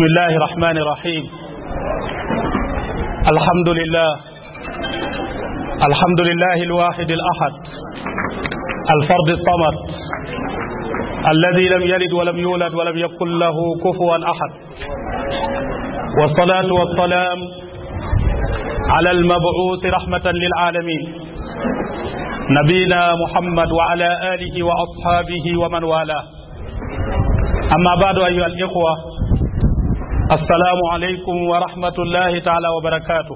بسم الله الرحمن الرحيم الحمد لله الحمد لله الواحد الأحد الفرد الصمد الذي لم يلد ولم يولد ولم يكن له كفوا أحد والصلاة والسلام على المبعوث رحمة للعالمين نبينا محمد وعلى آله وأصحابه ومن والاه أما بعد أيها الإخوة asalaamualeykum wa rahmatullahi taala wa barakaatu.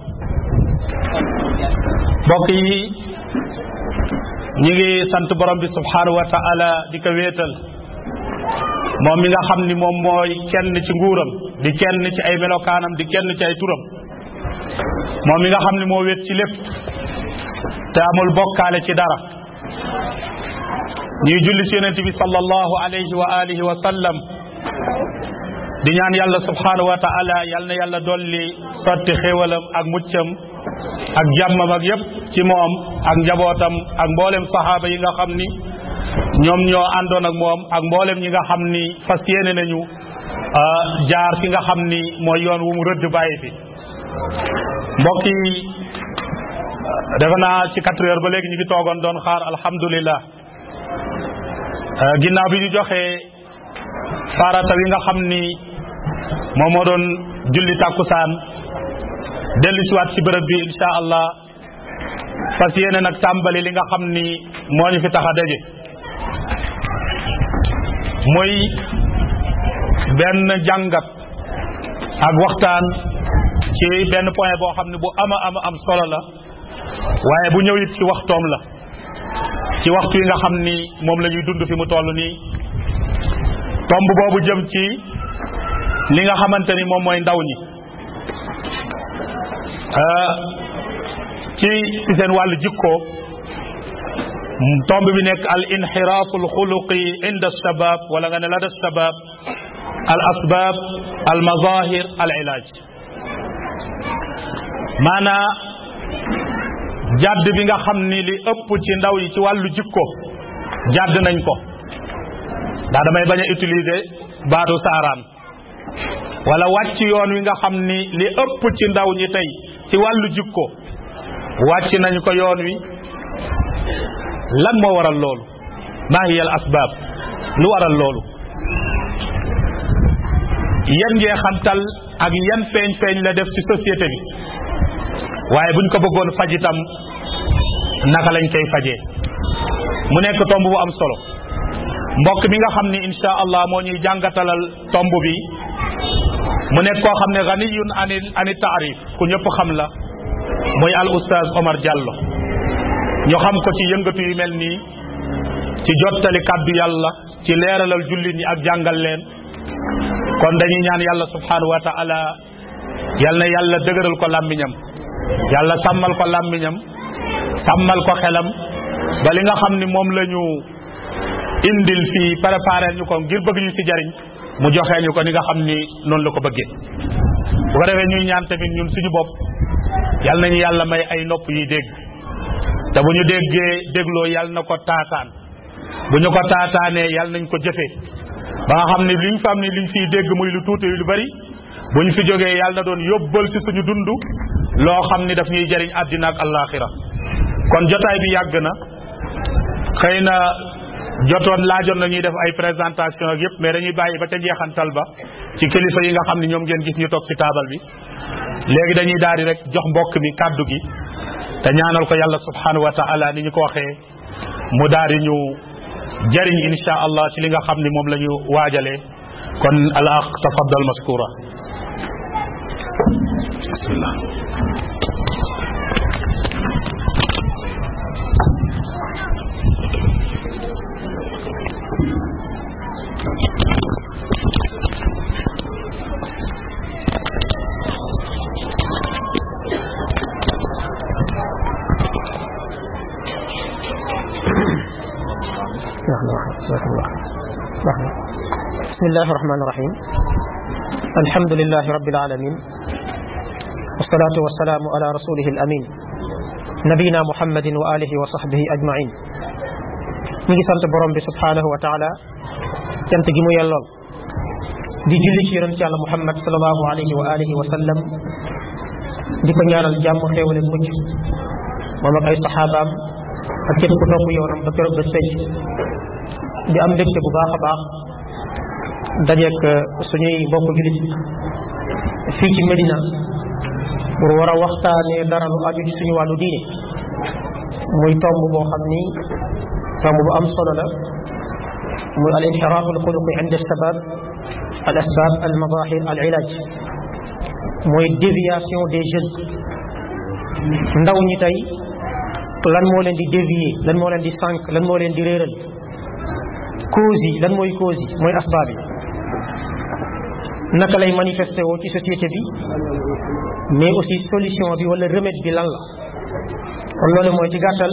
mbokk yi ñu ngi sant borom bi subhaanahu wa taala di ko wéetal moom mi nga xam ni moom mooy kenn ci nguuram di kenn ci ay melokaanam di kenn ci ay turam moo mi nga xam ni moo wéet ci lépp te amul bokkaale ci dara ñuy julli ci yonente bi sallallahu alayhi wa alihi wa sallam di ñaan yàlla subhaanahu wa taala yal na yàlla dolli sotti xéewalam ak muccam ak jàmmam ak yépp ci moom ak njabootam ak mboolem saxaaba yi nga xam ni ñoom ñoo àndoon ak moom ak mboolem ñi nga xam ni fas yéene nañu jaar fi nga xam ni mooy yoon wu mu rëdd bàyyi fi mbokk yi defe naa ci quatre ba léegi ñu ngi toogoon doon xaar alhamdulillah ginnaaw bi ñu joxee farata wi nga xam ni moom moo doon julli tàkkusaan dellu ci bërëb bi insha allah fas yéene nag tàmbali li nga xam ni moo ñu fi tax a daje muy benn jàngat ak waxtaan ci benn point boo xam ne bu ama ama am solo la waaye bu ñëw it ci waxtoom la ci waxtu yi nga xam ni moom lañuy dund fi mu toll nii tomb boobu jëm ci li nga xamante ni moom mooy ndaw ñi ci euh, ci seen wàllu tom tomb bi nekk al inxiraatu al xuluqi inda sabab wala nga ne lada sabab al asbab al mazahir al ilaaj maanaa jàdd bi nga xam ni li ëpp ci ndaw yi ci wàllu jikko jàdd nañ ko ndax damay bañ a utiliser baatu wala wàcc yoon wi nga xam ni li ëpp ci ndaw ñi tey ci wàllu jikko wàcc nañu ko yoon wi lan moo waral loolu maa hiya al asbaab lu waral loolu yan njeexantal ak yan feeñ-feeñ la def ci société bi waaye buñ ko bëggoon faj itam naka lañ koy fajee mu nekk tomb bu am solo mbokk bi nga xam ni insha allah moo ñuy jàngatalal tomb bi mu nekk koo xam ne ganiyun ani ani taarif ku ñëpp xam la muy al oustaz Omar jàllo ñu xam ko ci yëngatu yu mel nii ci jottali kàddu yàlla ci leeralal jullit ñi ak jàngal leen kon dañuy ñaan yàlla subhanahu wa taala yal na yàlla dëgëral ko làmmiñam yàlla sàmmal ko làmmiñam sàmmal ko xelam ba nga xam ni moom lañu ñu indil fii préparé ñu ko ngir bëgg ñu ci jariñ mu joxee ñu ko ni nga xam ni noonu la ko bëggee bu ko defee ñuy ñaan tamit ñun suñu bopp yal nañu yàlla may ay nopp yuy dégg te bu ñu déggee dégloo yal na ko taataan bu ñu ko taataanee yal nañ ko jëfee ba nga xam ne liñ fa am ni liñ fiy dégg muy lu tuuti lu bari ñu fi jógee yal na doon yóbbal ci suñu dund loo xam ni daf ñuy jariñ àddina ak kon jotaay bi yàgg na xëy na jotoon laajoon na ñuy def ay présentation ak yëpp mais dañuy bàyyi ba ca jeexantal ba ci kilifa yi nga xam ne ñoom ngeen gis ñu toog ci taabal bi léegi dañuy daal di rek jox mbokk mi kàddu gi te ñaanal ko yàlla subhanahu wa taala ni ñu ko waxee mu daal di ñu jariñ insha allah ci li nga xam ni moom la ñu waajalee kon al aq tafaddal maskura bismillahi rahmaani rahim alhamdulilahi rabbil alamin wasalaatu wasalaamu ala rasulihi al amin nabiyina muhammadin wa alihi wa sahbihi ajmain ñu ngi sant borom bi subhaanahu wa taala cant gi mu yellool di julli ci yonent yàlla muhammad salallahu alayhi wa alihi wa sallam di ko ñaanal jàmm xéewale mucc moom ak ay saxaabaam ak képp ku topp yoonam ba keroog bés penc di am mbégte bu baax a baax dajeek euh, suñuy mbokk gilit fii ci Medina pour war a waxtaanee dara lu aju ci suñu wàllu diine muy tomb boo xam ni tomb bu am solo la muy al inxiraaf al xuluqi inda sabab al asbab al madahir al ilaaj mooy déviation des jeunes ndaw ñi tey lan moo leen di dévier lan moo leen di sànq lan moo leen di réeral cause yi lan mooy cause yi mooy asbaab yi naka lay manifesté woo ci société bi mais aussi solution bi wala remède bi lan la kon loolu mooy ci gàttal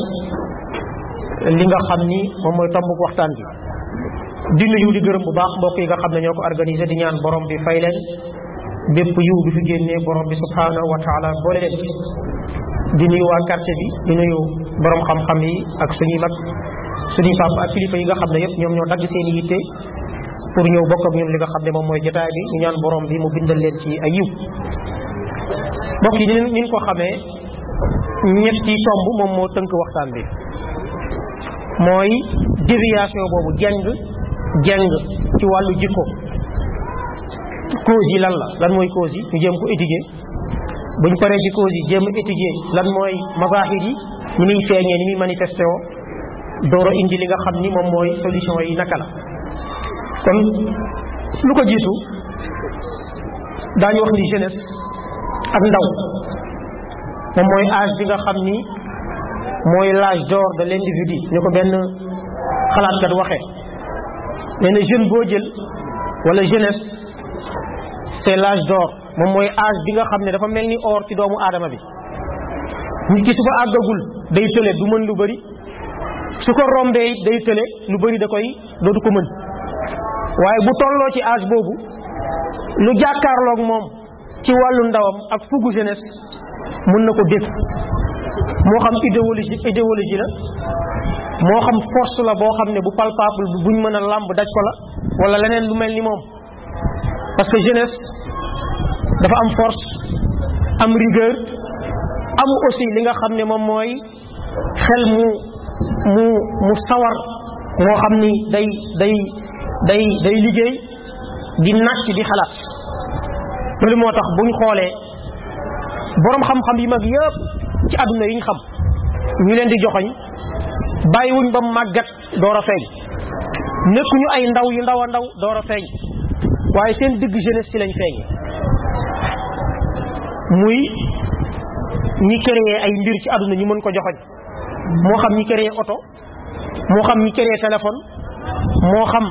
li nga xam ni moom mooy tomb waxtaan bi di nuyu di gërëm bu baax mbokk yi nga xam ne ñoo ko organisé di ñaan borom bi fay leen bépp yiw bi fi génnee borom bi subhanahu wa taala boole leen di nuyu waa quartier bi di nuyu borom xam-xam yi ak suñuy mag suñuy papa ak kilifa yi nga xam ne yëpp ñoom ñoo dagg seen yitte pour ñëw bokk ak ñun li nga xam ne moom mooy jotaay bi ñu ñaan borom bi mu bindal leen ci ay yiw mbokk yi ni ñu ko xamee ñetti tomb moom moo tënk waxtaan bi mooy déviation boobu jeng jeng ci wàllu jikko cause yi lan la lan mooy cause yi ñu jéem ko étudier buñ paree ci cause yi jéem a étudier lan mooy mazahir yi ni muy feeñee ni muy manifesté woo dooro indi li nga xam ni moom mooy solution yi naka la kon lu ko jiitu daañu wax ni jeunesse ak ndaw moom mooy âge bi nga xam ni mooy l'âge door de l'individu ni ko benn xalaatkat waxee nee na jeune boo jël wala jeunesse c'est l'âge door moom mooy âge bi nga xam ne dafa mel ni or ci doomu aadama bi nit ki su ko àggagul day tële du mën lu bari su ko rombee day tële lu bari da koy dootu ko mën waaye bu tolloo ci âge boobu lu jàkkaarlook moom ci wàllu ndawam ak fugu jeunesse mën na ko dégg moo xam idéologie idéologie la moo xam force la boo xam ne bu palpable bu buñ mën a làmb daj ko la wala leneen lu mel ni moom parce que jeunesse dafa am force am rigueur am aussi li nga xam ne moom mooy xel mu mu mu sawar moo xam ni day day day day liggéey di nàcc di xalaat loolu moo tax buñ xoolee boroom xam-xam yi mag yëpp ci àdduna yiñ xam ñu leen di joxoñ bàyyiwuñ ba màggat door a feeñ nekkuñu ay ndaw yu ndaw a ndaw door a feeñ waaye ten digg jeunesse ci lañ feeñee muy ñi créé ay mbir ci àdduna ñi mën ko joxoñ moo xam ñi créé oto moo xam ñi créé téléphone moo xam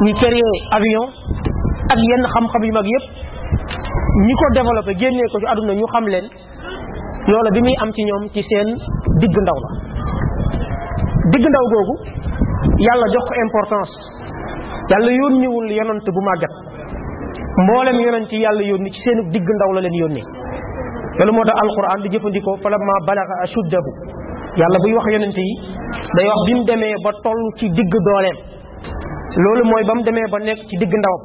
ñu créer avion ak yenn xam-xam yu mag yëpp ñi ko développé génnee ko ci àdduna ñu xam leen loola bi muy am ci ñoom ci seen digg ndaw la digg ndaw googu yàlla jox ko importance yàlla yoon yónniwul yonant bu màggat mboolem yonant yi yàlla yónni ci seenu digg ndaw la leen yónni loolu moo tax alquran di jëfandikoo falamma balaga ashuddahu yàlla buy wax yonente yi day wax bi mu demee ba toll ci digg dooleem loolu mooy ba mu demee ba nekk ci digg ndawam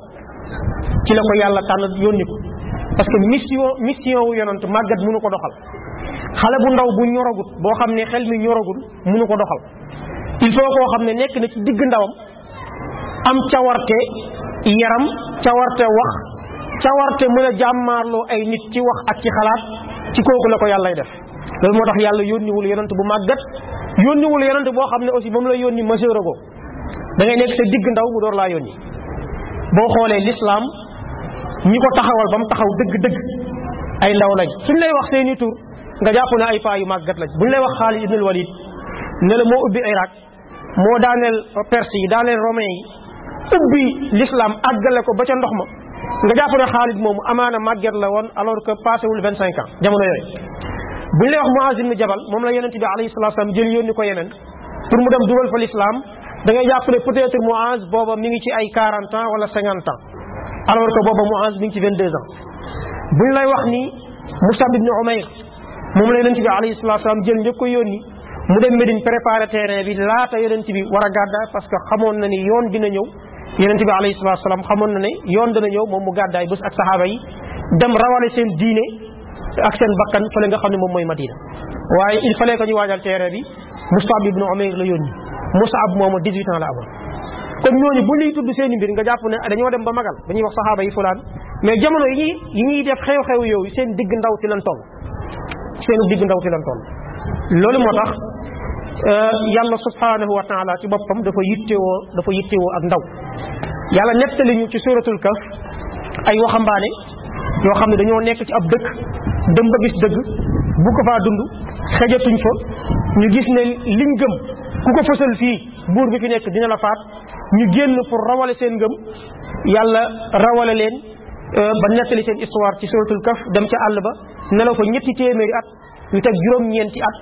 ci la ko yàlla tànn yónni ko parce que mission mission wu yonant màggat nu ko doxal xale bu ndaw bu ñoragul boo xam ne xel mi ñoragul mënu ko doxal il faut koo xam ne nekk na ci digg ndawam am cawarte yaram cawarte wax cawarte mën a jàmmaarloo ay nit ci wax ak ci xalaat ci kooku la ko yàllay def loolu moo tax yàlla yónniwul yonant bu màggat yónniwul yonant boo xam ne aussi ba mu la yónni majeurago da ngay nekk sa digg ndaw mu door laa yónni boo xoolee lislaam ñi ko taxawal ba mu taxaw dëgg-dëgg ay ndaw lañ suñ lay wax seeni tur nga jàpp ne ay paa yu màggat lañ buñ lay wax Xaalid ibnul Walid ne la moo ubbi Irak moo daaneel Perse yi daaneel romain yi ubbi l'islam àggale ko ba ca ndox ma nga jàpp ne Xaalid moomu amaana màggat la woon alors que passé wul vingt cinq ans jamono yooyu buñ lay wax Muaz ibn Jabal moom la yonent bi alayhi salaatu salaam jël yónni ko Yemen pour mu dem dugal fa l'islam da ngay jàpp ne peut être booba mi ngi ci ay 40 ans wala 50 ans alors que booba Muaz mi ngi ci 22 ans buñ lay wax ni Musab ibn Umayr moom la yonent bi alayhi salatu salaam jël njëkk ko yónni mu dem Medine préparé terrain bi laata yonent bi war a gàddaay parce que xamoon na ni yoon dina ñëw yonent bi alayhi salatu salaam xamoon na ne yoon dina ñëw moom mu gàddaay bés ak saxaaba yi dem rawale seen diine ak seen bakkan nga xam ne moom mooy Madina waaye ñu waajal terrain bi Musab ibn Umayr Mus'ab moomu 18 ans la amoon kon ñooñu bu ñuy tudd seen mbir nga jàpp ne ah, dañoo dem ba magal dañuy wax saxaaba yi fulaan mais jamono yi ñuy yi ñuy def xew-xew yooyu seen digg ndaw ci lan toll seen digg ndaw ci la toll loolu moo tax euh, yàlla subhanahu wa taala ci boppam dafa woo dafa yittewoo ak ndaw yàlla nettali ñu ci suratul kaf ay waxambaane yoo xam ne dañoo nekk ci ab dëkk dem ba gis dëgg bu ko faa dund xejatuñ fa ñu gis ne liñ gëm ku ko fësal fii buur bi fi nekk dina la faat ñu génn pour rawale seen ngëm yàlla rawale leen euh, ba nettali seen histoire ci suratul kaf dem ca àll ba nelaw fa ñetti téeméeri at yu teg juróom-ñeenti at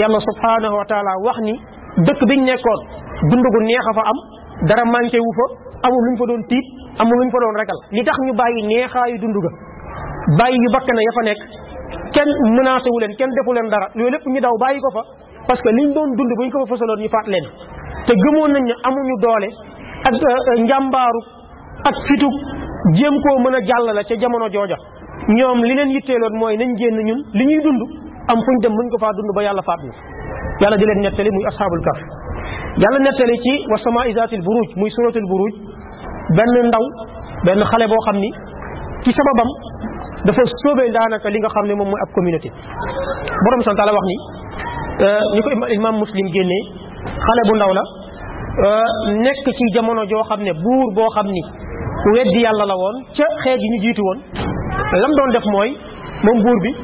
yàlla subhaanahu wa taala wax ni dëkk biñ nekkoon dund gu neex a fa am dara manqué wu fa amul luñ fa doon tiit amul luñ fa doon ragal li tax ñu bàyyi neexaayu dund ga bàyyi yu bakk na ya fa nekk kenn menacé wu leen kenn defu leen dara loolu lépp ñu daw bàyyi ko fa parce que liñ doon dund bu ñu ko fa fësaloon ñu faat te gëmoon nañ ne amuñu doole ak euh, euh, njàmbaaru ak fituk jéem ko mën a jàllale ca jamono jooja ñoom li leen yitteeloon mooy nañ génn ñun li ñuy dund am fuñ dem mën ko faa dund ba yàlla faat ñu yàlla di leen nettali muy ashaabul kaf yàlla nettali ci wa samaa zaatil buruuj muy suratul buruuj benn ndaw benn xale boo xam ni ci sababam dafa sóobee daanaka li nga xam ne moom mooy ab communauté borom sant la wax ni Euh, ni ko imam muslim génnee xale bu ndaw la euh, nekk ci jamono joo xam ne buur boo xam ni ku weddi yàlla la woon ca xeet yi ñu jiitu woon lam doon def mooy moom buur bi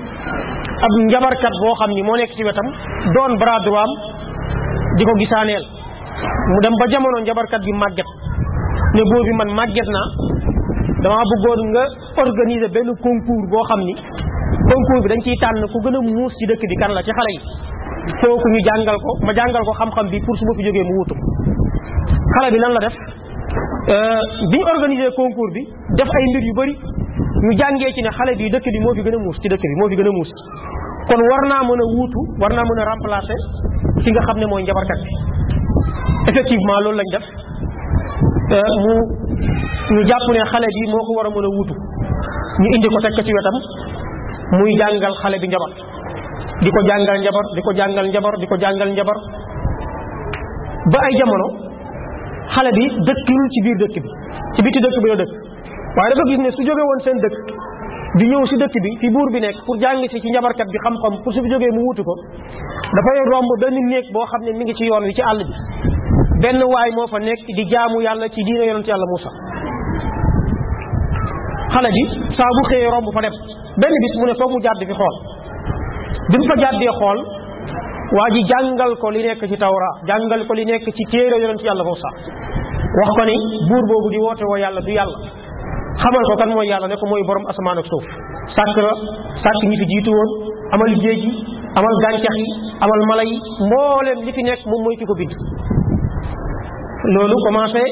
ab njabarkat boo xam ni moo nekk ci wetam doon bras droit di ko gisaaneel mu dem ba jamono njabarkat bi màgget ne buur bi man màgget naa dama bëggoon nga organiser benn concours boo xam ni concours bi dañ ciy tànn ku gën a muus ci dëkk bi kan la ci xale yi kooku ñu jàngal ko ma jàngal ko xam-xam bi pour su ma fi jógee mu wutu xale bi lan la def euh, bi ñu organisé concours bi def ay mbir yu bari ñu jàngee ci ne xale bi dëkk bi moo fi gën a muus ci dëkk bi moo fi gën a muus kon war naa mën a wuutu war naa mën a remplacer ki nga xam ne mooy njabarkat bi effectivement loolu lañ def euh, mu ñu jàpp ne xale bi moo ko war a mën a wuutu ñu indi ko teg ci wetam muy jàngal xale bi njabar di ko jàngal njabar di ko jàngal njabar di ko jàngal njabar ba ay jamono xale bi dëkkul ci biir dëkk bi ci biti dëkk bi la dëkk waaye dafa gis ne su jóge woon seen dëkk di ñëw si dëkk bi ci buur bi nekk pour jàng si ci njabarkat bi xam-xam pour su jógee mu wuti ko dafay romb benn néeg boo xam ne mi ngi ci yoon wi ci àll bi benn waay moo fa nekk di jaamu yàlla ci diine yonent yàlla Muusa xale bi saa bu xëyee romb fa dem benn bis mu ne foog xool bi mu ko jàddee xool waa ji jàngal ko li nekk ci tawra jàngal ko li nekk ci téere yonent yàlla Muusa wax ko ni buur boobu di woote woo yàlla du yàlla xamal ko kan mooy yàlla nekk ko mooy borom asamaan ak suuf sàkk la sàkk ñi fi jiitu woon amal géej gi amal gàncax amal mala yi mbooleem li fi nekk moom mooy ki ko bind loolu commencé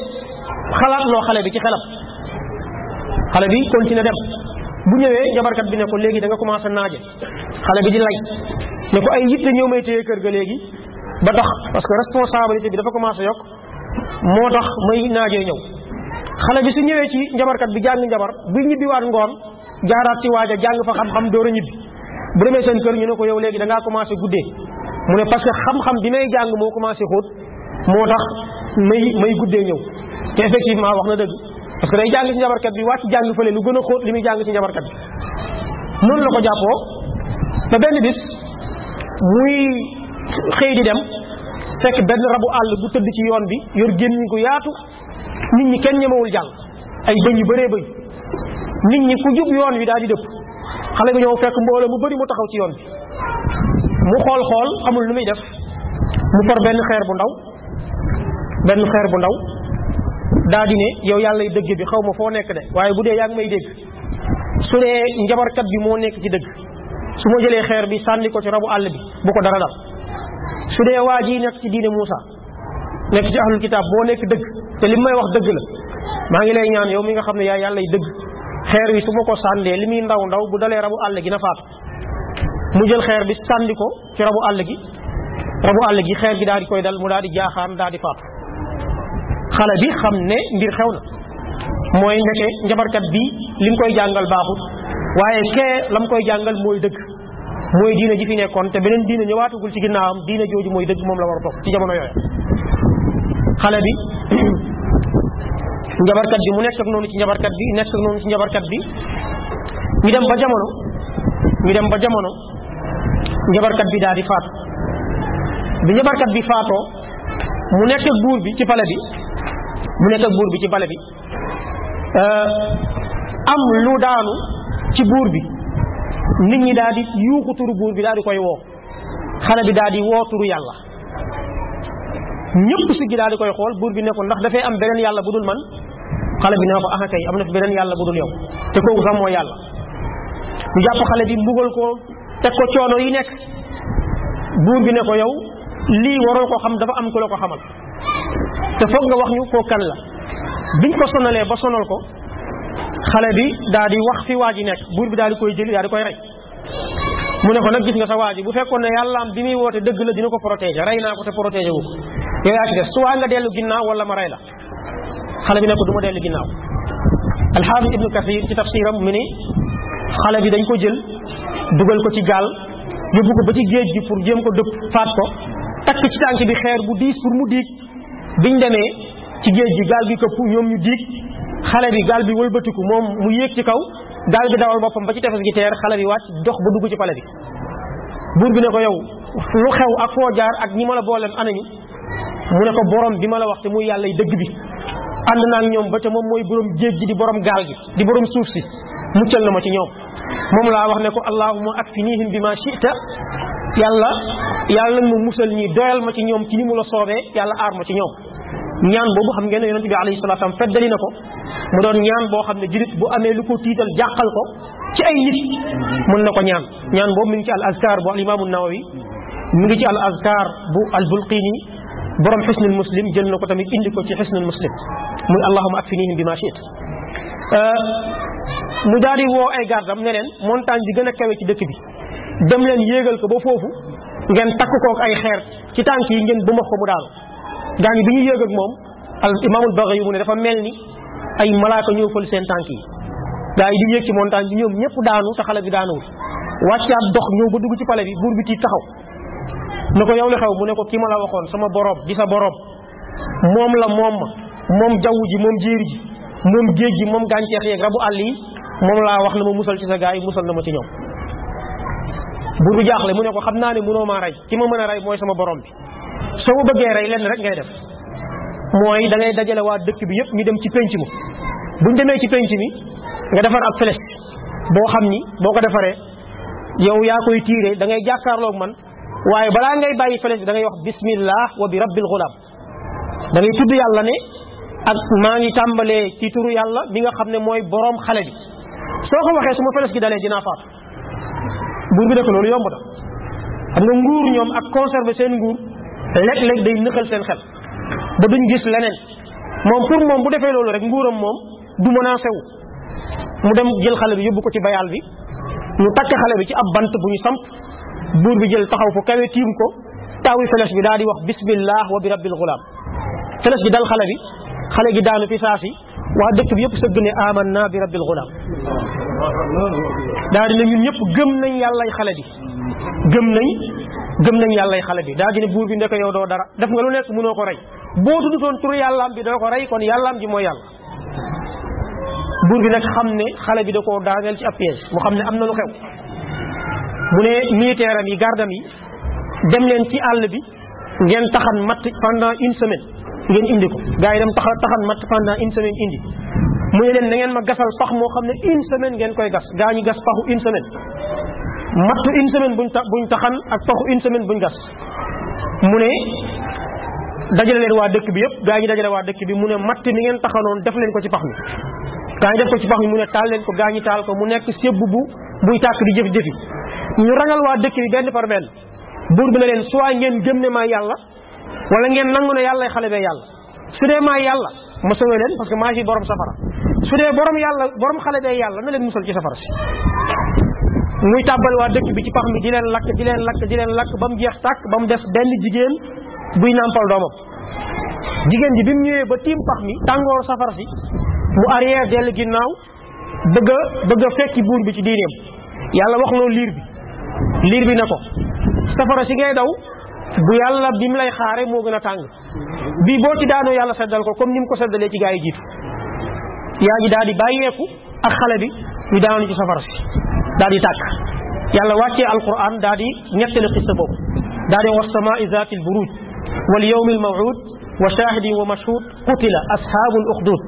xalaat loo xale bi ci xelam xale bi continué dem bu ñëwee jabarkat bi ne ko léegi da nga naaje xale bi di lay ne ko ay yitte ñëw may téye kër ga léegi ba tax parce que responsabilité bi dafa commencé yokk moo tax may naajee ñëw xale bi su ñëwee ci njabarkat bi jàng njabar bi ñibbiwaat ngoon jaaraat ci waaja jàng fa xam-xam door a ñibbi bu demee seen kër ñu ne ko yow léegi dangaa ngaa commencé guddee mu ne parce que xam-xam bi may jàng moo commencé xóot moo tax may may guddee ñëw te effectivement wax na dëgg parce que day jàng ci njabarkat bi wàcc jàng fële lu gën a xóot li muy jàng ci njabarkat bi noonu la ko jàppoo ba benn bis muy xëy di dem fekk benn rabu àll bu tëdd ci yoon bi yor gémmiñ gu yaatu nit ñi kenn ñemewul jàll ay bëñ yu bëree bëñ nit ñi ku jub yoon wi daal di dëpp xale bi ñëw fekk mbooloo mu bari mu taxaw ci yoon bi mu xool xool amul lu muy def mu for benn xeer bu ndaw benn xeer bu ndaw daa di ne yow yàlla dëgg bi xaw ma foo nekk de waaye bu dee yaa may dégg su dee jabarkat bi moo nekk ci dëgg su ma jëlee xeer bi sànni ko ci rabu àll bi bu ko dara su dee waa ji nekk ci diine Moussa nekk ci ahlul boo nekk dëgg te li may wax dëgg la maa ngi lay ñaan yow mi nga xam ne yaa yàlla dëgg xeer wi su ma ko sàndee li muy ndaw ndaw bu dalee rabu àll gi na faatu mu jël xeer bi sànni ko rabu àll gi rabu àll gi xeer gi daal di koy dal mu daal di jaaxaan daal di faatu xale bi xam ne mbir xew na mooy ndeke njabarkat bi lim koy jàngal baaxut waaye kee lam koy jàngal mooy dëgg mooy diine ji fi nekkoon te beneen diine ñëwaatugul ci ginnaawam diine jooju mooy dëgg moom la war a topp ci jamono yooya xale bi njabarkat bi mu nekk ak noonu ci njabarkat bi nekk ak noonu ci njabarkat bi dem ba jamono ñu dem ba jamono njabarkat bi daal di faatu bi njabarkat bi faatoo mu nekk ak buur bi ci pale bi mu nekk ak buur bi ci bale bi euh, am lu daanu ci buur bi nit ñi daal di yuuxu turu buur bi daal di koy woo xale bi daal di woo turu yàlla ñëpp si gi daal di koy xool buur bi ne ko ndax dafay am beneen yàlla bu dul man xale bi ne ko am na fi beneen yàlla bu dul yow te kooku sax moo yàlla ñu jàpp xale bi mbugal ko teg ko coono yi nekk buur bi ne ko yow lii waroo ko xam dafa am ku la ko xamal te foog nga wax ñu ko kan la bi biñ ko sonalee ba sonal ko xale bi daa di wax fi waa ji nekk buur bi daa di koy jëli daa di koy rey ne ko nag gis nga sa waa ji bu fekkoon ne yàllaam bi muy woote dëgg la dina ko protéger rey naa ko te protéger wu ko yow yaa ci wala ma rey la xale bi ne ko du ma dellu ginnaaw alxaafis ibnu kasir ci tafsiram mu ni xale bi dañ ko jël dugal ko ci gaal yóbbu ko ba ci géej gi pour jëm ko dëpp faat ko takk ci tànk bi xeer bu diis pour mu diig biñ demee ci géej gi gaal gi këpp ñoom ñu diig xale bi gaal bi wëlbatiku moom mu yéeg ci kaw gaal bi dawal boppam ba ci tefes gi teer xale bi wàcc dox ba dugg ci pale bi buur bi ne ko yow lu xew ak foo jaar ak ñi ma la booleem anañu mu ne ko borom bi ma la wax te muy yàlla dëgg bi ànd naa ak ñoom ba te moom mooy borom géej gi di borom gaal gi di borom suuf si muccal na ma ci ñoom moom laa wax ne ko allahumma akfinihim bi ma shi'ta yàlla yàlla nag ma musal ñi doyal ma ci ñoom ci ni mu la soobee yàlla aar ma ci ñoom ñaan boobu xam ngeen ne yonente bi alayhi salatu wasallam feddali na ko mu doon ñaan boo xam ne jullit bu amee lu ko tiital jàqal ko ci ay nit mën na ko ñaan ñaan boobu mi ngi ci al azkar bu al imaamu mu ngi ci al azkar bu al bulqini borom xisnul muslim jël na ko tamit indi ko ci xisnul muslim muy allahuma akfinihim bi Euh, mu daal di woo ay gardam ne leen montagne bi gën a kawe ci dëkk bi dem leen yéegal ko ba foofu ngeen takk kook ay xeer ci tànk yi ngeen bumax ko mu daal gaa ñi bi ñu yéeg ak moom al imaamul baga yu mu ne dafa mel ni ay malaaka ñëw fël seen tànk yi gaa yi di yéeg ci montagne bi ñoom ñëpp daanu te xale bi daanuwul wàccaat dox ñëw ba dugg ci pale bi buur bi tiit taxaw ne ko yow li xew mu ne ko ki ma la waxoon sama boroom di sa boroom moom la moom moom jaww ji moom jéeri moom géej gi moom gàncax yeeg rabu àll yi moom laa wax na ma musal ci sa gaa yi musal na ma ci ñoom bu du jaaxle mu ne ko xam naa ne mënoo maa rey ki ma mën a rey mooy sama borom bi soo ma bëggee rey lenn rek ngay def mooy da dajale waa dëkk bi yëpp ñu dem ci penc mi buñ demee ci penc mi nga defar ak flèche boo xam ni boo ko defaree yow yaa koy tiiree da ngay jàkkaarloog man waaye balaa ngay bàyyi flèche bi da ngay wax bismillah wa bi rabbil ghulam da ak maa ngi tàmbalee ci yàlla bi nga xam ne mooy boroom xale bi soo ko waxee su ma feles gi dalee dinaa faatu buur bi def loolu yomb na xam nga nguur ñoom ak conserver seen nguur léeg-léeg day nëxal seen xel ba duñ gis leneen moom pour moom bu defee loolu rek nguuram moom du menacé wu mu dem jël xale bi yóbbu ko ci bayaal bi ñu takk xale bi ci ab bant bu ñu samp buur bi jël taxaw fu kawe tiim ko taawi feles bi daal di wax bismillah wa bi rabbil gulaam feles bi dal bi xale gi daanu fi saasi waa dëkk bi yëpp sëgg ne aman bi rabbil gulaam daa di ne ñun ñëpp gëm nañ yàllay xale bi gëm nañ gëm nañ yàllay xale bi daa di ne buur bi ndeke yow doo dara def nga lu nekk mënoo ko rey boo tuddutoon turu yàllaam bi doo ko rey kon yàllaam ji mooy yàlla buur bi nag xam ne xale bi da koo daaneel ci ab piège mu xam ne am na lu xew mu ne militaire yi gardam yi dem leen ci àll bi ngeen taxan matt pendant une semaine ngeen indi ko gars yi dem taxa taxan matt pendant une semaine indi mu ne leen na ngeen ma gasal pax moo xam ne une semaine ngeen koy gas gaa ñu gas paxu une semaine matt une semaine bu ta buñ taxan ak paxu une semaine buñ gas mu ne dajale leen waa dëkk bi yëpp gaa ñi dajale waa dëkk bi mu ne matt mi ngeen taxanoon def leen ko ci pax mi gaa ñi def ko ci pax mi mu ne taal leen ko gaa ñi taal ko mu nekk sébb bu buy tàkk di jëf jëfi ñu rangal waa dëkk bi benn par benn buur bi ne leen soit ngeen gëm ne maa yàlla wala ngeen nangu ne yàlla xale bee yàlla su dee maa yàlla mosal nga leen parce que maa ci borom safara su dee borom yàlla borom xale bee yàlla na leen musal ci safara si. muy tàbbal waa dëkk bi ci pax mi di leen lakk di leen lakk leen lakk ba mu jeex tàkk ba mu des benn jigéen buy nàmpal doomam jigéen ji bi mu ñëwee ba tiim pax mi tàngooru safara si mu arrière dellu ginnaaw bëgg a bëgg a fekki buur bi ci diineem yàlla wax loo liir bi liir bi ne ko safara si bu yàlla bi mu lay xaare moo gën a tàng bi boo ci daanoo yàlla seddal ko comme ni mu ko seddalee ci gaa yi jiitu yaa ngi daal di bàyyeeku ak xale bi ñu daanu ci safara si daal di tàkk yàlla wàccee alquran daal di ñettali xista boobu daal di wasamaai zaati lburuj wal yawmi almawud wa shahidin wa mashhud qutila ashaabul uxdud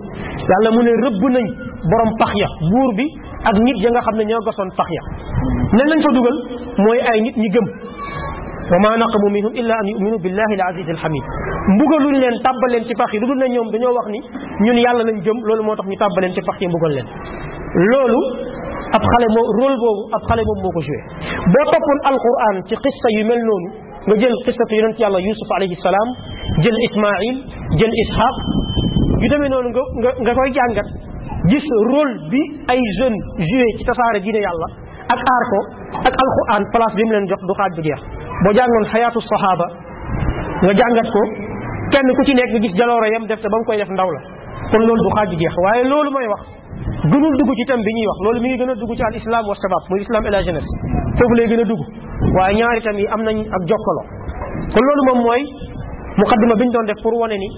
yàlla mu ne rëbb nañ borom pax ya buur bi ak nit ya nga xam ne ñoo gasoon pax ya lañ fa dugal mooy ay nit ñi gëm wa ma naqamu minhum illa an yuminu billahi al aziz al hamid mbugal luñ leen tàbbal leen ci pax yi lu dul ne ñoom dañoo wax ni ñun yàlla leen jëm loolu moo tax ñu tàbbal leen ci pax yi leen loolu ab xale moo rôle boobu ab xale moom moo ko joué boo toppoon alquran ci xista yu mel noonu nga jël xistatu yonent yàlla yusuf alayhi salaam jël ismail jël ishaq yu demee noonu nga nga koy jàngat gis rol bi ay jeune joué ci tasaare diine yàlla ak aar ko ak alquran place bi mu leen jox du xaaj bu jeex boo jàngoon xayaatu saxaaba nga jàngat ko kenn ku ci nekk nga gis jalooro yam def te ba mu koy def ndaw la kon loolu du xaaj bu jeex waaye loolu mooy wax gënul dugg ci tam bi ñuy wax loolu mi gën a dugg ci al islam wa sabab muy islam et la jeunesse foofu lay gën a dugg waaye ñaari tam yi am nañ ak jokkaloo kon loolu moom mooy muqaddima bi ñu doon def pour wane ni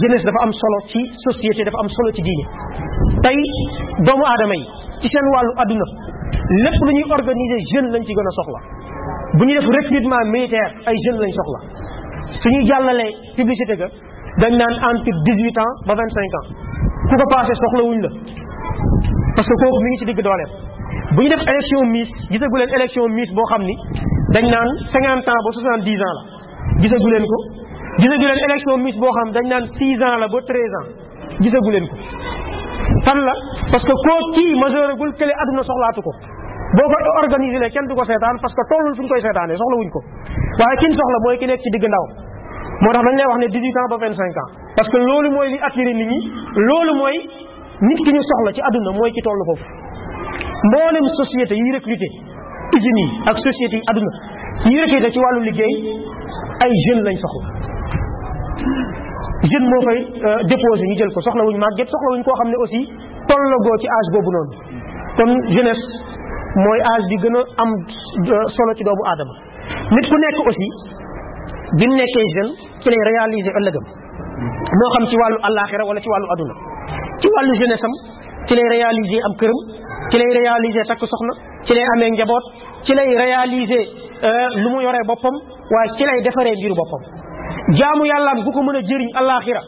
jeunesse dafa am solo ci société dafa am solo ci diine tey doomu aadama yi ci seen wàllu adduna lépp lu ñuy organiser jeune lañ ci gën a soxla bu ñuy def recrutement militaire ay jeune lañ soxla suñuy jàllalee publicité ga dañ naan entre dix huit ans ba vingt cinq ans ku ko passé soxla wuñ la parce que kooku mu ngi ci digg dooleem bu ñu def élection miss gisagu leen élection miss boo xam ni dañ naan cinquante ans ba soixante dix ans la gisagu leen ko gisagu leen élection miss boo xam dañ naan six ans la ba treize ans gisagu leen ko fan la parce que koo kii majeur agul kële àdduna soxlaatu ko boo ko organisé kenn du ko seetaan parce que tollul fu ñu koy seetaanee soxla wuñ ko waaye kin soxla mooy ki nekk ci digg ndaw moo tax dañ lay wax ne 18 ans ba 25 ans parce que loolu mooy li attiré nit ñi loolu mooy nit ki ñu soxla ci àdduna mooy ci tollu foofu mboolem société yi recruté usines yi ak société yi aduna yi recruté ci wàllu liggéey ay jeunes lañ soxla jeune moo fay euh, déposé ñu jël ko soxlawuñ mag yëpp soxlawuñ koo xam ne aussi tollagoo ci âge boobu noonu kon jeunesse mooy âge bi gën a am euh, solo ci doomu aadama nit ku nekk aussi bi mu nekkee jeune ci lay réaliser ëllëgam moo xam ci wàllu allaaxira wala ci wàllu aduna ci wàllu jeunesse am ci lay réaliser am këram ci lay réaliser takk soxna ci lay amee njaboot ci lay réaliser euh, lu mu yoree boppam waaye ci lay defaree mbiru boppam jaamu yàllaam gu ko mën a jëriñ alaxira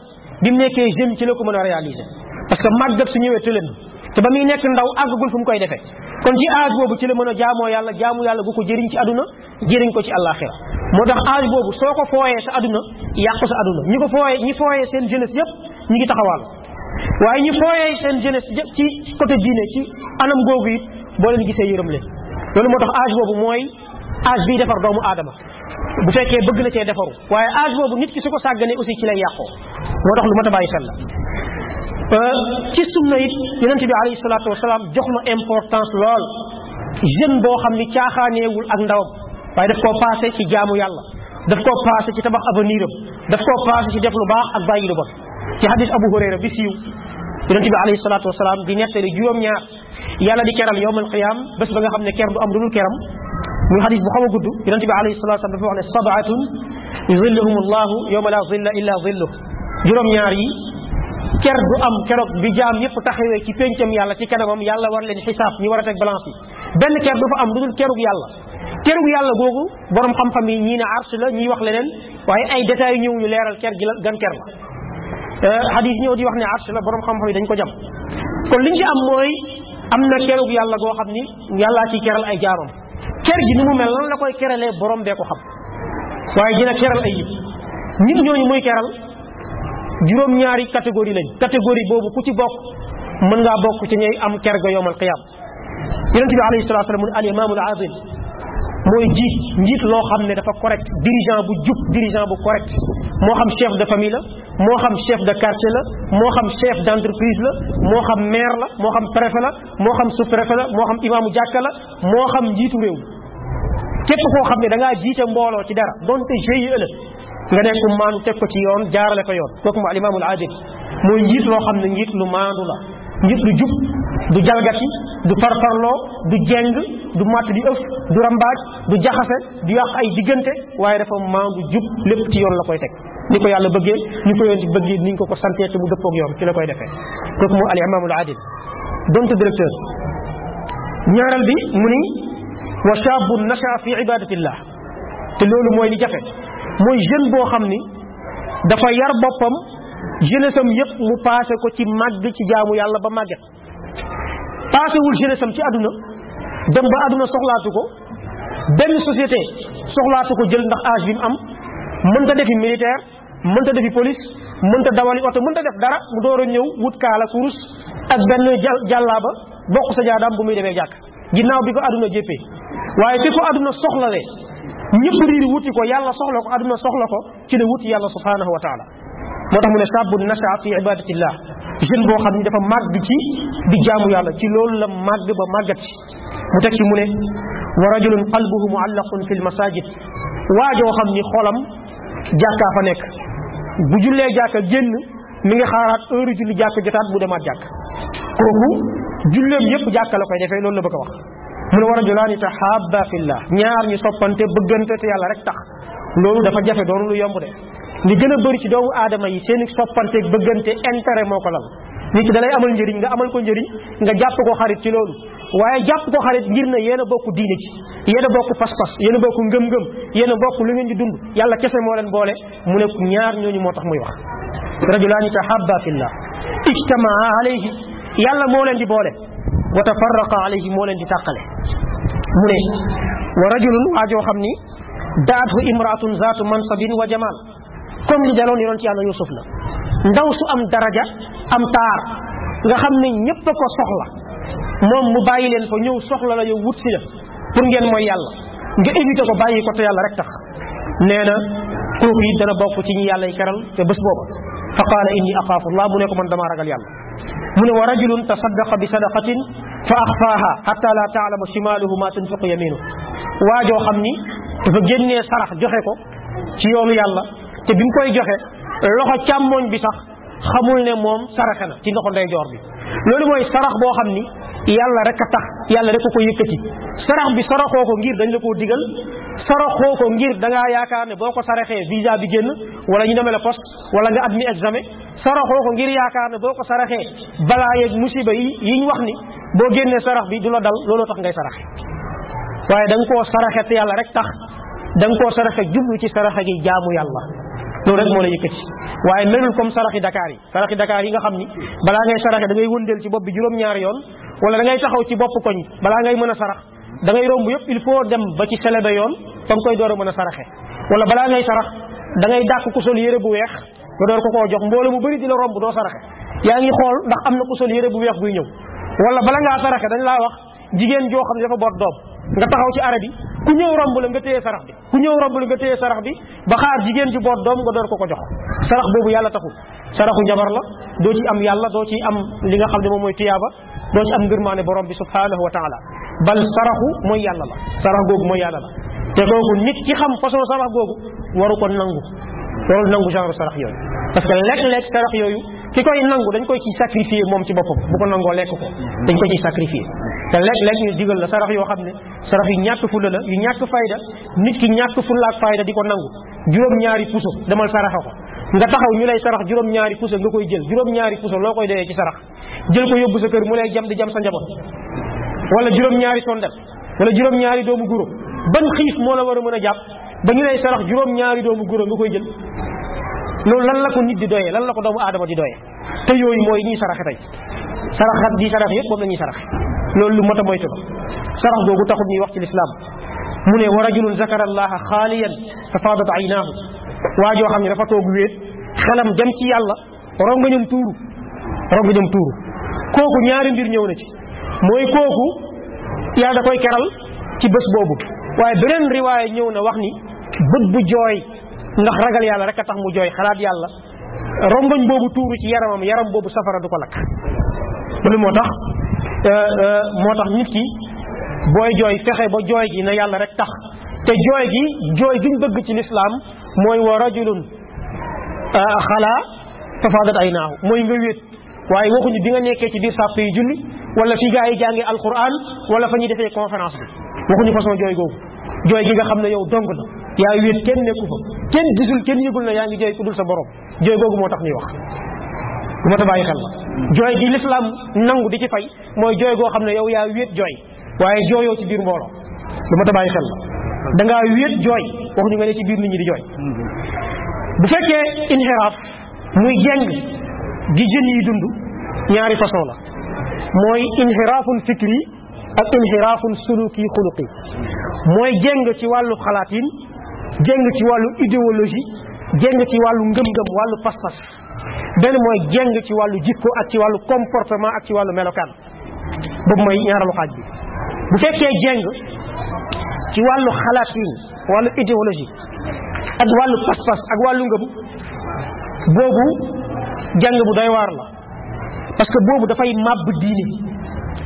bi mu nekkee jeune ci la ko mën a réaliser parce que màggat su ñëwee tëlën te ba muy nekk ndaw àggagul fu mu koy defee kon ci âge boobu ci la mën a jaamoo yàlla jaamu yàlla gu ko jëriñ ci aduna jëriñ ko ci alaxira moo tax âge boobu soo ko fooyee sa aduna yàq sa aduna ñi ko fooyee ñi fooyee seen jeunesse yëpp ñi ngi taxawal waaye ñi fooyee seen jeunesse yëpp ci côté diine ci anam googu it boo leen gisee yërëm leen loolu moo tax âge boobu mooy âge biy defar doomu aadama bu fekkee bëgg na cee defaru waaye âge boobu nit ki su ko sàgganee aussi ci lay yàqoo moo tax lu mat a bàyyi xel la euh, ci sunna it yonente bi alayhi salaatu wasalaam jox na lool jeune boo xam ni caaxaaneewul ak ndawam waaye daf koo passé ci jaamu yàlla daf koo passé ci tabax avenir am daf koo passé ci def lu baax ak bàyyi lu bon ci hadis abu hurayra bi siiw yonente bi alayhi salaatu wasalaam di nettali juróom-ñaar yàlla di keral yowmal qiyaam bés ba nga xam ne ker du am lu dul keram muy xadis bu xaw a gudd yonente bi alayhi salatu wasalam dafa wax ne sabaatun yuzilluhum allahu yowma la zilla illa zilluh juróom-ñaar yi ker gu am keroog bi jaam yëpp taxawee ci péncam yàlla ci kanamam yàlla war leen xisaab ñu war a teg balance yi benn ker du fa am lu dul kerug yàlla kerug yàlla googu borom xam-xam yi ñii ne arsh la ñuy wax leneen waaye ay détails yu ñëw ñu leeral ker la gan ker la euh, xadis ñëw wax ne arsh la borom xam-xam yi dañ ko jam kon liñ ci am mooy am na kerug yàlla goo xam ni yàllaa ci keral ay jaamam ker gi ni mu mel lan la koy keralee borom bee ko xam waaye dina keral ay yit nit ñooñu muy keral juróom-ñaari catégorie lañ catégorie boobu ku ci bokk mën ngaa bokk ci ñay am ker ga yowmal qiyaam yonente bi alayhi salatu wasalam mu ne al imaamul azim mooy jiit njiit loo xam ne dafa correct dirigeant bu jub dirigeant bu correct moo xam chef de famille moo xam chef de quartier la moo xam chef d'entreprise la moo xam maire la moo xam préfet la moo xam sous-préfet la moo xam imaamu jàkka la moo xam njiitu réew képp koo xam ne da ngaa jiite mbooloo ci dara donte GIE la nga nekk maandu teg ko ci yoon jaarale ko yoon kooku mu alimaamul adil mooy njiit loo xam ne njiit lu maandu la ngir du jub du jalgati du farfarloo du jeng du matt di ëf du rambaaj du jaxase du yàq ay diggante waaye dafa maandu jub lépp ci yoon la koy teg ni ko yàlla bëggee ni ko yoon di bëggee ni ko ko santee te mu dëppoog yoon ci la koy defee kooku moo al imaamul adil donte directeur ñaareel bi mu ni wa shaabu nasha fi ibadatillah te loolu mooy li jafe mooy jeune boo xam ni dafa yar boppam jeunesse am yëpp mu passé ko ci màgg ci jaamu yàlla ba màgget passé wul jeunesse am ci àdduna dem ba àdduna soxlaatu ko benn société soxlaatu ko jël ndax âge bi mu am mënta defi militaire mënta defi police mënta dawali oto mënta def dara mu door a ñëw wut kaala kurus ak benn ba bokk sa jaadaam bu muy demee jàkk ginnaaw bi ko àdduna jéppee waaye fi ko àdduna soxlawee ñëpp riir wuti ko yàlla soxla ko àdduna soxla ko ci ne wuti yàlla subhaanahu moo tax mu ne sabun nasha fi ibadatillah jeune boo xam ni dafa màgg ci di jaamu yàlla ci loolu la màgg ba màggat ci mu teg ci mu ne wa rajulun qalbuhu muallaqun fi l masajid waajoo xam ni xolam jàkkaa fa nekk bu jullee jàkka génn mu ngi xaaraat heure julli jàkka jotaat mu demaat jàkk kooku julleem yépp jàkka la koy defee loolu la bëgg wax mu ne wa rajulaani tahabba fillah ñaar ñu soppante bëggante te yàlla rek tax loolu dafa jafe doonu lu yomb de li gën a bëri ci doomu aadama yi seen soppanteeg bëggante intérêt moo ko lal nit ki da lay amal njëriñ nga amal ko njëriñ nga jàpp ko xarit ci loolu waaye jàpp ko xarit ngir na yéen a bokk diine ci yéen a bokk pas yéen bokk ngëm-ngëm yéen a bokk lu ngeen di dund yàlla kese moo leen boole mu ne ñaar ñooñu moo tax muy wax rajulaani tahabba fillah ijtamaa alayhi yàlla moo leen di boole wa tafarraqa alayhi moo leen di tàqale mu ne wa rajulun waajoo xam ni daatu imraatun zaatu mansabin wa jamal comme li daloon yonent yàlla Yuusuf la ndaw su am daraja am taar nga xam ne ñépp a ko soxla moom mu bàyyi leen fa ñëw soxla la yow wut si la pour ngeen mooy yàlla nga éviter ko bàyyi ko te yàlla rek tax nee na kooku yi dana bokk ci ñi yàlla y keral te bés booba fa qaala inni axaafullah mu ne ko man damaa ragal yàlla mu ne wa rajulun tasaddaqa bi sadaqatin fa axfaaha hatta la taalama shimaaluhu ma tunfiqu yaminuhu waajoo xam ni dafa génnee sarax joxe ko ci yoonu yàlla te bi mu koy joxe loxo càmmoñ bi sax xamul ne moom saraxe na ci loxo ndeyjoor bi loolu mooy sarax boo xam ni yàlla rek a tax yàlla rek a ko yëkkati sarax bi saraxoo ko ngir dañ la koo digal saraxoo ko ngir da ngaa yaakaar ne boo ko saraxee visa bi génn wala ñu demee la poste wala nga admis examen saraxoo ko ngir yaakaar ne boo ko saraxee balaa yeeg musiba yi ñu wax ni boo génnee sarax bi du la dal looloo tax ngay saraxe waaye da nga koo saraxe yàlla rek tax da nga koo saraxe jublu ci saraxe gi jaamu yàlla loolu rek moo la yëkkati waaye melul comme saraxi dakaar yi saraxi dakaar yi nga xam ni balaa ngay saraxe dangay ngay wëndeel ci bopp bi juróom-ñaari yoon wala dangay ngay taxaw ci bopp koñ balaa ngay mën a sarax da romb yëpp il faut dem ba ci selebe yoon ba nga koy door mën a saraxe wala balaa ngay sarax da ngay dàq ku sol yére bu weex nga door ko koo jox mboole mu bëri di la romb doo saraxe yaa ngi xool ndax am na ku sol yére bu weex buy ñëw wala bala ngaa saraxe dañ laa wax jigéen joo xam ne dafa boot doom nga taxaw ci arrêt bi ku ñëw romb la nga téye sarax bi ku ñëw romb la nga téye sarax bi ba xaar jigéen ju boot doom nga door ko ko jox sarax boobu yàlla taxul saraxu njabar la doo ci am yàlla doo ci am li nga xam ne moom mooy tiyaaba doo ci am ngërmaane borom bi subhanahu wa taala bal saraxu mooy yàlla la sarax googu mooy yàlla la te googu nit ci xam façon sarax googu waru ko nangu loolu nangu genre sarax yooyu parce que lekk-lekk sarax yooyu ki koy nangu dañ koy ci sacrifier moom ci boppam bu ko nangoo lekk ko dañ koy ci sacrifier te léeg-léeg ñu digal la sarax yoo xam ne sarax yu ñàkk fulla la yu ñàkk fayda nit ki ñàkk fulla ak fayda di ko nangu juróom-ñaari puso demal saraxa ko nga taxaw ñu lay sarax juróom-ñaari puso nga koy jël juróom-ñaari puso loo koy doyee ci sarax jël ko yóbbu sa kër mu lay jam di jam sa njaboot wala juróom-ñaari sondel wala juróom-ñaari doomu guro ban xiif moo la war a mën a jàpp ba ñu lay sarax juróom-ñaari doomu guro nga koy jël loolu lan la ko nit di doyee lan la ko doomu adama di doyee te yooyu mooy ñuy saraxe tey saraxat di saraxe yëpp moom la ñuy saraxe loolu lu mot a moytu la sarax googu taxul ñuy wax ci lislaam mu ne wa rajulun zakara allaha xaaliyan fa faadat aynaahu waa joo xam ne dafa toogu wéet xalam dem ci yàlla rongañam tuuru rongañam tuuru kooku ñaari mbir ñëw na ci mooy kooku yàlla da koy keral ci bés boobu waaye beneen riwaaya ñëw na wax ni bët bu jooy ndax ragal yàlla rek a tax mu jooy xalaat yàlla rongoñ boobu tuuru ci yaramam yaram boobu safara du ko lakk loolu moo tax euh, euh, moo tax nit ki booy jooy fexe ba jooy gi na yàlla rek tax te jooy gi jooy giñ bëgg ci lislaam mooy wa rajulun xalaa tafaadat ay naaw mooy nga wéet waaye waxuñu bi nga nekkee ci biir sàpp yi julli wala fi gaa yi jàngee alquran wala fa ñuy defee conférence bi waxuñu façon jooy googu jooy gi nga xam ne yow dong na yaa wéet kenn nekku fa kenn gisul kenn yëgul na yaa ngi jooy ku dul sa borom jooy googu moo tax ñuy wax bu ma ta bàyyi xel la jooy gi lislaam nangu di ci fay mooy jooy goo xam ne yow yaa wéet jooy waaye jooyoo ci biir mbooloo bu ma ta bàyyi xel la dangaa wéet jooy waxuñu nga ne ci biir di jooy bu fekkee inxiraaf gi jeunes yi dund ñaari façon la mooy inxiraafun fikri ak inxiraafun suluki xuluqi mooy jéng ci wàllu xalaatin jéng ci wàllu idéologie jéng ci wàllu ngëm-ngëm wàllu pas-pas benn mooy jëng ci wàllu jikko ak ci wàllu comportement ak ci wàllu melokaan boobu mooy ñaareelu xaaj bi bu fekkee jéng ci wàllu xalaatin wàllu idéologie ak wàllu pas-pas ak wàllu ngëm boobu jàng bu doy waar la parce que boobu dafay màbb diine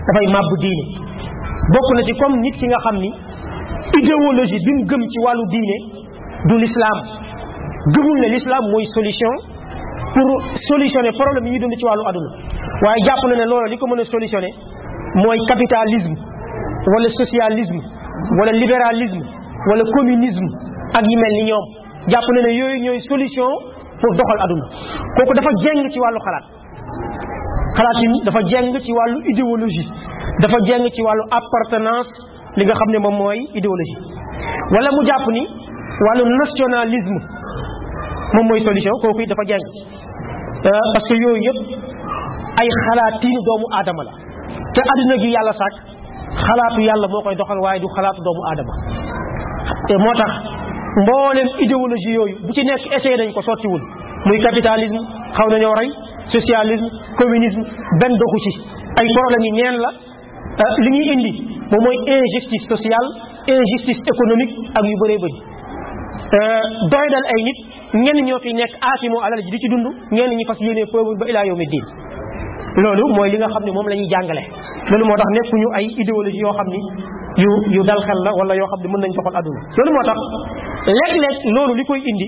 dafay màbb diine bokk na ci comme nit ki nga xam ni idéologie bi mu gëm ci wàllu diine du l'islam gëmul ne l'islam mooy solution pour solutionner problème yi ñu dund ci wàllu aduna waaye jàpp na ne loolu li ko mën a solutionner mooy capitalisme wala socialisme wala libéralisme wala communisme ak yi mel ni ñoom jàpp na ne yooyu ñooy solution pour doxal aduna kooku dafa jeng ci wàllu xalaat xalaatin dafa jeng ci wàllu idéologie dafa jeng ci wàllu appartenance li nga xam ne moom mooy idéologie wala mu jàpp ni wàllu nationalisme moom mooy solution kooku it dafa jeng euh, parce que yooyu yëpp ay xalaatiinu doomu aadama la te adduna gi yàlla sàkk xalaatu yàlla moo koy doxal waaye du xalaatu doomu aadama te moo tax mboolem idéologie yooyu bu ci nekk essayé nañ ko sottiwul muy capitalisme xaw na nañoo rey socialisme communisme benn doxu ci ay problème yi neen la euh, li ñuy indi moom mooy injustice sociale injustice économique ak yu bëree bëri euh, doy dal ay nit ñenn ñoo fi nekk aasimoo alal ji di ci dund ñenn ñi fas yéene pauvre ba ilaa yawmi diin loolu mooy li nga xam ne moom lañuy ñuy jàngale loolu moo tax ñu ay idéologie yoo xam ni yu yu dal xel la wala yoo xam ne mën nañ doxal àdduna loolu moo tax léeg-léeg loolu li koy indi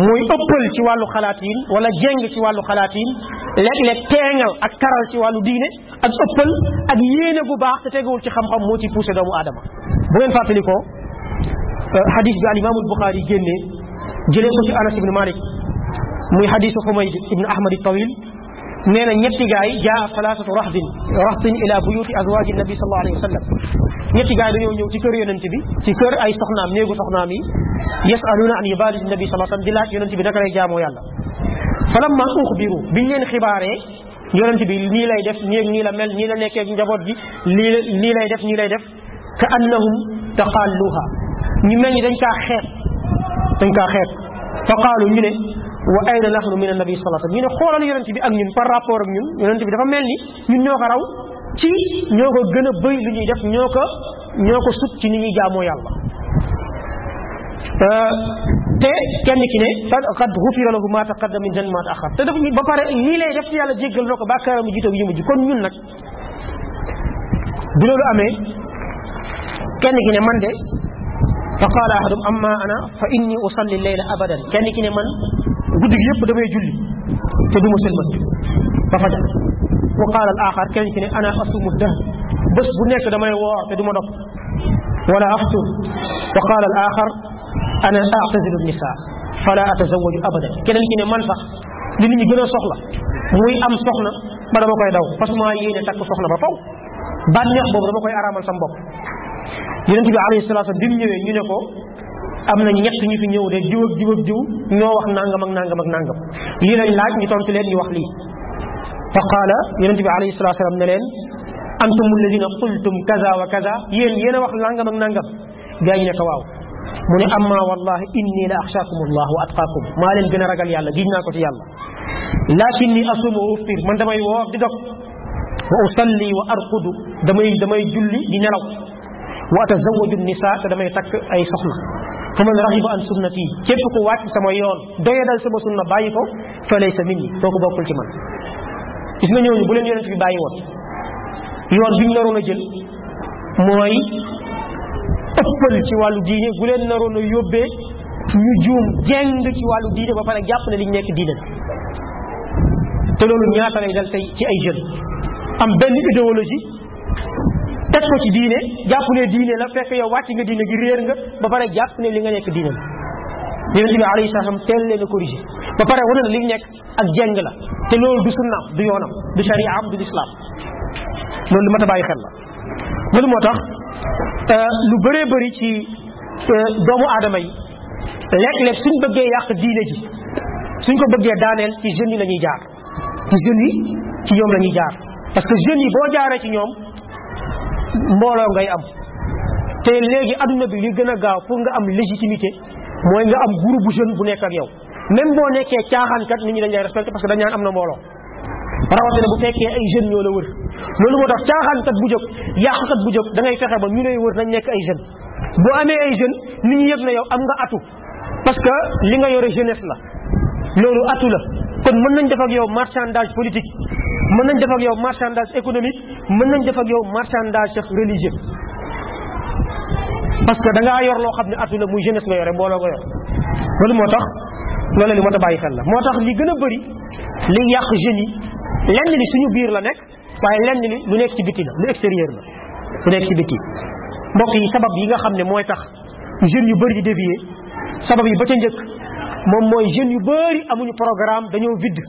mooy ëppal ci wàllu xalaat yi wala jéng ci wàllu xalaat yi léeg-léeg teeŋal ak taral ci wàllu diine ak ëppal ak yéene gu baax te teguwul ci xam-xam moo ci poussé doomu aadama bu ngeen fàttalikoo euh, xadis bi alimaamul buxaari génnee jëlee ko ci anas ibnu malik muy xadisu nee na ñetti gaa yi jaa salaasatu raxdin raxdin ila buyuti azwaaji nabi sallallahu alayhi wa sallam ñetti gaa yi dañoo ñëw ci kër yonent bi ci kër ay soxnaam néegu soxnaam yi yasaluuna an ibaadati nabi sallallahu alayhi wa sallam di laaj yonent bi naka lay jaamoo yàlla falamma uxbiru biñ leen xibaaree yonent bi nii lay def nii nii la mel nii la nekkee njaboot gi lii nii lay def nii lay def ka annahum taqalluha ñu mel ni dañ kaa xeet dañ kaa xeet fa qaalu ñu ne wa ayna nahnu min annabi sallallahu alayhi wasallam ñu ne xoolal yonent bi ak ñun par rapport ak ñun yonent bi dafa mel ni ñun ñoo ko raw ci ñoo ko gën a bëy lu ñuy def ñoo ko ñoo ko sut ci ñu ñuy jaamoo yàlla euh, te kenn ki ne qad ghufira lahu ma taqaddama min dhanbihi ma te dafa ba pare lii lay def ci yàlla jéggal na ko bàkkaaram yi jiite yu mujj kon ñun nag bi loolu amee kenn ki ne man de fa qaala ahadum amma ana fa inni usalli layla abadan kenn ki ne man guddi yépp damay julli te du ma sëlmat ba fajar wa qaala al axar ne ana asumu dahr bés bu nekk damay woor te du ma dox wala aftur wa qaala al axar ana atasilu nisa fala atazawaju abadan ne man sax li nit gën soxla muy am soxna ba dama koy daw parce que maa yéene takk soxna ba faw bànneex boobu dama koy araamal sam bopp yonent bi alayhi salaatu bi mu ñëwee ñu ne ko am nañu ñett ñu fi ñëw de jiw ak jiw ak jiw ñoo wax nangam ak nangam ak nangam lii lañ laaj ñu tontu leen ñu wax lii fa qaala yonente bi alayhi salatu salaam ne leen antum alladina qultum kaza wa kaza yéen yéen a wax nangam ak nangam gaa ñi ne ko waaw mu ne amma wallahi inni la axshaakum allah wa atqaakum maa leen gën a ragal yàlla giñ naa ko ci yàlla lakinni asumu wa uftir man damay woor di dog wa usalli wa arqudu damay damay julli di nelaw wa atazawaju nisa te damay takk ay soxna fa man raxiba an sunnati képp ku wàcc sama yoon doyadal sama sunna bàyyi ko fa laysa minni ko bokkul ci man gis nga ñooñu bu leen yonent bi bàyyi woon yoon bi ñu naroon a jël mooy ëppal ci wàllu diine bu leen naroon a yóbbee ñu juum jeng ci wàllu diine ba pare jàpp ne liñ nekk diine te loolu ñaata lay dal tey ci ay jeunes am benn idéologie teg ko ci diine jàpp ne diine la fekk yow wàcc nga diine gi réer nga ba pare jàpp ne li nga nekk diine la yonente bi alayhi teel leen a corrigé ba pare wane na li nekk ak jeng la te loolu du sunnaam du yoonam du am du lislaam loolu lu mat a bàyyi xel la loolu moo tax euh, lu bëree bëri ci euh, doomu adama yi léeg-léeg suñ bëggee yàq diine ji suñ ko bëggee daaneel ci jeunes yi la ñuy jaar ci jeunes yi ci ñoom la ñuy jaar parce que jeunes yi boo jaaree ci ñoom mbooloo ngay am te léegi adduna bi li gën a gaaw pour nga am légitimité mooy nga am groupe bu jeune bu nekk ak yow même boo nekkee caaxaankat nit ñi dañ lay respecté parce que dañ naan am na mbooloo rawatina bu fekkee ay jeunes ñoo la wër loolu moo tax caaxaankat bu jóg yàqkat bu jóg da ngay fexe ba ñu lay wër nañ nekk ay jeunes boo amee ay jeune nit ñi yëg na yow am nga atu parce que li nga yore jeunesse la loolu atu la kon mën nañ def ak yow marchandage politique mën nañ def ak yow marchandage économique mën nañ def ak yow marchandage sax religieux parce que da ngaa yor loo xam ne atu la muy jeunesse nga yore mbooloo nga yor loolu moo tax loolu li moo tax bàyyi xel la moo tax li gën a bëri li yàq jeunes yi lenn li suñu biir la nekk waaye lenn li lu nekk ci biti la lu extérieur la lu nekk ci biti mbokk yi sabab yi nga xam ne mooy tax jeunes yu bëri di dévier sabab yi ba ca njëkk moom mooy jeunes yu bëri amuñu programme dañoo vide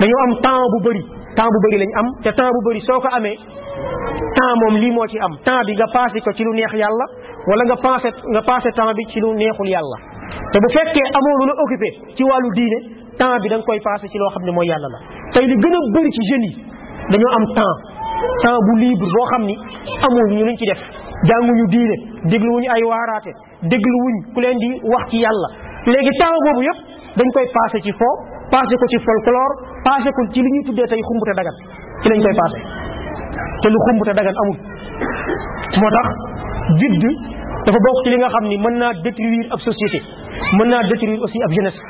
dañoo am temps bu bëri temps bu bëri lañ am temps bu bëri soo ko amee temps moom lii moo ci am temps bi nga passé ko ci lu neex yàlla wala nga passé nga passé temps bi ci lu neexul yàlla te bu fekkee amoo lu la occupé ci wàllu diine temps bi da koy passé ci loo xam ne mooy yàlla la tey li gën a bëri ci jeunes yi dañoo am temps temps bu libre boo xam ni amul ñu luñ ci def jànguñu diine dégluwuñu ay waaraate dégluwuñ ku leen di wax ci yàlla léegi temps boobu yëpp dañ koy passé ci fo passé ko ci folklore passé ko ci li ñuy tuddee tey xumbute dagan ci lañ koy passé te lu xumbute dagan amul moo tax vide dafa bokk ci li nga xam ni mën naa détruire ab société mën naa détruire aussi ab jeunesse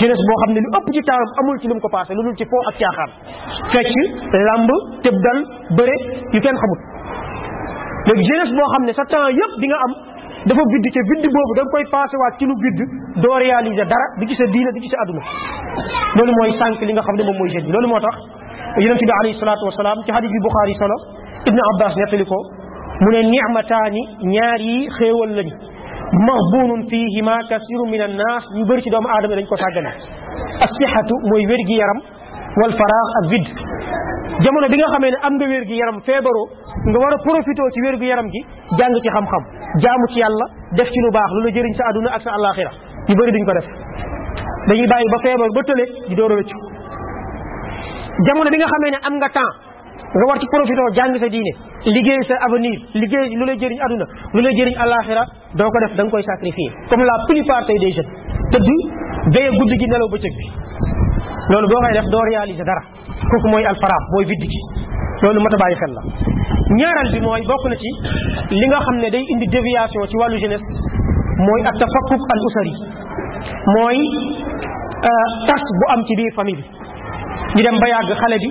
jeunesse boo xam ne lu ëpp ci taaram amul ci lu mu ko passé lu dul ci foo ak caaxaan fecc lamb tëb dal bëre yu kenn xamul léegi jeunesse boo xam ne sa temps yëpp di nga am dafa vidd ca vidd boobu da nga koy passé waat ci lu vidd doo réaliser dara di ci sa diina di ci sa aduna loolu mooy sànq li nga xam ne moom mooy jeune bi loolu moo tax a bi alayhi salaatu wasalaam ci xadis bi Buxaari solo Ibnu Abbas nettali ko mu ne nicmataani ñaar yi xéewal lañu maxbunun fihima kasiru min annaas ñu bëri ci doomu aadama dañ ko sàggane as sixatu mooy wér gi yaram wal faraax ak vide jamono bi nga xamee ne am nga wér gi yaram feebaroo nga war a profité ci wér gu yaram gi jàng ci xam-xam jaamu ci yàlla def ci lu baax lu la jëriñ sa àdduna ak sa àllaaxira ñu bëri ko def dañuy bàyyi ba feebar ba tële di door a rëccu jamono bi nga xamee ne am nga temps nga war ci profité jàng sa diine liggéey sa avenir liggéey lu lay jëriñ àdduna lu lay jëriñ àllaaxira doo ko def da nga koy sacrifier comme la plupart tey des jeunes tëdd béye guddi gi nelaw bëccëg bi loolu boo koy def doo réaliser dara kooku mooy alfaraab mooy biddi gi loolu mat a bàyyi xel la ñaareel bi mooy bokk na ci li nga xam ne day indi déviation ci wàllu jeunesse mooy ak tafakkuk al usari mooy euh, tas bu am ci biir famille bi ñu dem ba yàgg xale bi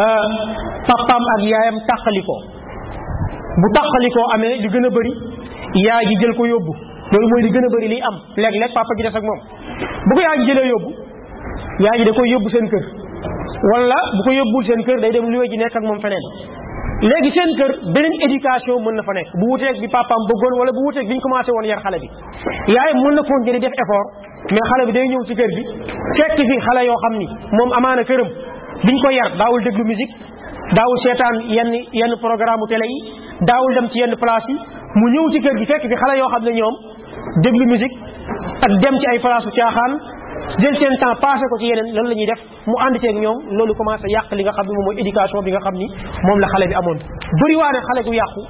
euh, papaam ak yaayam tàqalikoo bu tàqalikoo amee li gën a bari yaa gi jël ko yóbbu loolu mooy li gën a bari li am léeg-léeg papa gi des ak moom bu ko yaay ji jëlee yóbbu yaa ji da koy yóbbu seen kër wala bu ko yóbbul seen kër day dem luwe ji nekk ak moom feneen léegi seen kër beneen éducation mën na fa nekk bu wuteeg bi papaam bëggoon wala bu wuteeg bi ñu commencé woon yar xale bi yaay mën na continuer di def effort mais xale bi day ñëw ci kër gi xale yoo xam ni moom amaana këram biñ ko yar daawul déglu musique daawul seetaan yenn yenn programme télé yi daawul dem ci yenn place yi mu ñëw ci kër gi fekk fi xale yoo xam ne ñoom déglu musique ak dem ci ay place u caaxaan jël seen temps passé ko ci yeneen loolu la ñuy def mu ànd ceeg ñoom loolu commencé yàq li nga xam ne moom mooy éducation bi nga xam ni moom la xale bi amoon bëriwaane xale bu yàqu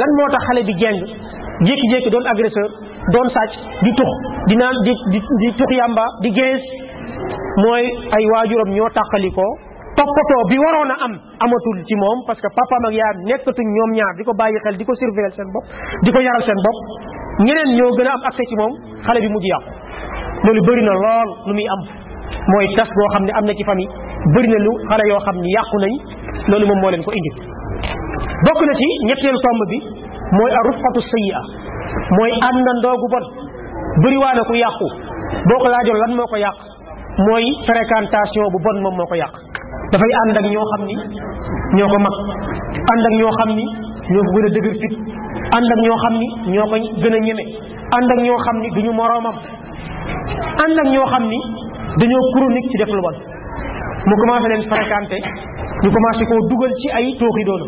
lan moo tax xale bi jeng jékki-jékki doon agresseur doon sàcc di tux di naan di di tux yàmba di gees mooy ay waajuram ñoo tàqalikoo toppatoo bi waroon a am amatul ci moom parce que papaam ak yaayam nekkatuñ ñoom ñaar di ko bàyyi xel di ko surveiller seen bopp di ko yaral seen bopp ñeneen ñoo gën a am accès ci moom xale bi mujj yàqu loolu bëri na lool lu muy am mooy tas boo xam ne am na ci famille bëri na lu xale yoo xam ni yàqu nañ loolu moom moo leen ko indi bokk na ci ñetteelu tomb bi mooy a rufqatu a mooy àndandoo gu bon bëriwaa ku yàqu boo ko laajoon lan moo ko yàq mooy fréquentation bu bon moom moo ko yàq dafay ànd ñoo xam ni ñoo ko mag ànd ñoo xam ni ñoo ko gën a dëgër fit ñoo xam ni ñoo ko gën xam ni duñu moroomam ànd ak ñoo xam ni dañoo chronique ci def lu bon mu commencé leen fréquenté ñu commencé ko dugal ci ay tooxi doona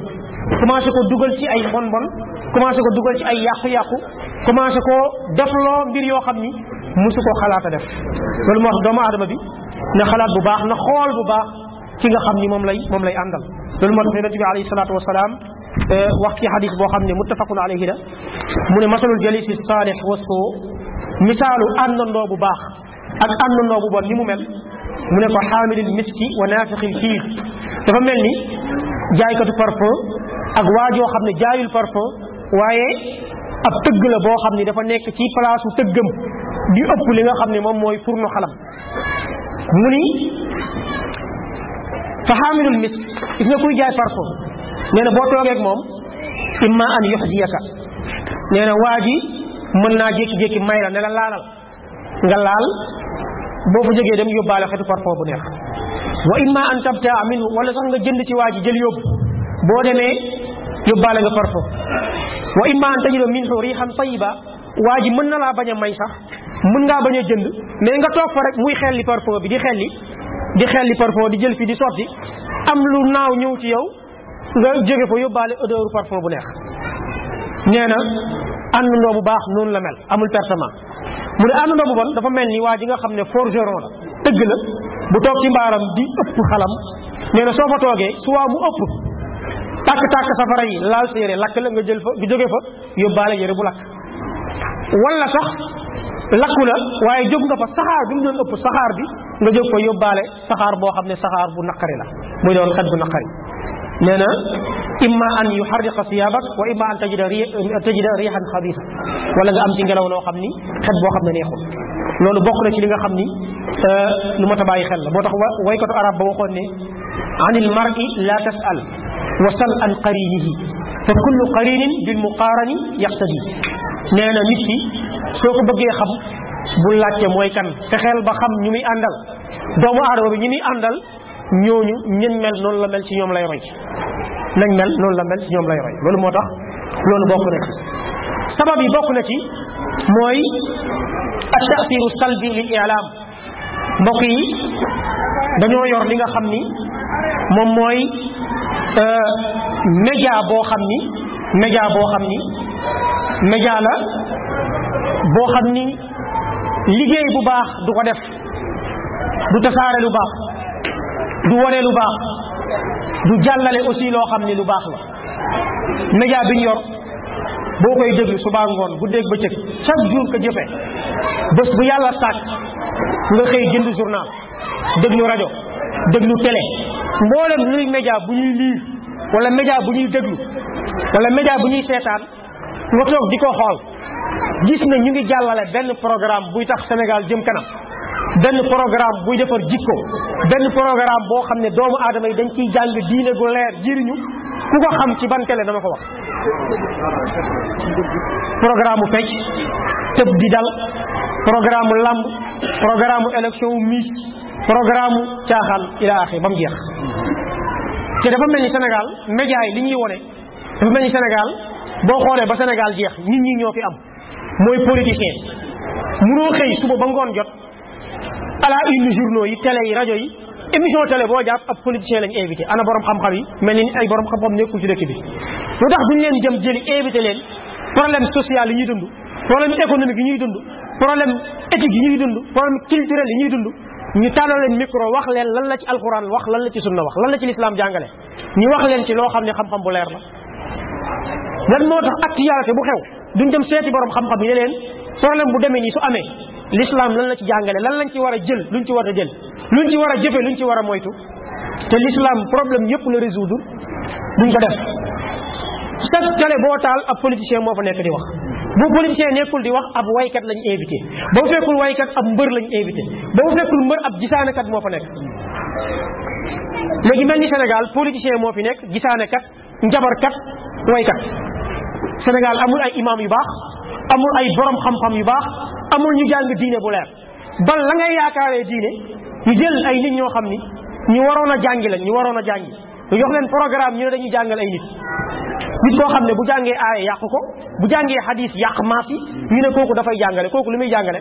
commencé ko dugal ci ay bon bon commencé ko dugal ci ay yàqu-yàqu commencé ko def loo mbir yoo xam ni musu koo xalaat a def loolu moo doomu aadama bi na xalaat bu baax na xool bu baax ci nga xam ni moom lay moom lay àndal loolu moo tax yonent bi alayhi salaatu wasalaam eh, wax ci xadis boo xam ne muttafaqun alayhi la mu ne masalul jalisi saalih wasu misaalu àndandoo bu baax ak àndandoo bu bon ni mu mel mu ne ko xaamilil miski wa naafixil dafa mel ni jaaykatu parfum ak waajoo xam ne jaayul parfum waaye ab tëgg la boo xam ne dafa nekk ci palaasu tëggam gi ëpp li nga xam ne moom mooy furnu xalam mu ni fa xaamilul misk gis nga kuy jaay parfum nee boo toogee moom imma an yuxziyaka nee na mën naa jékki-jékki may la ne la laalal nga laal boo fa jógee dem yóbbaale xetu parfum bu neex wa imma an tabtaa minhu wala sax nga jënd ci waa ji jël yóbbu boo demee yóbbaale nga parfum wa imma an tajido minhu rihan tayiba waa ji mën na laa bañ a may sax mën ngaa bañ a jënd mais nga toog fa rek muy xelli parfum bi di xelli di xelli parfum di jël fi di sotti am lu naaw ñëw ci yow nga jóge fa yóbbaale odeur parfum bu neex nee na àndandoo bu baax noonu la mel amul pertement mu ne àndandoo bu bon dafa mel nii waa ji nga xam ne forgeron la tëgg la bu toog ci mbaaram di ëpp xalam nee soo fa toogee soit mu ëpp tàkk-tàkk safara yi laal sa yére lakk la nga jël fa nga jóge fa yóbbaale yére bu lakk wala sax lakku la waaye jóg nga fa saxaar bi mu doon ëpp saxaar bi nga jóg fa yóbbaale saxaar boo xam ne saxaar bu naqari la muy doon xet bu naqari nee na imma an yuxarriqa siyaabak wa imma an tajida tajida riixan xabisa wala nga am ci ngelaw loo xam ni xet boo xam ne neexul loolu bokk na ci li nga xam ni euh, lu mot a bàyyi xel la boo tax waykatu arab ba waxoon ne an il mar'i la tasal wa sal an qarinihi fa kullu qarinin bil muqaarani yaqtadi nee na nit ki soo ko bëggee xam bu laajte mooy kan te xel ba xam ñu muy àndal doomu aadama bi ñu muy àndal ñooñu ñen mel noonu la mel ci ñoom lay roy nañ mel noonu la mel ci ñoom lay roy loolu moo tax loolu bokk na ci sabab yi bokk na ci mooy at taasiru salbi lil ilaam mbokk yi dañoo yor li nga xam ni moom mooy euh, média boo xam ni média boo xam ni média la boo xam ni liggéey bu baax du ko def du tasaare lu baax du wone lu baax du jàllale aussi loo xam ni lu baax la média bi ñu yor boo koy déglu suba ngoon guddeeg bëccëg chaque jour que jëfe bés bu yàlla sàkk nga xëy jënd journal déglu rajo déglu télé mboolem luy média bu ñuy lire wala média bu ñuy déglu wala média bu ñuy seetaan nga toog di ko xool gis na ñu ngi jàllale benn programme buy tax Sénégal jëm kanam benn programme buy defar jikko benn programme boo xam ne doomu aadama yi dañ ciy jàng diine gu leer jëriñu ku ko xam ci ban télé dama ko wax programme u fecc tëb di dal programme lamb programme élection u miis programme caaxaan ila axi ba mu jeex te dafa mel ni Sénégal média li ñuy wone dafa mel ni Sénégal boo xoolee ba Sénégal jeex nit ñi ñoo fi am mooy politicien mënoo xëy suba ba ngoon jot à la une journaux yi télé yi rajo yi émission télé boo jàpp ab politicien lañ invité ana borom xam-xam yi mel ni ay borom xam-xam nekkul ci dëkk bi lu tax duñ leen jëm jëli invité leen problème social yi ñuy dund problème économique yi ñuy dund problème éthique yi ñuy dund problème culturel yi ñuy dund ñu tàllal leen micro wax leen lan la ci alquran wax lan la ci sunna wax lan la ci lislaam jàngale ñu wax leen ci loo xam ne xam-xam bu leer la lan moo tax actualité bu xew duñ dem seeti borom xam-xam yi leen bu demee nii su amee l'islam lan la ci jàngale lan lañ ci war a jël luñ ci war a jël luñ ci war a jëfe luñ ci war a moytu te l'islam problème yëpp la résoudre duñ ko def chaque télé boo taal ab politicien moo fa nekk di wax bu politicien nekkul di wax ab waykat lañ invité ba mu fekkul waykat ab mbër lañu invité ba fekkul mbër ab gisaanekat moo fa nekk léegi mel ni Sénégal politicien moo fi nekk gisaanekat njabarkat waykat Sénégal amul ay imaam yu baax amul ay borom xam yu baax amul ñu jàng diine bu leer bal la ngay yaakaaree diine ñu jël ay nit ñoo xam ni ñu waroon a jàngi lañ ñu waroon a jàngi ñu jox leen programme ñu ne dañuy jàngal ay nit nit koo xam ne bu jàngee aaya yàq ko bu jàngee xadis yàq maas yi ñu ne kooku dafay jàngale kooku lu muy jàngale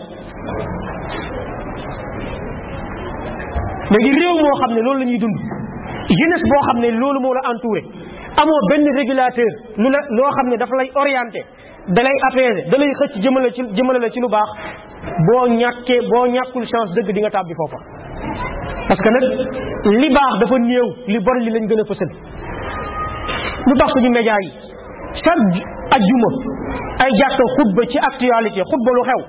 léegi réew moo xam ne loolu la ñuy dund jeunesse boo xam ne loolu moo la entouré amoo benn régulateur lu la loo xam ne dafa lay orienté da lay apaiser da lay xëcc jëmale ci jëmale la ci lu baax boo ñàkkee boo ñàkkul chance dëgg di nga tàbbi foofa parce que nag li baax dafa néew li bon li lañ gën a fësal lu tax suñu média yi chaque ajjuma ay jàkka xutba ci actualité xutba lu xew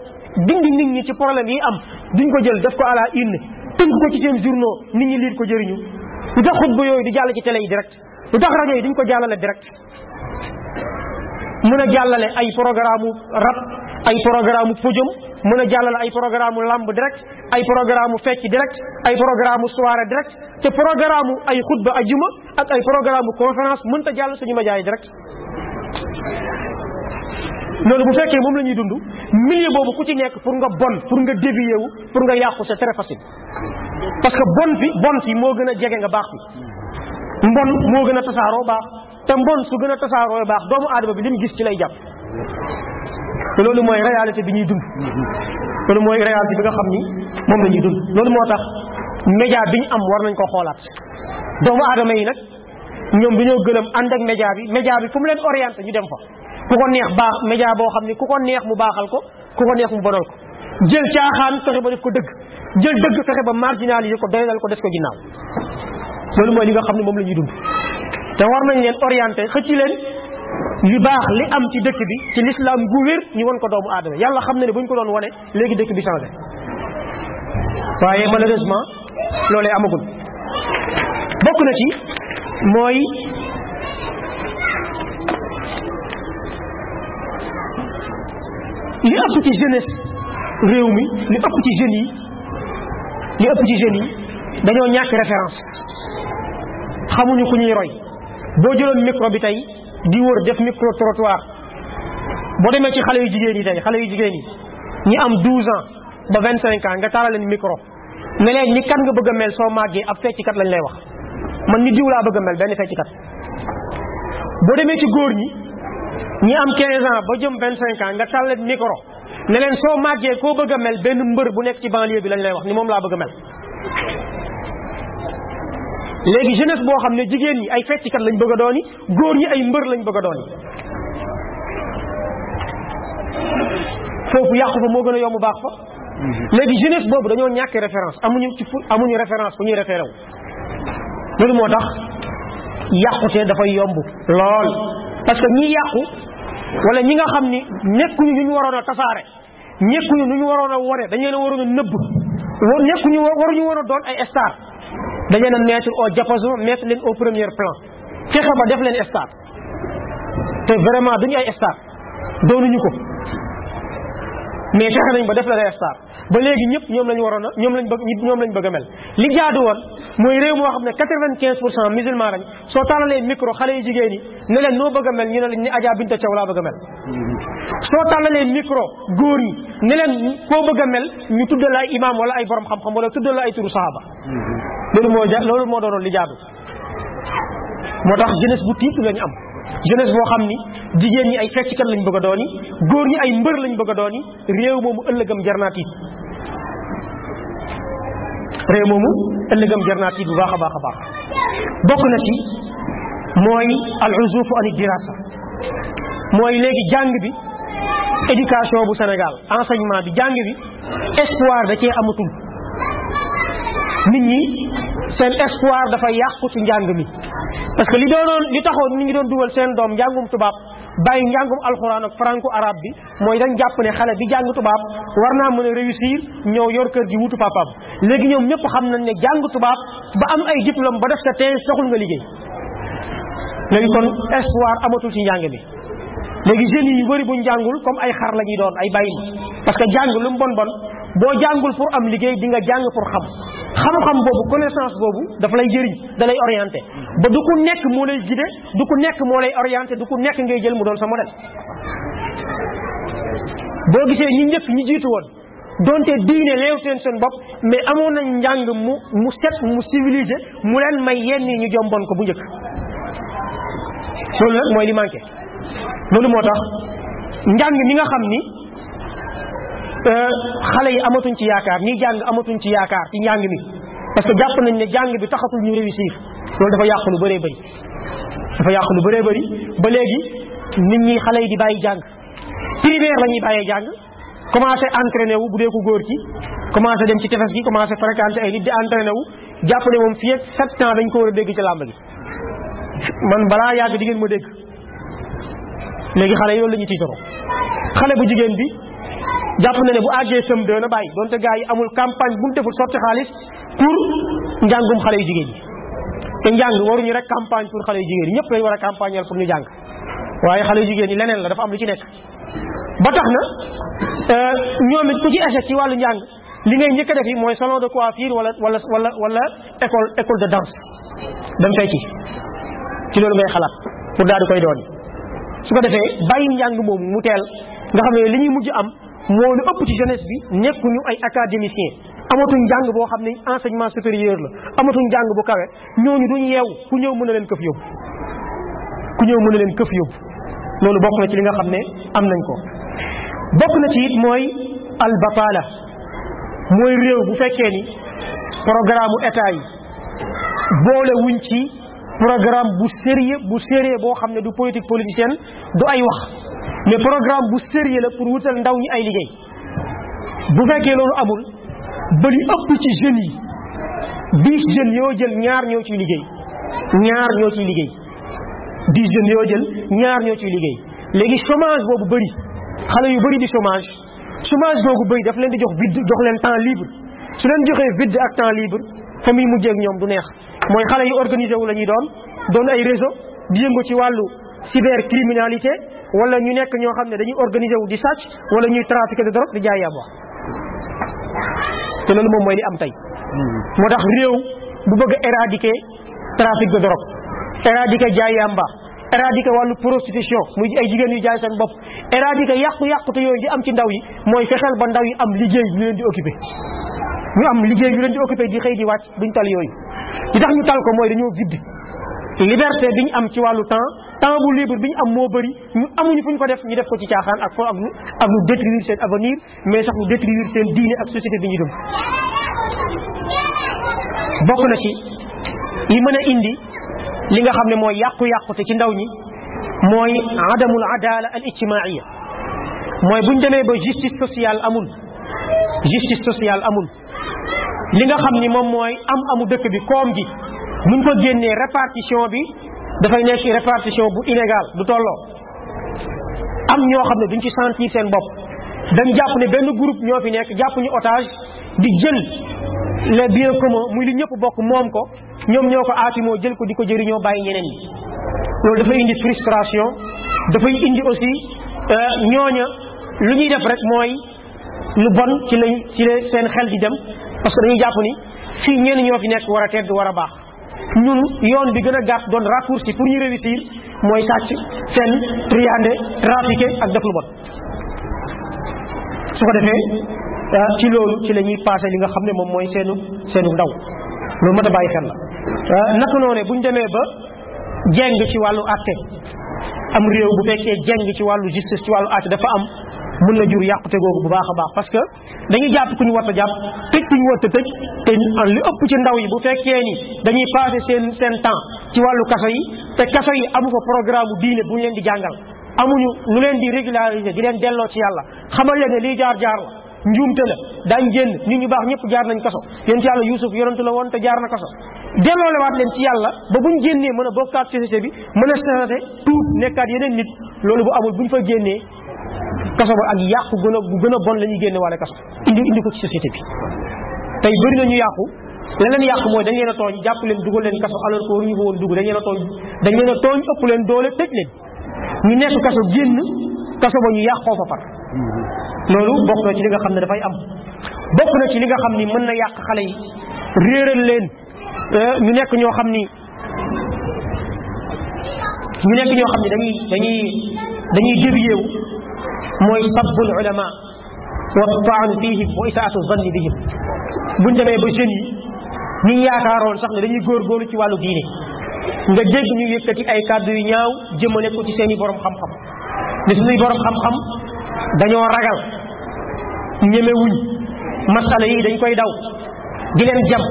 dindi nit ñi ci problème yi am duñ ko jël def ko à la une ko ci seen journaux nit ñi liit ko jëriñu lu tax xutba yooyu di jàll ci télé yi direct lu tax rajo yi duñ ko jàllale direct mën a jàllale ay programme rap ay programme podium mën a jàllale ay programme làmb direct ay programme fecc direct ay programme soirée direct te programme ay xutba juma ak ay programme conférence mënta jàll suñu média yi direct loolu bu fekkee moom la ñuy dund milieu boobu ku ci nekk pour nga bon pour nga dévier pour nga yàqu sa très facile parce que bon fi bon fi moo gën a jege nga baax fi mbon moo gën a tasaaroo baax te mbon su gën a tasaaroo baax doomu aadama bi li mu gis ci lay jàpp te loolu mooy réalité bi ñuy dund loolu mooy réalité bi nga xam ni moom la ñuy dund loolu moo tax média bi ñu am war nañ ko xoolaat doomu adama yi nag ñoom bi dañoo gëlëm ànd ak média bi média bi fu mu leen orienté ñu dem fa ku ko neex baax média boo xam ni ku ko neex mu baaxal ko ku ko neex mu bonal ko jël caaxaan fexe ba def ko dëgg jël dëgg fexe ba marginaliser ko doyalal ko des ko ginnaaw loolu mooy li nga xam ne moom la ñuy dund te war nañ leen orienté xëcc leen li baax li am ci dëkk bi ci lislaam gu wér ñu won ko doomu aadama yàlla xam ne ne buñ ko doon wane léegi dëkk bi changé waaye malheureusement loolee amagul bokk na ci mooy li ëpp ci jeunesse réew mi li ëpp ci jeunes yi li ëpp ci jeunes yi dañoo ñàkk référence xamuñu ku ñuy roy boo jëloon micro bi tey di wër def micro trottoir boo demee ci xale yu jigéen yi tey xale yu jigéen yi ñu am 12 ans ba cinq ans nga taala leen micro ne leen ni kat nga bëgg a mel soo màggee ab feccikat lañ lay wax man ni diw laa bëgg a mel benn feccikat boo demee ci góor ñi ñu am 15 ans ba jëm 25 ans nga taala leen micro ne soo màggee koo bëgg a mel benn mbër bu nekk ci banlieue bi lañ lay wax ni moom laa bëgg léegi jeunesse boo xam ne jigéen ñi ay feccikat lañ bëgg a dooni góor ñi ay mbër lañ bëgg a dooni foofu yàqu fa moo gën a yomb baax fa mhm. léegi jeunesse boobu dañoo ñàkk référence amuñu ci fu amuñu référence fu ñuy référé wu loolu moo tax yàqute dafay yomb lool parce que ñi yàqu wala ñi nga xam ni nekkuñu ñu ñu waroon a tasaare nekkuñu ñu ñu waroon a wone dañu leen a waroon a nëbb waru ñu woon a doon ay star dañ leen a mettre au diapason mettre leen au premier plan fexe ba def leen star te vraiment duñu ay star doonuñu ko mais fexe nañ ba def leen ay star ba léegi ñëpp ñoom lañu waroon a ñoom lañ bëgg ñoom lañ bëgg a mel li jaadu woon mooy réew moo xam ne quatre-vingt-quinze pour cent musulman lañ soo tàllalee micro xale yu jigéen yi ne leen noo bëgg a mel ñu ne lañ ni Adja Binta Thiaw laa a mel soo tàllalee micro góor ñi ne leen koo bëgg mel ñu tuddal ay imam wala ay borom xam-xam wala tuddal ay turu sahaba loolu moo ja loolu moo doonoon li jaadu moo tax jeunesse bu tiitu lañu am jeunesse boo xam ni jigéen ñi ay fecckat lañ bëgg doon yi góor ñi ay mbër lañ bëgg a doon yi réew moomu ëllëgam jar naa tiit réew moomu ëllëgam jar bu baax baax a baax bokk na ci mooy al uzufu ani dirasa mooy léegi jàng bi éducation bu Sénégal enseignement bi jàng bi espoir da cee amatul nit ñi seen espoir dafa yàqu ci njàng mi parce que li doonoon li taxoon nit ñi doon dugal seen doom njàngum tubaab bàyyi njàngum alxuraan ak franco arabe bi mooy dañ jàpp ne xale bi jàng tubaab war naa mën a réussir ñëw yor kër gi wutu papaam léegi ñoom ñëpp xam nañ ne jàng tubaab ba am ay diplôme ba def sa tey soxul nga liggéey léegi kon espoir amatul ci njàng mi léegi jeunes yi ñu bëri buñ jàngul comme ay xar la ñuy doon ay bàyyi ma parce que jàng lu mu bon bon boo jàngul pour am liggéey di nga jàng pour xam xam-xam boobu connaissance boobu dafa lay jëriñ dalay lay orienté ba du ku nekk moo lay guidé du ku nekk moo lay orienté du ku nekk ngay jël mu doon sa modèle boo gisee ñu ñëpp ñu jiitu woon donte diine leew seen seen bopp mais amoon nañ njàng mu mu set mu civilisé mu leen may yenn yi ñu jomboon ko bu njëkk loolu mooy li manqué loolu moo tax njàng mi nga xam ni euh, xale yi amatuñ ci yaakaar nii jàng amatuñ ci yaakaar ci njàng mi parce que jàpp nañ ne jàng bi taxatul ñu réussir loolu dafa yàq lu bëree bëri dafa yàq lu bëree bëri ba léegi nit ñi xale yi di bàyyi jàng primaire la ñuy bàyyee jàng commencé entraîné wu bu dee ko góor ci commencé dem ci tefes gi commencé fréquenté ay nit di entraîné wu jàpp ne moom fii ak dañ ko war a dégg ci làmb gi man balaa yàgg di ngeen ma dégg léegi xale yi loolu la ñu tiitaroo xale bu jigéen bi jàpp na ne bu àggee sëm dën na bàyyi donte gars yi amul campagne bu mu deful sorti xaalis pour njàngum xale yu jigéen yi te njàng waruñu rek campagne pour xale yu jigéen yi ñëpp lañ war a campagneel pour ñu jàng waaye xale yu jigéen yi leneen la dafa am lu ci nekk ba tax na euh, ñoom it ku ci échec ci wàllu njàng li ngay njëkk a def yi mooy salon de coiffure wala wala wala wala école école de danse dam fay ci ci loolu ngay xalaat pour daal di koy doon su ko defee bàyyi njàng moom mu teel nga xam ne li ñuy mujj am moo lu ëpp ci jeunesse bi nekkuñu ay académicien amatuñ njàng boo xam ne enseignement supérieur la amatuñ njàng bu kawe ñooñu duñ yeew ku ñëw mën na leen këf yóbbu ku ñëw mën a leen këf yóbbu loolu bokk na ci li nga xam ne am nañ ko bokk na ci it mooy albatala mooy réew bu fekkee ni programme état yi boole wuñ ci programme bu sérieux bu sérieux boo xam ne du politique politicienne du ay wax mais programme bu sérieux la pour wutal ndaw ñi ay liggéey bu fekkee loolu amul ba li ëpp ci jeunes yi dix jeunes yoo jël ñaar ñoo ciy liggéey ñaar ñoo ciy liggéey dix jeunes yoo jël ñaar ñoo ciy liggéey léegi chômage boobu bëri xale yu bëri di chômage chômage googu bëri daf leen di jox vide jox leen temps libre su leen joxee vide ak temps libre fa mu mujjee ak ñoom du neex mooy xale yu organisé wu la doon doon ay réseau di yëngu ci wàllu cybercriminalité wala ñu nekk ñoo xam ne dañuy organisé wu di sàcc wala ñuy trafiqué de drogue di jaay yàmba te loolu moom mooy li am tey hmm. moo tax réew bu bëgg a éradiquer trafic de drogue éradiquer jaay yàmba éradiquer wàllu prostitution muy ay jigéen yu jaay seen bopp éradiquer yàqu-yàqute yooyu di am ci ndaw yi mooy fexeel ba ndaw yi am liggéey ñu leen ñu am liggéey yu leen di occupé di xëy di wàcc duñ tal yooyu li tax ñu tal ko mooy dañoo vide liberté ñu am ci wàllu temps temps bu bi ñu am moo bëri ñu amuñu ñu ko def ñu def ko ci caaxaan ak fo ak lu ak lu détruire seen avenir mais sax lu détruire seen diine ak société bi ñu dëm bokk na ci yi mën a indi li nga xam ne mooy yàqu-yàqu te ci ndaw ñi mooy adamul adala al ijtimaia mooy buñ demee ba justice sociale amul justice sociale amul li nga xam ni moom mooy am amu dëkk bi koom gi buñ ko génnee répartition bi dafay nekk répartition bu inégal du tolloo am ñoo xam ne duñ ci sentir seen bopp dañ jàpp ne benn groupe ñoo fi nekk jàpp ñu otage di jël les biens communs muy li ñëpp bokk moom ko ñoom ñoo ko moo jël ko di ko jëriñoo bàyyi ñeneen ñi loolu dafay indi frustration dafay indi aussi euh, ñooña lu ñuy def rek mooy lu bon ci lañ ci seen xel di dem parce que dañuy jàpp ni fii ñenn ñoo fi nekk war a tedd war a baax ñun yoon bi gën a gàtt doon raccourci pour ñu réussir mooy sàcc seen triande trafiqué ak def lu bon su ko defee ah, ci loolu ci la ñuy passé li nga xam ne moom mooy seenu seenu ndaw loolu mat a bàyyi xel la ah, naka bu ñu demee ba jeng ci wàllu àtte am réew bu fekkee jeng ci wàllu justice ci wàllu àtte dafa am mun na jur yàqute googu bu baax a baax parce que dañuy jàpp ku ñu war jàpp tëj ku ñu war a tëj te li ëpp ci ndaw yi bu fekkee ni dañuy passé seen seen temps ci wàllu kaso yi te kaso yi amu fa programme diine bu ñu leen di jàngal amuñu lu leen di régulariser di leen delloo ci yàlla xamal leen ne lii jaar jaar la njuumte la daañ génn nit ñu baax ñëpp jaar nañ kaso yéen ci yàlla Yuusuf yonentu la woon te jaar na kaso delloolewaat leen ci yàlla ba buñ génnee mën a bokkaat société bi mën a sarate tuub nekkaat yeneen nit loolu bu amul buñ fa génnee kaso ba ak yàqu gën a bu gën a bon la ñuy génne waale kaso indi indi ko ci société bi tey bëri na ñu yàqu la leen yàqu mooy dañ leen a tooñ jàpp leen dugal leen kaso alors que waruñu ko woon dugg dañ leen tooñ dañ leen a ëpp leen doole tëj leen ñu nekk kaso génn kaso ba ñu yàqoo fa far loolu bokk na ci li nga xam ne dafay am bokk na ci li nga xam ni mën na yàq xale yi réeral leen euh, ñu nekk ñoo xam ni ñu nekk ñoo xam ni dañuy dañuy dañuy déviyewu mooy sabbul ulama wa taanu fihim wa isaatu zanni bihim buñ demee ba jeunes yi ñi yaakaaroon sax ne dañuy góor góorgóorlu ci wàllu diine nga dégg ñu yëkkati ay kàddu yu ñaaw jëmale ko ci seen i borom xam-xam ne suñuy borom xam-xam dañoo ragal ñemewuñ masala yi dañ koy daw di leen jam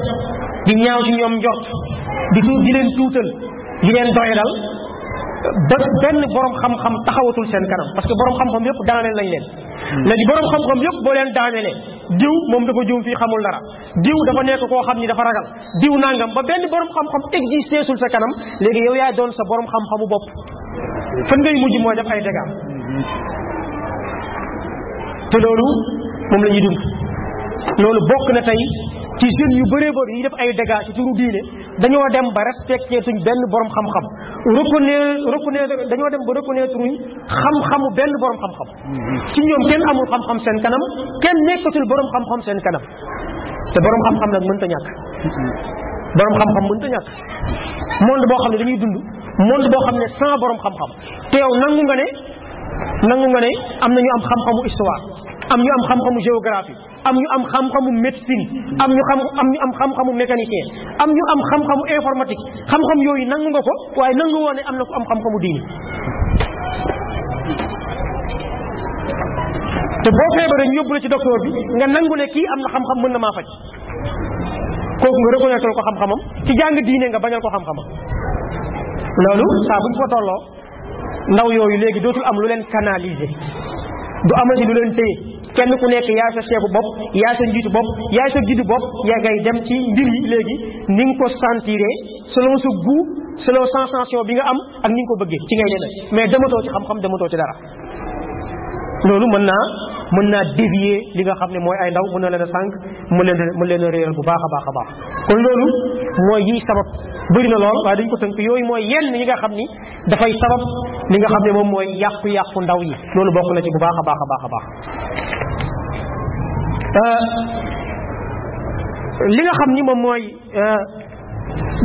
di ñaaw ci ñoom njort di tuut di leen tuutal di leen doyadal ba benn borom xam-xam taxawatul seen kanam parce que borom xam-xam yëpp daaneel lañ leen hmm. léegi borom xam-xam yëpp boo leen daanelee diw moom dafa juum fii xamul dara diw dafa nekk koo xam ni dafa ragal diw nangam ba benn borom xam-xam existé sul sa kanam léegi yow yaay doon sa borom xam-xamu bopp fan ngay mujj mooy def ay dégâts te loolu moom la ñuy dund loolu bokk na tey ci jeunes yu bëree bëri yi def ay dégâts ci turu diine dañoo dem ba respecté tuñ benn boroom xam-xam reconnaître reconnaître dañoo dem ba reconnaître tuñ xam-xamu benn borom xam-xam ci ñoom kenn amul xam-xam seen kanam kenn nekkatul borom xam-xam seen kanam te boroom xam-xam nag mënta ñàkk borom xam-xam mënta ñàkk monde boo xam ne dañuy dund monde boo xam ne sans borom xam-xam te yow nangu nga ne nangu nga ne am na ñu am xam-xamu histoire am ñu am xam-xamu géographie am ñu am xam-xamu am ñu xam am ñu am xam-xamu mécanicien am ñu am xam-xamu informatique xam-xam yooyu nangu nga ko waaye nangu woone am na ko am xam-xamu diini te boo feebaree ñu yóbbu la ci docteur bi nga nangu ne kii am na xam-xam mën na maa faj kooku nga reconnaître ko xam-xamam ci jàng diine nga bañal ko xam-xamam loolu saa buñ ko tolloo ndaw yooyu léegi dootul am lu leen canaliser du amati lu leen téye kenn ku nekk yaay sa chefu bopp yaay sa njiitu bopp yaay sa gidu bopp yaa ngay dem ci mbir yi léegi ni nga ko sentiré selon sa gu selon sensation bi nga am ak ni nga ko bëggee ci ngay ne mais dematoo ci xam-xam dematoo ci dara loolu mën naa mën naa dévier li nga xam ne mooy ay ndaw mën na leen a sànq mën leen mën leen a réeral bu baax a baax a baax kon loolu mooy yiy sabab bëri na lool waaye dañ ko tënk yooyu mooy yenn yi nga xam ni dafay sabab li nga xam ne moom mooy yàqu-yàqu ndaw yi loolu bokk na bu baax a baax a a baax euh, li nga xam ni moom mooy euh,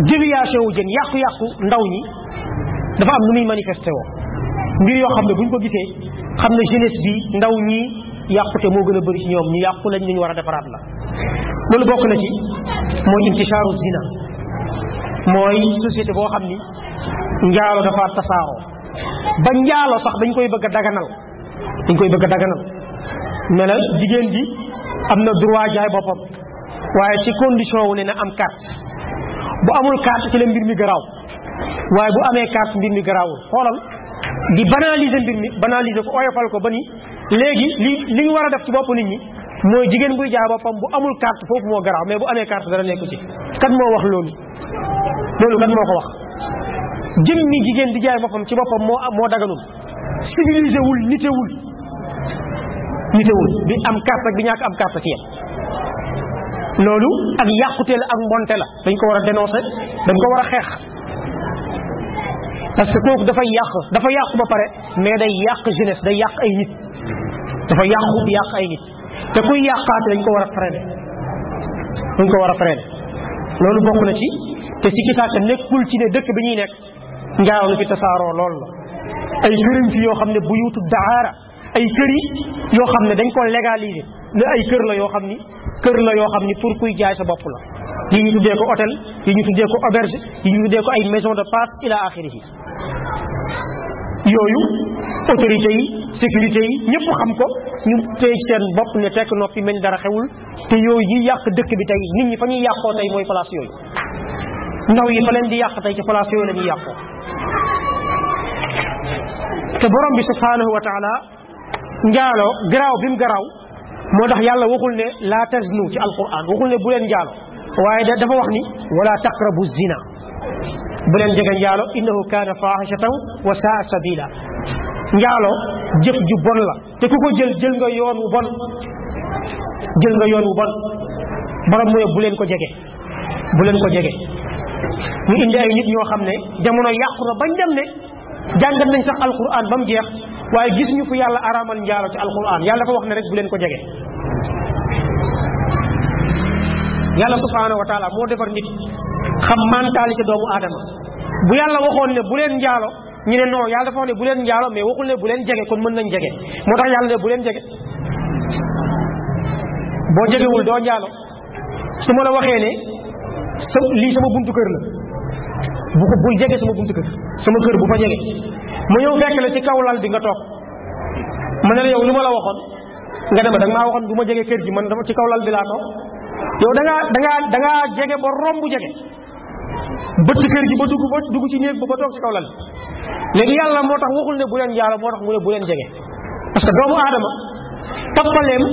déviation wu jën yàqu-yàqu ndaw ñi dafa am nu muy manifesté woo ngir yoo xam ne buñ ko gisee xam ne jeunesse bi ndaw ñi yàqute moo gën a bari ci ñoom ñu yàqu lañ ñu war a defaraat la loolu bokk na ci mooy intisaaru zina mooy société boo xam ni njaalo dafa tasaaroo ba njaalo sax dañ koy bëgg a daganal dañ koy bëgg a daganal ne jigéen bi am na droit jaay boppam waaye ci condition wu ne na am carte bu amul carte ci la mbir mi garaaw waaye bu amee carte mbir mi garaawul xoolal di banaliser mbir mi banaliser ko oyofal ko ba ni léegi li li war a def ci bopp nit ñi mooy jigéen buy jaay boppam bu amul carte foofu moo garaaw mais bu amee carte dara nekku ci kan moo wax loolu loolu kan moo ko wax jëm ni jigéen di jaay boppam ci boppam moo moo daganul civilisé wul nitewul nitewul bi am carte ak bi ñàkk am carte ci yem loolu ak yàqute la ak mbonte la dañ ko war a dénoncer dañ ko war a xeex parce que kooku dafa yàq dafa yàqu ba pare mais day yàq jeunesse day yàq ay nit dafa yàqu di yàq ay nit te koy yàqaate dañ ko war a freiner dañ ko war a freiner loolu bokk na ci te si gisaaka nekkul ci ne dëkk bi ñuy nekk njaaw lu fi tasaaroo loolu la ay këriñ fi yoo xam ne bu yuutu daara ay kër yi yoo xam ne dañ ko légaliser ne ay kër la yoo xam ni kër la yoo xam ni pour kuy jaay sa bopp la yi ñu tuddee ko hôtel yi ñu tuddee ko auberge ñu tuddee ko ay maison de passe ila axirihi yooyu autorité yi sécurité yi ñëpp xam ko ñu téye seen bopp ne tekk yi mel dara xewul te yooyu yi yàq dëkk bi tey nit ñi fa ñuy yàqoo tey mooy place yooyu ndaw yi fa leen di yàq tey ci place yooyu la ñuy yàqoo te borom bi subhaanahu wa njaaloo garaaw bi mu garaaw moo tax yàlla waxul ne la taznu ci alquran waxul ne bu leen njaaloo waaye da dafa wax ni wala taqrabu zina bu leen jege njaalo innahu kaana fahishatan wa saa sabila njaalo jëf ju bon la te ku ko jël jël nga yoon wu bon jël nga yoon wu bon borom bu leen ko jege bu leen ko jege ñu indi ay nit ñoo xam ne jamono yàqu na bañ dem ne jàngat nañ sax alquran ba mu jeex waaye gis ñu fu yàlla araamal njaalo ci alquran yàlla dafa wax ne rek bu leen ko jege yàlla subhaanahu wa taala moo defar nit xam mentalité doomu aadama bu yàlla waxoon ne bu leen njaalo ñu ne non yàlla dafa wax ne bu leen njaalo mais waxul ne bu leen jege kon mën na jege moo tax yàlla ne leen jege boo jegewul doo njaalo su ma la waxee ne sa lii sama buntu kër la bu ko bul jege sama sama kër bu fa jege ma ñëw fekk la ci kaw lal bi nga toog ma ne yow lu ma la waxoon nga dema da nga maa waxoon du ma jege kër gi man dama ci kaw lal bi laa toog yow da ngaa da ngaa da ngaa jege ba romb jege bëtt kër gi ba dugg ba dugg ci néeg ba ba toog ci kaw lal léegi yàlla moo tax waxul ne bu leen jaaro moo tax mu ne bu leen jege parce que doomu aadama tappaleem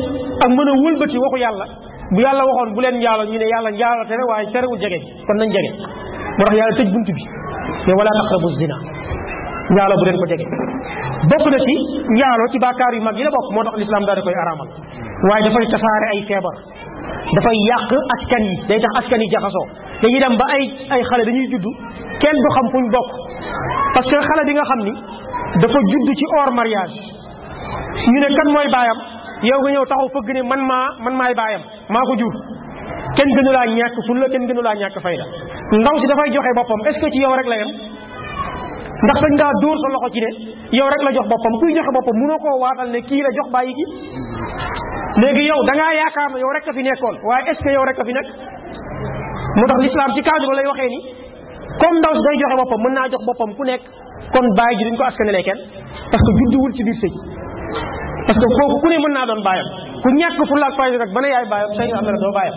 ak mën a bët wëlbati waxu yàlla bu yàlla waxoon bu leen njaalo ñu ne yàlla njaalo tere waaye terewul jege kon nañ jege moo tax yàlla tëj bunt bi mais wala taqrabu zina njaalo bu leen ko jege bokk na ci njaalo ci bàkkaar yu mag yi la bokk moo tax li daal di koy araamal waaye dafay tasaare ay feebar dafay yàq askan yi day tax askan yi jaxasoo dañuy dem ba ay ay xale dañuy judd kenn du xam fuñ bokk parce que xale bi nga xam ni dafa judd ci hors mariage ñu ne kan mooy baayam yow nga ñëw taxaw fëgg ne man maa man maay baayam maa ko jur kenn gënu laa ñàkk fulla kenn gënu laa ñàkk fayda ndaw si dafay joxe boppam est-ce que ci yow rek la yem ndax dañ ngaa dóor sa loxo ci ne yow rek la jox boppam kuy joxe boppam mënoo koo waatal ne kii la jox bàyyi ki léegi yow da ngaa yaakaar ne yow rek a fi nekkoon waaye est ce yow rek a fi nekk moo tax l'islam ci cadre lay waxee ni comme ndaw si day joxe boppam mën naa jox boppam ku nekk kon bàyyi ji duñ ko askanale kenn parce que judduwul ci biir sëy parce que kooku ku ne mën naa doon bàyyam ku ñàkk fu laak rek ba ne yaay bàyyam tey nga am ne doo bàyyam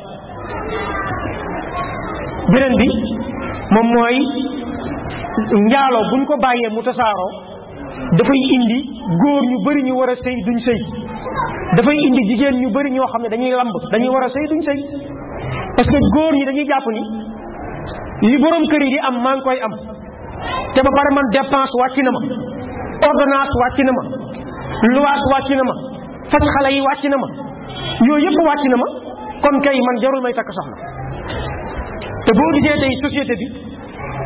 beneen bi moom mooy njaaloo buñ ko bàyyee mu tasaaroo dafay indi góor ñu bëri ñu war a sëy duñ sëy dafay indi jigéen ñu bari ñoo xam ne dañuy lamb dañuy war a sëy duñ sëy parce que góor ñi dañuy jàpp ni li borom kër yi di am maa ngi koy am te ba pare man dépense wàcc na ma ordonnance wàcc na ma luwaas wàcc na ma faj xale yi wàcc na ma yooyu yëpp wàcc na ma kon kay man jarul may takk soxna te boo gisee tey société bi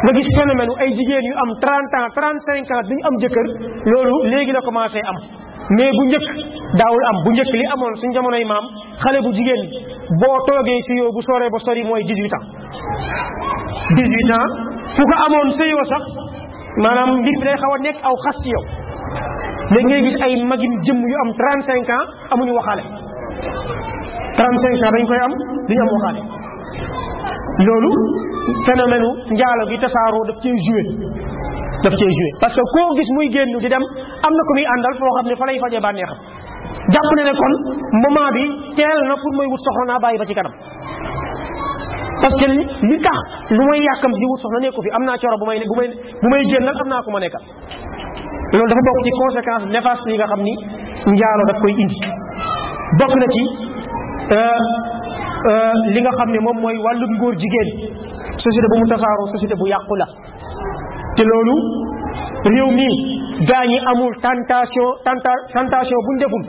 nga gis phénomène ay jigéen yu am 30 ans 35 ans duñu am jëkkër loolu léegi la commencé am mais bu njëkk daawul am bu njëkk li amoon suñ jamonoy maam xale bu jigéen boo toogee si yow bu soree ba sori mooy 18 ans 18 ans fu ko amoon sa yoo sax maanaam mbir bi day xaw a nekk aw xas ci yow léegi ngay gis ay magim jëmm yu am cinq ans amuñu waxaale 35 ans dañ koy am duñu am waxaale loolu phénomène u njaalo gi tasaaroo def cee joué daf cee joué parce que koo gis muy génn di dem am na ko muy àndal foo xam ne fa lay fajee bànneexam jàpp ne ne kon moment bi teel na pour muy wut soxla naa bàyyi ba ci kanam parce que li tax lu may yàkkam di wut soxna nekku fi am naa coro bu may bu may bu may génn nag am naa ko ma nekkal loolu dafa bokk ci conséquence néfaste yi nga xam ni njaalo daf koy indi bokk na ci euh, Euh, li nga xam ne moom mooy wàllu ngóor jigéen société ba mu tasaaroo société bu yàqu la te loolu réew mi gaañi amul tentation tenta tentation buñ deful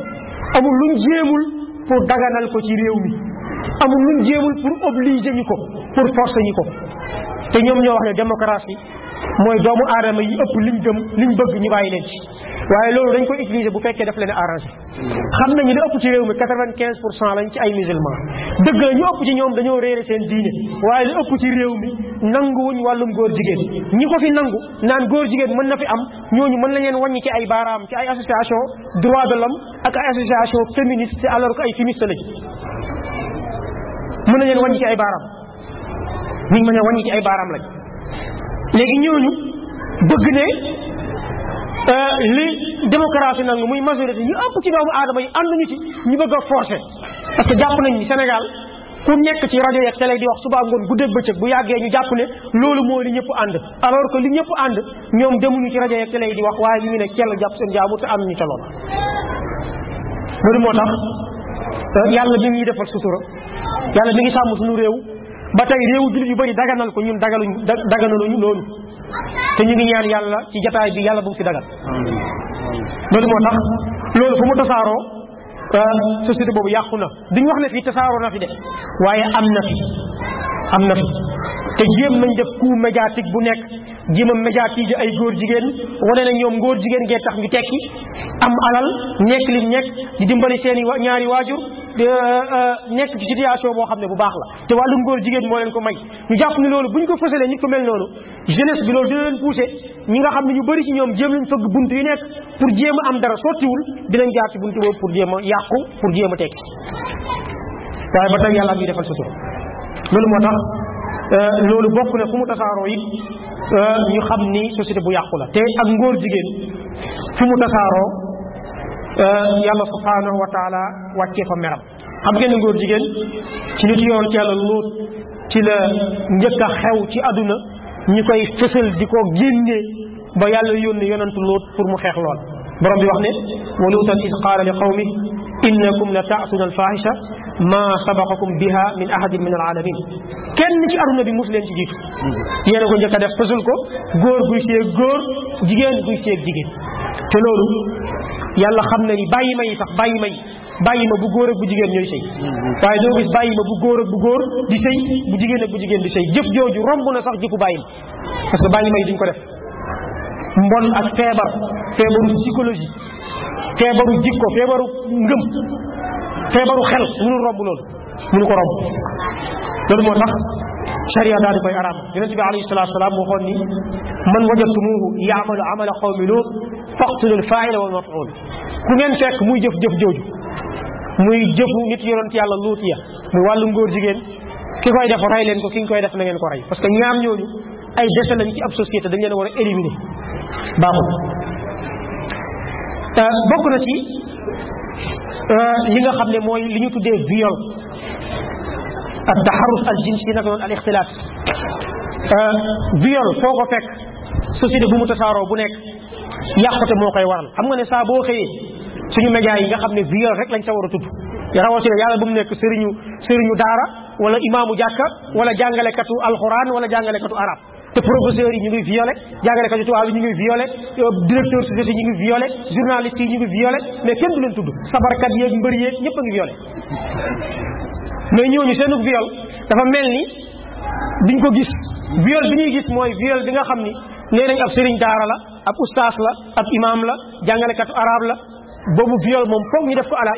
amul lu jéemul pour daganal ko ci réew mi amul luñ jéemul pour obliger ñu ko pour forcer ñu ko te ñoom ñoo wax ne démocratie mooy doomu aadama yi ëpp liñ gëm liñ bëgg ñu bàyyi leen ci waaye loolu dañ koy utiliser bu fekkee daf leen arrangé xam nañu li ëpp ci réew mi quatre-vingt-quinze pour cent lañ ci ay musulmans dëgg la ñu ëpp ci ñoom dañoo réere seen diine waaye li ëpp ci réew mi nanguwuñ wàllum góor jigéen ñi ko fi nangu naan góor jigéen mën na fi am ñooñu mën na leen wàññi ci ay baaraam ci ay association droit de l'homme ak ay association féministe alors que ay féministe lañ mën na leen wàññi ci ay baaraam ñu mën a wàññi ci ay baaraam lañ léegi ñooñu bëgg ne Euh, li démocratie nangu muy majorité ñu ëpp ci doomu aadama yi ànduñu ci ñu bëgg a forcer parce que jàpp nañ ni Sénégal ku nekk ci rajo yeeg télé di wax subaa ngoon guddeeg bëccëg bu yàggee ñu jàpp ne loolu moo li ñëpp ànd alors ko li ñëpp ànd ñoom demuñu ci rajo yeeg télé di wax waaye ñu ngi ne kell jàpp seen jaamu te am ñu ca lool loolu moo tax euh, yàlla mi ngi defal sutura yàlla mi ngi sàmm suñu réew ba tey réewu jullit yu bari daganal ko ñun dagaluñ daganaluñu loolu te ñu ngi ñaan yàlla ci jataay bi yàlla bu mu fi dagal loolu moo tax loolu fu mu tasaaroo Ah, société boobu yàqu na duñ wax ne fii tasaaroo na fi de waaye am na fi am na fi te jéem nañ def coup médiatique bu nekk jéem a médiatiser ay góor jigéen wane na ñoom góor jigéen ngee tax ñu tekki am alal nekk li nekk di dimbali seen i ñaari waajur euh, euh, nekk ci situation boo xam ne bu baax la te wàllu ngóor jigéen moo leen ko may ñu jàpp ni loolu buñ ko fësalee nit ko mel noonu jeunesse bi loolu dina leen poussé ñi nga xam ne ñu bari ci ñoom jéem lañ fëgg bunt yu nekk pour am dara sottiwul dinañ jaar ci bunt yàqu pour jéem a tekki waaye ba tey yàlla ñuy defal sutura loolu moo tax euh, loolu bokk ne fu mu tasaaroo it euh, ñu xam ni société bu yàqu la te ak jigéen mu tasaaroo euh, yàlla subhanahu wa taala wàccee fa meram xam ngeen ne ngóor jigéen ci nit yoon ci yàlla luut ci la njëkk xew ci àdduna ñu koy fësal di ko génnee ba yàlla yónni yonantu luut pour mu xeex lool borom bi wax ne wa luutan id qaala li qawmi innakum la taatuuna alfahisha ma sabaqakum biha min ahadin min alalamin kenn ci aduna bi mus leen ci jiitu yéena ko njëkk a def pësul ko góor guy seeg góor jigéen guy seeg jigéen te loolu yàlla xam na ni bàyyi ma yi sax bàyyi ma yi bàyyi ma bu góor ak bu jigéen ñooy sëy waaye doo gis bàyyi ma bu góor ak bu góor di sëy bu jigéen ak bu jigéen di sëy jëf jooju romb na sax jëfu bàyyi ma parce que bàyyi ma yi ko def mbon ak feebar feebaru psychologie feebaru jikko feebaru ngëm feebaru xel mënul romb lool mënu ko romb loolu moo tax charia daal di koy araam yonente bi alayhi salatu salaam waxoon ni man wajatumuhu yaamalu amala xawmi luut faqtulu lfaila wal maful ku ngeen fekk muy jëf jëf jooju muy jëfu nit yonent yàlla luut ya muy wàllu ngóor jigéen ki koy def rey leen ko ki ñu koy def na ngeen ko rey parce que ñaam ñooñu ay dese lañ ci ab société war a éliminer baaxul euh, bokk na ci euh, li nga xam ne mooy li ñu tuddee viol ak taxarus al jinsi naka noonu al ixtilaat euh, viol foo ko fekk société bu mu tasaaroo bu nekk yàqute moo koy waral xam nga ne saa boo xëyee suñu média yi nga xam ne viol rek lañ sa war a tudd rawatina yàlla bu mu nekk sëriñu sëriñu daara wala imaamu jàkka wala jàngalekatu alxuraan wala jàngalekatu arab te professeurs yi ñu ngi violé jàngalekat yi tubaab yi ñu ngi violé directeur société ñu ngi violé journaliste yi ñu ngi violé mais kenn du leen tudd sabarkat yeeg mbër yeeg ñëpp a ngi violé mais ñooñu seenu viol dafa mel ni duñ ko gis viol bi ñuy gis mooy viol bi nga xam ni nee nañ ab sëriñ daara la ab ustaas la ab imaam la jàngalekatu arab la boobu viol moom foog ñu def ko à la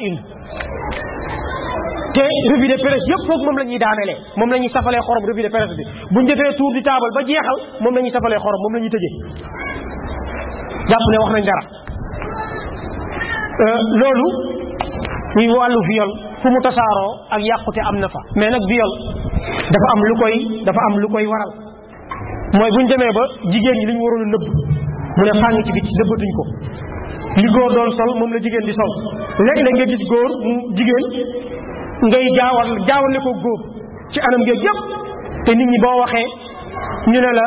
te revue de presse yëpp foofu moom la ñuy daanelee moom la ñuy safalee xorom revue de presse bi buñ defee tour di taabal ba jeexal moom la ñuy safalee xorom moom la ñuy tëjee jàpp ne wax nañ dara euh, loolu muy wàllu viol fu mu tasaaroo ak yàqute am na fa mais nag viol dafa am lu koy dafa am lu koy waral mooy buñ demee ba jigéen ñi li ñu waroon a nëbb mu ne fànn ci biti nëbbatuñ ko li góor doon sol moom la jigéen di sol léeg-léeg gis góor jigéen ngay jaawal jaawal ko góob ci anam geeg yëpp te nit ñi boo waxee ñu ne la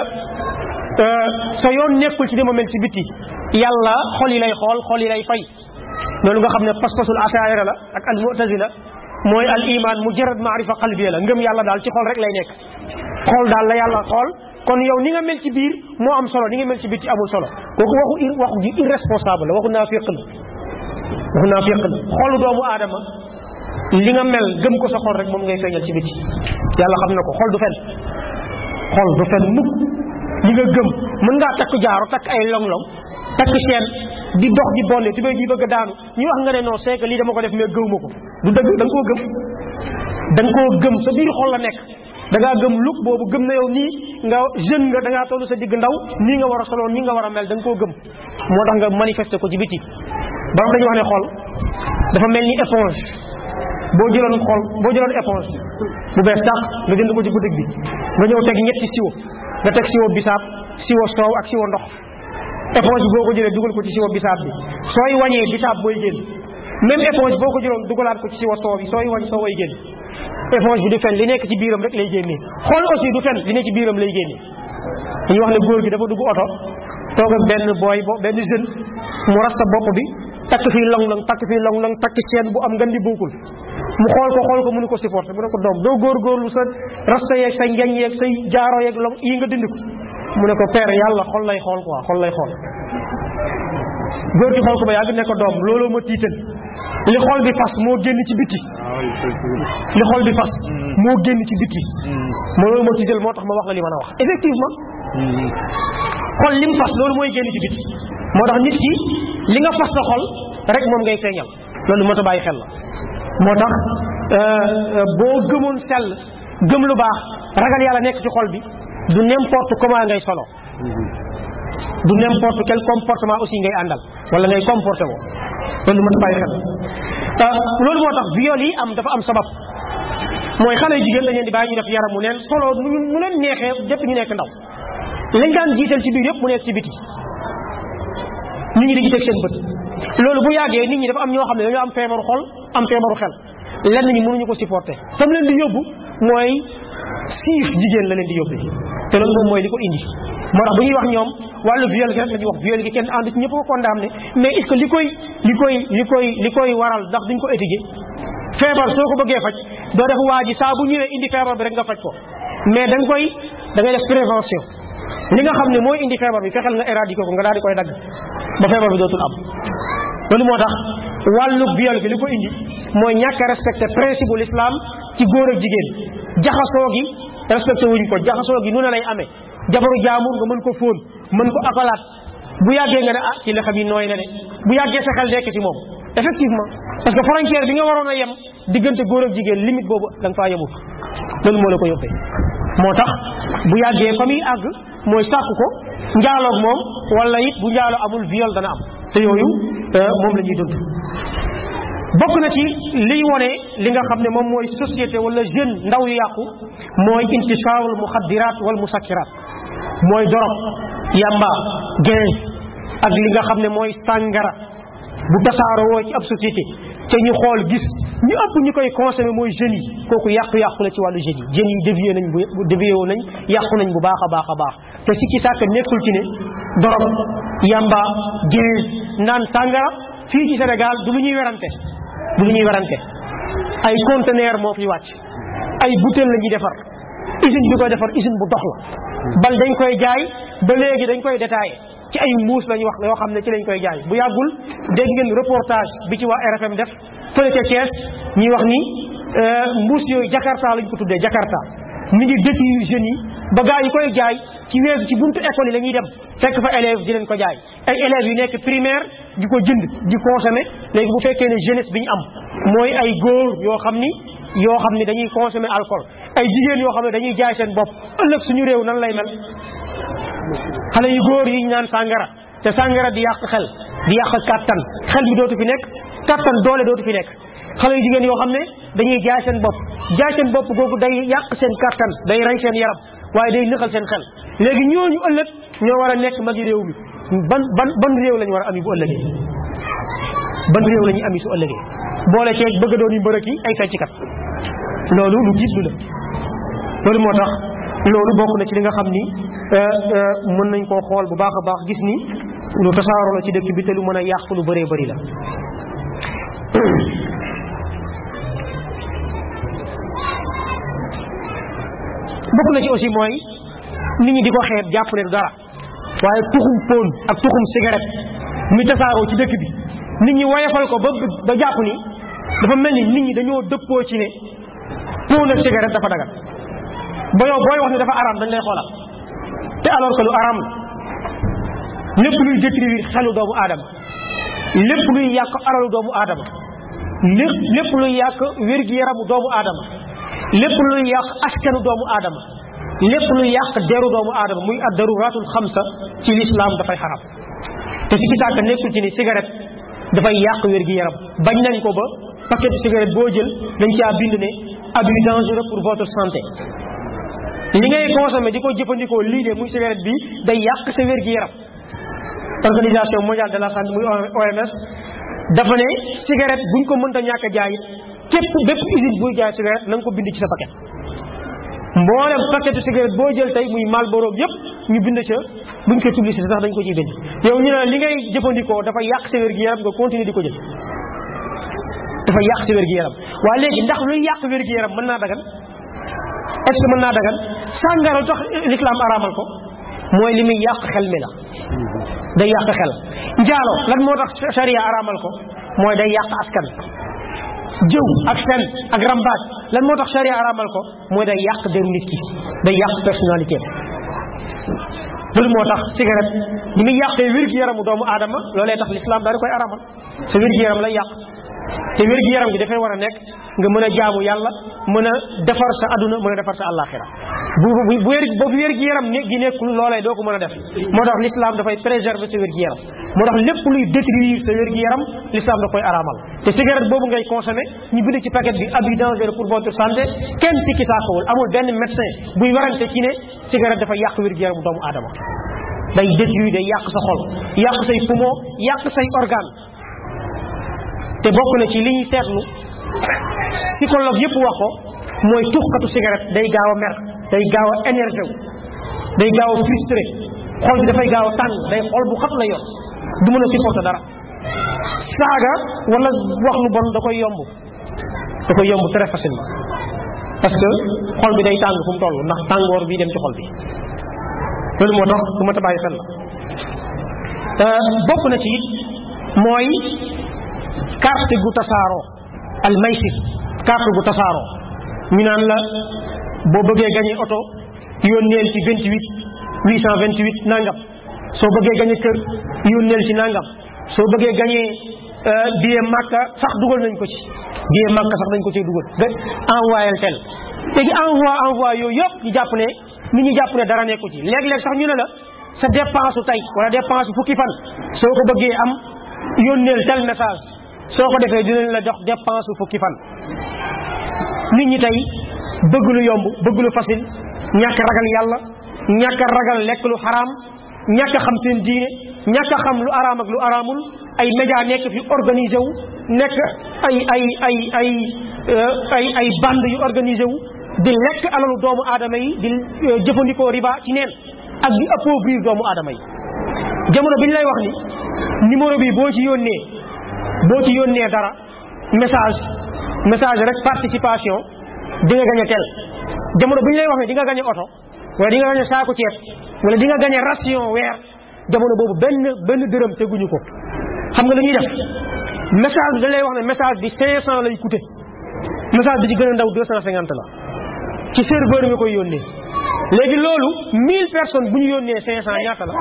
euh, sa yoon nekkul ci ni mu mel ci biti yàlla xool yi lay xool xol yi lay fay loolu nga xam ne pas-pasul la ak al la mooy al mu mujarrad maarifa qalbiya la ngëm yàlla daal ci xol rek lay nekk xool daal la yàlla xool kon yow ni nga mel ci biir moo am solo ni nga mel ci biti amul solo kooku waxu waxu ji irresponsable la waxu naafiq la waxu doomu aadama li nga mel gëm ko sa xol rek moom ngay feeñal ci biti yàlla xam na ko xol du fen xol du fen mukk li nga gëm mën ngaa takk jaaro takk ay long-long takk chaîne di dox di bonde ti bay di bëgg a daanu ñu wax nga ne non c'est lii dama ko def mais gëwuma ko du dëgg da koo gëm da nga koo gëm sa biir xol la nekk dangaa ngaa gëm luk boobu gëm na yow nii nga jeune nga da ngaa sa digg ndaw nii nga war a soloon nii nga war a mel da nga koo gëm moo tax nga manifester ko ci biti borom dañu wax ne xol boo jëloon xol boo jëloon éponge bu bees tax nga jënd ko ci boutique bi nga ñëw teg ñetti siwo nga teg siwo bisaab siwo soow ak siwo ndox éponge bi boo ko jëlee dugal ko ci siwo bisaab bi sooy wañee bisaab booy génn même éponge boo ko jëloon dugalaat ko ci siwo soow bi sooy wañ soo way génn éponge bi du fen li nekk ci biiram rek lay génnee xool aussi du fen li nekk ci biiram lay génnee dañuy wax ne góor gi dafa dugg oto toog ak benn booy bo benn jeune mu rasta bopp bi takk fii long long takk fii long takk seen bu am ngan di mu xool ko xool ko mënu ko supporté mu ne ko doom doo góorgóorlu sa rasta yeeg sa njañ yeeg sa jaaro yeeg lom yi nga dindi ko mu ne ko père yàlla xol lay xool lay xool góor gi ko ba yàgg ne ko doom looloo ma tiital li xol bi fas moo génn ci biti li xol bi fas moo génn ci biti ma hmm. loolu ma tiital moo tax ma wax la li a wax effectivement hmm. xol lim fas loolu mooy génn ci biti moo tax nit ki li nga fas sa xol rek moom ngay feeñal loolu moo ta bàyyi xel la moo tax euh, euh, boo gëmoon sel gëm lu baax ragal yàlla nekk ci xol bi du n'importe comment ngay solo mm-hmm. du n'importe quel comportement aussi ngay àndal wala ngay comporté woo loolu lu mat bàyyi xel euh, loolu moo tax viol yi am dafa am sabab mooy xale jigéen lañ leen di bàyyi ñu def mu neen solo nu leen neexee dépp ñu nekk ndaw lañ daan jiital ci biir yëpp mu nekk ci biti nit ñi dañu teg seen bët loolu bu yàggee nit ñi dafa am ñoo xam ne dañoo am feebaru xol am feebaru xel lenn ñi mënuñu ko supporter fam leen di yóbbu mooy siif jigéen la leen di yóbbu te loolu moom mooy li ko indi moo tax bu ñuy wax ñoom wàllu viol gi rek la ñuy wax viol gi kenn ànd ci ñëpp ko condamné mais est-ce que li koy li koy li koy li koy waral ndax duñ ko étudier feebar soo ko bëggee faj doo def waa ji saa bu ñëwee indi feebar bi re nga ko mais da koy da def prévention li nga xam ne mooy indi feebar bi fexeel nga éradiquer ko nga daal di koy dagg ba feebar bi dootul am loolu moo tax wàllu viol bi li ko indi mooy ñàkk a respecté principe u l'islam ci góor ak jigéen jaxasoo gi respecté wuñ ko jaxasoo gi nu ne lay amee jabaru jaamur nga mën ko fóon mën ko akalaat bu yàggee nga ne ah ci lexam yi nooy na de bu yàggee sa xel nekk ci moom effectivement parce que frontière bi nga waroon a yem diggante góor ak jigéen limite boobu da nga faa loolu moo la ko yóbbee moo tax bu yàggee fa àgg mooy sàkk ko njaaloog moom wala it bu njaalo amul viol dana am te yooyu euh, moom lañuy ñuy bokk na ci liy wone li nga xam ne moom mooy société wala jeune ndaw yu yàqu mooy intisaarul muxaddiraat wal musakkiraat mooy dorog yàmba gin ak li nga xam ne mooy sàngara bu tasaaroo ci ab société te ñu xool gis ñu ëpp ñu koy consommé mooy jeunes kooku yàqu-yàqu la ci wàllu jeunes yi jeunes yi dévié nañ bu dévié nañ yàqu nañ bu baax a baax a baax te si ci sàkk nekkul ci ne dorog yamba géej naan sàngara fii ci Sénégal du lu ñuy werante du lu ñuy werante ay conteneur moo fi wàcc ay butéel la ñuy defar usine ñu koy defar usine bu dox la bal dañ koy jaay ba léegi dañ koy détaillé ci ay mbuus lañu wax yoo xam ne ci lañ koy jaay bu yàggul dégg ngeen reportage bi ci waa RFM def fële ca Thiès ñuy wax ni euh, mbuus yooyu Jakarta lañ ko tuddee Jakarta mu ngi détruire jeunes yi ba gaa yi koy jaay ci weesu ci buntu école yi la ñuy dem fekk fa élèves di leen ko jaay ay élèves yu nekk primaire di ko jënd di consommer léegi bu fekkee ne jeunesse bi ñu am mooy ay góor yoo xam ni yoo xam ni dañuy consommer alcool ay jigéen yoo xam ne dañuy jaay seen bopp ëllëg suñu réew nan lay mel xale yu góor yi naan sàngara te sàngara di yàq xel di yàq kàttan xel bi dootu fi nekk kàttan doole dootu fi nekk xale yu jigéen yoo xam ne dañuy jaay seen bopp jaay seen bopp googu day yàq seen kàttan day rey seen yaram waaye day nëxal seen xel léegi ñooñu ëllëg ñoo war a nekk magi réew mi ban ban ban réew lañu war a ami bu ëllëgee ban réew la ñuy ami su ëllëgee boole ceeg bëgg doon yu mbërëk yi ay feccikat loolu lu jiitlu la loolu moo tax loolu bokk na ci li nga xam ni euh, euh, mën nañ koo xool bu baax a baax gis ni lu tasaaroo la ci dëkk bi te lu mën a yàq lu bëree bëri la bokk na ci aussi mooy nit ñi di ko xeeb jàpp ne du dara waaye tuxum poon ak tuxum cigarette mi tasaaroo ci dëkk bi nit ñi woyofal ko ba ba jàpp ni dafa mel ni nit ñi dañoo dëppoo ci ne poon ak cigarette dafa dagal ba booy wax ne dafa araam dañ lay te alors que lu araam la lépp luy détruire xelu doomu aadama lépp luy yàq aralu doomu aadama lépp lépp luy yàq wér yaramu doomu aadama lépp luy yàq askanu doomu aadama lépp luy yàq deru doomu aadama muy ad daruratul xamsa ci lislaam dafay xaram te si gisaaka nekkul ci ni cigarette dafay yàq wér yaram bañ nañ ko ba paquet de cigarette boo jël dañ caa bind ne abus dangereux pour votre sante li ngay consommé di ko jëfandikoo lii de muy cigarette bi day yàq sa wér-gi-yaram organisation mondiale de la santé muy OMS dafa ne cigarette buñ ko mënta ñàkk a jaay it képp bépp usine buy jaay cigarette na ko bind ci sa paquet mboolem paquetu cigarette boo jël tey muy mal Marlboro yëpp ñu bind ca buñ ko publicité sax dañ ko ciy bind yow ñu ne li ngay jëfandikoo dafa yàq sa wér-gi-yaram nga continuer di ko jël dafa yàq sa wér-gi-yaram waaye ndax yàq wér gi mën naa dagan est-ce que mën naa dagan sàngara tax lislaam araamal ko mooy li muy yàq xel mi la day yàq xel njaalo lan moo tax sharia araamal ko mooy day yàq askan jëw ak fen ak lan moo tax sharia araamal ko mooy day yàq deru nit ki day yàq personnalité loolu moo tax cigarette ni muy yàqee wér-gu-yaramu doomu aadama loolee tax lislaam daal koy araamal sa wér-gu-yaram lay yàq te wér gi yaram gi dafay war a nekk nga mën a jaamu yàlla mën a defar sa aduna mën a defar sa àllaaxira bu bu bu wér bu wér gi yaram gi nekkul loolee doo ko mën a def moo tax l'islam dafay préserver sa wér yaram moo tax lépp luy détruire sa wér gi yaram l'islam da koy araamal te cigarette boobu ngay consommer ñu bind ci paquet bi abus dangereux pour votre santé kenn sikki saakawul amul benn médecin buy warante ci ne cigarette dafa yàq wér gi yaramu doomu aadama day détruire day yàq sa xol yàq say poumon yàq say organe te bokk na ci li ñuy seetlu psychologue yëpp wax ko mooy tuxkatu cigarette day gaaw a mer day gaaw a énervé day gaaw a frustré xol bi dafay gaaw a tàng day xol bu xat la yor du mën a supporter dara saaga wala wax lu bon da koy yomb da koy yomb très facilement parce que xol bi day tàng fu mu toll ndax tàngoor bi dem ci xol bi loolu moo tax du ma ta bàyyi xel la euh, bokk na ci mooy carte gu tasaaroo al maysir carte gu tasaaroo ñu naan la boo bëggee gañe oto yónneel ci vingt huit huit cent vingt huit nangam soo bëggee gañe kër yónneel ci nangam soo bëggee gañe euh, billet Makka sax dugal nañ ko ci billet Makka sax nañ ko ci dugal nga envoyé tel léegi envoi envoi yooyu yëpp ñu jàpp ne nit ñi jàpp ne dara nekku ci léeg-léeg sax ñu ne la sa dépense u tey wala dépense fukki fan soo ko bëggee am yónneel tel message soo ko defee dinañ la jox dépense fukki fan nit ñi tey bëgg lu yomb bëgg lu facile ñàkk ragal yàlla ñàkk ragal lekk lu xaraam ñàkk xam seen diine ñàkk xam lu araam lu araamul ay média nekk fi organisé wu nekk ay ay ay ay euh, ay ay bande yu organisé wu di lekk alalu doomu aadama yi di euh, jëfandikoo riba ci neen ak di appauvrir doomu aadama yi jamono bi ñu lay wax ni numéro bi boo ci yónnee boo ci yónnee dara message message rek participation di nga gañe tel jamono bu ñu lay wax ne di nga gañe oto wala dinga nga gañe saaku ceeb wala di nga gañe ration weer jamono boobu benn benn dërëm teguñu ko xam nga lu ñuy def message bi dañ lay wax ne message bi cinq cent lay coûter message bi ci gën a ndaw deux cent cinquante la ci serveur bi koy yónnee léegi loolu mille personnes bu ñu yónnee cinq cent ñaata la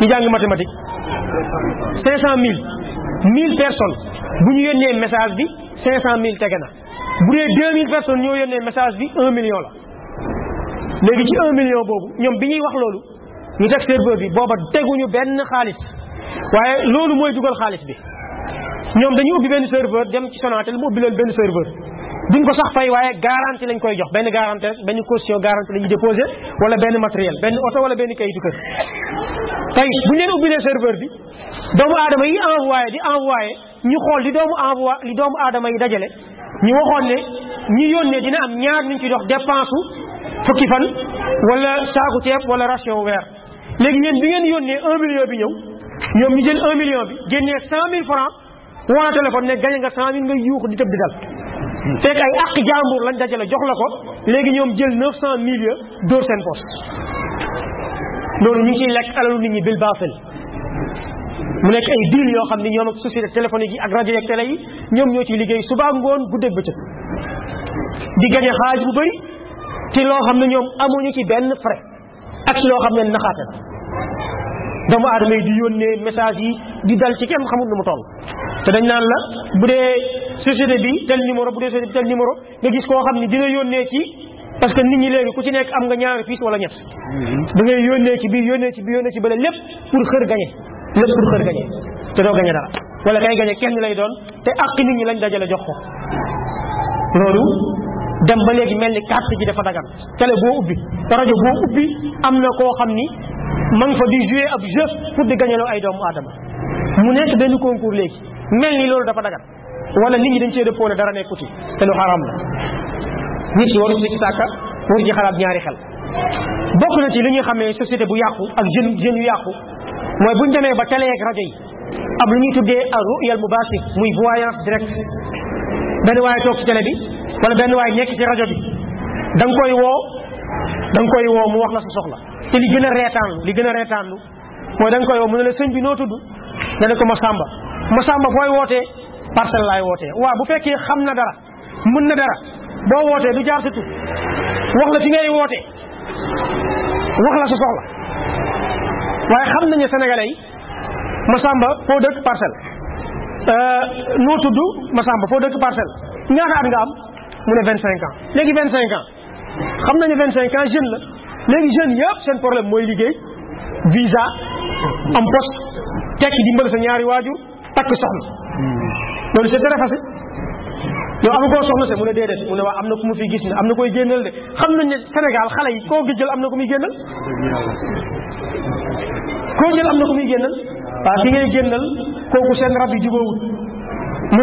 ñu jàng mathématique cinq cent mille mille personnes bu ñu yennee message bi cinq cent mille tege na bu dee deux mille personnes ñoo yónnee message bi un million la léegi ci un million boobu ñoom bi ñuy wax loolu ñu teg serveur bi booba teguñu benn xaalis waaye loolu mooy dugal xaalis bi ñoom dañu ubbi benn serveur dem ci Sonatel mu ubbi leen benn serveur duñ ko sax fay waaye garantie lañ koy jox benn garantie rek benn caution garantie la ñuy déposé wala benn matériel benn oto wala benn kayitu kër tey bu ñu leen ubbilee serveur bi doomu aadama yi envoyé di envoyé ñu xool di doomu envoyé li doomu aadama yi dajale ñu waxoon ne ñu yónnee dina am ñaar ñu ci dox dépense fukki fan wala saaku ceeb wala ration weer léegi yéen bi ngeen yónnee un million bi ñëw ñoom ñu jël un million bi génnee cent mille francs woo la téléphone ne gañe nga cent mille nga yuux di tëb di dal fekk ay àq jàmbur lañ dajale jox la ko léegi ñoom jël neuf cent mille ya dóor seen poste loolu ñu ngi ciy lekk alalu nit ñi bil baafel mu nekk ay deal yoo xam ni ñoom ak société téléphonique yi ak rajo yeeg télé yi ñoom ñoo ci liggéey suba ngoon guddeeg bëccëg di gañe xaaj bu bëri ci loo xam ne ñoom amuñu ci benn frais ak ci loo xam ne naxaate la doomu aadama yi di yónnee message yi di dal ci kenn xamul nu mu toll te dañ naan la bu dee société bi tel numéro bu dee société bi tel numéro nga gis koo xam ni dina yónnee ci parce que nit ñi léegi ku ci nekk am nga ñaari piis wala ñett mm-hmm. da ngay yónnee ci bii yónnee ci bii yónnee ci bële lépp pour xër gañe lépp pour xër gañe te doo gañe dara wala kay gañe kenn lay doon te àq nit ñi lañ dajale jox ko loolu dem ba léegi mel ni carte ji dafa dagan télé boo ubbi rajo boo ubbi am na koo xam ni ma nga fa di jouer ab jeu pour di gañaloo ay doomu aadama mu nekk benn concours léegi mel ni loolu dafa dagan wala nit ñi dañ cee dëppoo ne dara nekkuti te lu xaram la nit ñi waru ci sàkka waru ci xalaat ñaari xel bokk na ci li ñuy xamee société bu yàqu ak jeune jeune yu yàqu mooy buñ demee ba télé ak rajo yi am lu ñuy tuddee ar ru'yal mubashir muy voyance directe benn waaye toog ci télé bi wala benn waaye nekk ci rajo bi da koy woo da koy woo mu wax la sa soxla te li gën a reetaan li gën a reetaanlu mooy da koy woo mu ne la sëñ bi noo tudd nga ne ko ma Masamba Masamba fooy wootee parcelle laay wootee waa bu fekkee xam na dara mën na dara boo wootee du jaar sa tur wax la fi ngay wootee wax la sa soxla waaye xam nañu sénégalais yi Masamba foo dëkk parcelle Euh, noo tudd Massamba foo dëkk parcelle ñaata at nga am mu ne vingt cinq ans léegi vingt cinq ans xam nañu vingt cinq ans jeune la léegi jeune yëpp seen problème mooy liggéey visa am poste tekki dimbali sa ñaari waajur takk soxna hmm. loolu c'est très facile yow koo soxna se mu ne déedéet mu ne waa am na ku mu fi gis ne am na koy génnal de xam nañ ne senegal xale yi koo jël am na ko muy génnal koo jël am na ku muy génnal waaw ngay génnal kooku seen rab yi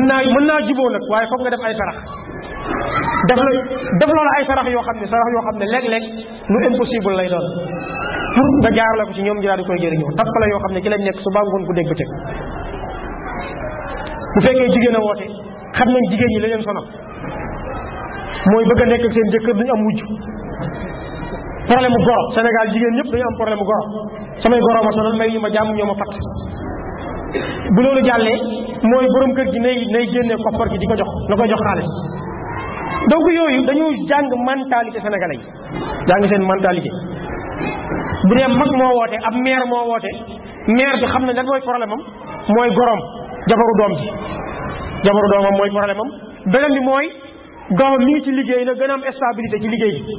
naa mën naa juboo nag waaye foog nga def ay sarax def la def loola ay sarax yoo xam ne sarax yoo xam ne léeg-léeg lu impossible lay doon pour nga jaarale ko ci ñoom ñu daal di koy jëriñoo tappale yoo xam ne ci lañ nekk su bangoon ku dégg bëccëg bu fekkee jigéen a woote xam nañ jigéen ñi la leen sonal mooy bëgg a nekk seen jëkkër duñu am wujj problème mu goro Sénégal jigéen ñëpp dañu am problème mu goro samay goro ma sonal may ñu ma jàmm ñoo ma fatt bu loolu jàllee mooy borom kër gi nay nay génne koppar gi di ko jox na ko jox xaalis donc yooyu dañoo jàng mentalité sénégalais yi jàng seen mentalité bu dee mag moo wootee ab maire moo woote maire bi xam ne lan mooy problème mooy gorom jabaru doom ji jamono doomam mooy problème am beneen bi mooy doomam mi ngi ci liggéey na gën a am ci liggéey bi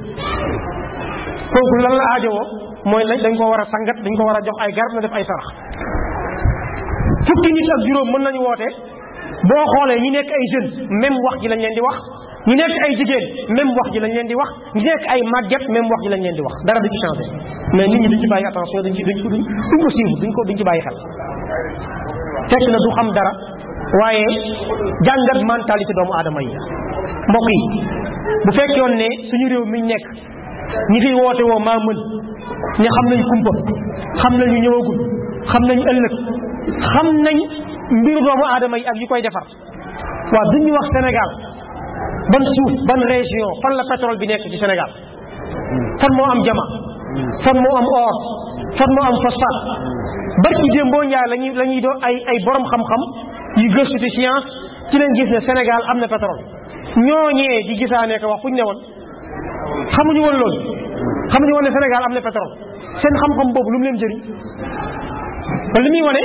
kooku lan la aajowoo mooy lañ dañ ko war a sangat dañ ko war a jox ay garab na def ay sarax fukki nit ak juróom mën nañu woote boo xoolee ñi nekk ay jeunes même wax ji lañ leen di wax ñi nekk ay jigéen même wax ji lañu leen di wax ñi nekk ay màgget même wax ji lañ leen di wax dara du ci changé mais nit ñi duñ ci bàyyi attention duñ ci duñ ko siiw duñ xel fekk na du xam dara waaye jàngat mentalité doomu aadama yi mbokk yi bu fekkoon ne suñu réew mi nekk ñi fiy woote woo maa mën ñi xam nañ kumpa xam nañu ñëwagul xam nañu ëllëg xam nañ mbiru doomu aadama yi ak yu koy defar waa waaw duñu wax Sénégal ban suuf ban région fan la pétrole bi nekk ci Sénégal fan moo am jama fan moo am or fan moo am phosphate barki démboo Njaay lañuy la ay ay borom xam-xam yu gëstu ci science ci leen gis ne Sénégal am na pétrole ñooñee di gisaanee ko wax fuñ ne woon xamuñu woon loolu xamuñu woon ne Sénégal am na pétrole seen xam-xam boobu lu mu leen jëriñ kon li muy wane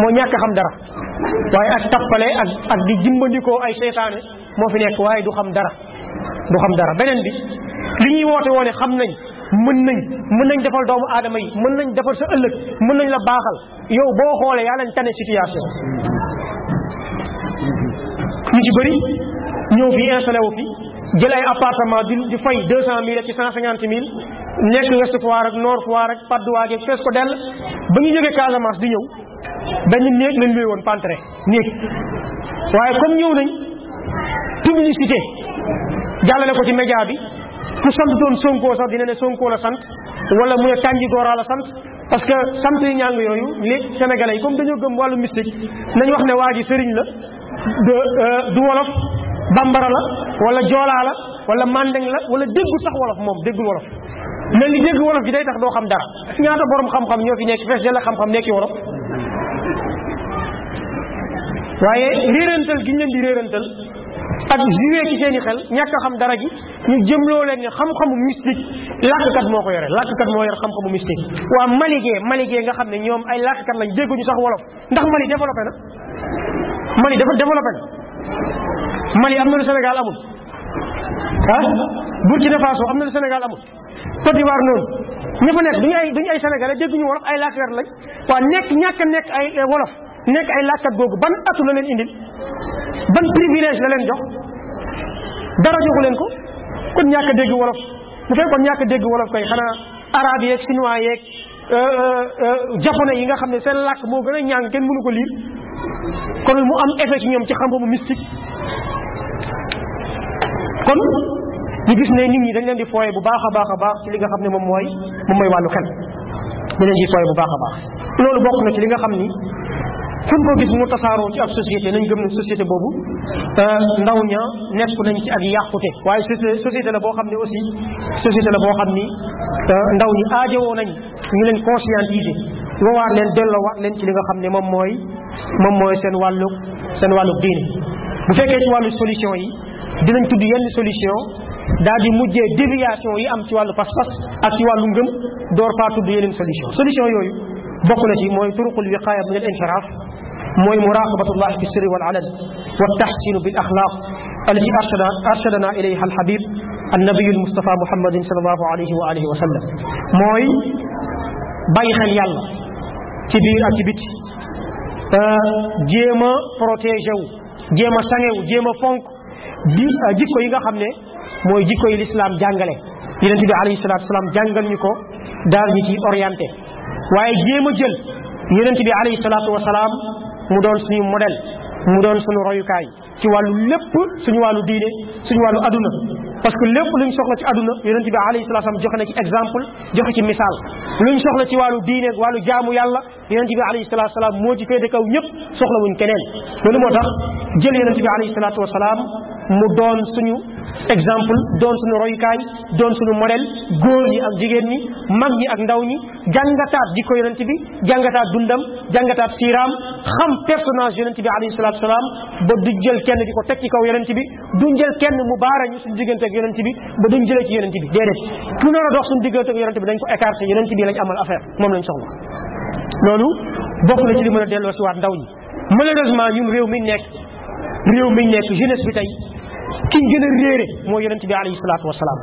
moo ñàkk xam dara waaye ak tappale ak ak di jimbandikoo ay seytaane moo fi nekk waaye du xam dara du xam dara beneen bi li ñuy woote woone xam nañ mën nañ mën nañ defal doomu aadama yi mën nañ defal sa ëllëg mën nañ la baaxal yow boo xoolee yaa leen tane situation ñu ci bëri ñëw fi installé wu fi jël ay appartement di di fay deux cent mille ci cent cinquante mille nekk Ouest Foire ak Nord Foire ak Patte d'Oie fees ko dell ba ñu jógee Casamance di ñëw benn néeg lañ luy woon pantre néeg waaye comme ñëw nañ publicité jàllale ko ci média bi ku sant doon Sonko sax dina ne sonkoo la sant wala mu ne Kandji Gora la sant parce que sant yi ñàng yooyu léegi sénégalais yi comme dañoo gëm wàllu mystique nañ wax ne waa ji sëriñ la euh, du wolof bambara la wala joolaa la wala mandeng la wala déggul sax wolof moom déggul wolof mais li dégg wolof bi day tax doo xam dara ñaata borom xam-xam ñoo fi nekk fees della xam-xam nekki wolof waaye réerantal gi ñu di réerantal ak joué ci seen i xel ñàkk a xam dara gi ñu jëmloo leen ne xam-xamu mystique làkkat moo ko yore làkkat moo yore xam-xamu mystique waa maligee maligee nga xam ne ñoom ay làkkat lañ dégguñu sax wolof ndax Mali développé na Mali dafa développé na Mali am na lu Sénégal amul ah Burkina Faso am na lu Sénégal amul Côte noonu ñu fa nekk duñu ay duñu ay Sénégalais dégguñu wolof ay làkkat lañ waa nekk ñàkk nekk ay wolof nekk ay làkkat googu ban atu la leen indil ban privilège la leen jox dara joxu leen ko kon ñàkk dégg wolof bu fekkoon ñàkk dégg wolof koy xanaa arabe yeeg chinois yeeg euh, euh, euh, japonais yi nga xam ne seen làkk moo gën a ñàng kenn mënu ko liir kon mu am effet ci ñoom ci xam-xamu mystique kon ñu gis ne nit ñi dañ leen di fooye bu baax a baax a baax ci li nga xam ne moom mooy moom mooy wàllu xel dañ leen di fooye bu baax a baax loolu bokk na ci li nga xam ni fu ko gis mu tasaaroo ci ab société nañ gëm ne société boobu euh, ndaw ña nekku nañ ci ak yàqute waaye société la boo xam ne aussi société la boo xam ni euh, ndaw ñi aajowoo nañ ñu leen conscientiser woowaat leen delloowaat leen ci li nga xam ne moom mooy moom mooy seen wàllu seen wàllu diine bu fekkee ci wàllu solution yi dinañ tudd yenn solution daal di mujjee déviation yi am ci wàllu pas-pas ak ci wàllu ngëm door faa tudd yeneen solution solution yooyu bokk na ci mooy turuqul wiqaaya min al mooy muraqabatullahi fi sirri wal alan wa taxsinu bil axlaaq allati arshada arshadana ilayha alhabib annabiyu almustafa muhammadin sallallahu alayhi wa alihi wa sallam mooy bàyyi xel yàlla ci biir ak ci biti euh, jéem a protégé wu jéem a sangewu jéem a fonk di euh, jikko yi nga xam ne mooy jikko yi lislaam jàngale yonente bi alayhi salatu salaam jàngal ñu ko daal ñu ci orienté waaye jéem a jël yonente bi alayhi salatu wasalaam mu doon suñu modèle mu doon suñu royukaay ci wàllu lépp suñu wàllu diine suñu wàllu aduna parce que lépp lu luñ soxla ci aduna yonent bi alayhi salatu wasallam joxe na ci exemple joxe ci misaal luñ soxla ci wàllu diine wàllu jaamu yàlla yonent bi alayhi salatu wasalam moo ci féete kaw ñëpp soxla wuñ keneen loolu moo tax jël yonent bi alayhi salatu wasalam mu doon suñu exemple doon suñu roykaay doon suñu modèle góor ñi ak jigéen ñi mag ñi ak ndaw ñi jàngataat di ko yonent bi jàngataat dundam jàngataat siiraam xam personnage yonent bi alayhi salatu wasalam ba du jël kenn di ko teg ci kaw yonent bi du jël kenn mu baara ñu suñu diggante ak yonent bi ba duñ jëlee ci yonent bi déedéet ku nar a dox suñu diggante ak yonent bi dañ ko écarté yonent bi lañ amal affaire moom lañ soxla loolu bokk na ci li mën a delloo si waat ndaw ñi malheureusement ñun réew mi nekk réew mi nekk jeunesse bi tey kiñ gën a réere moo yonent bi alayhi salaatu wasalaam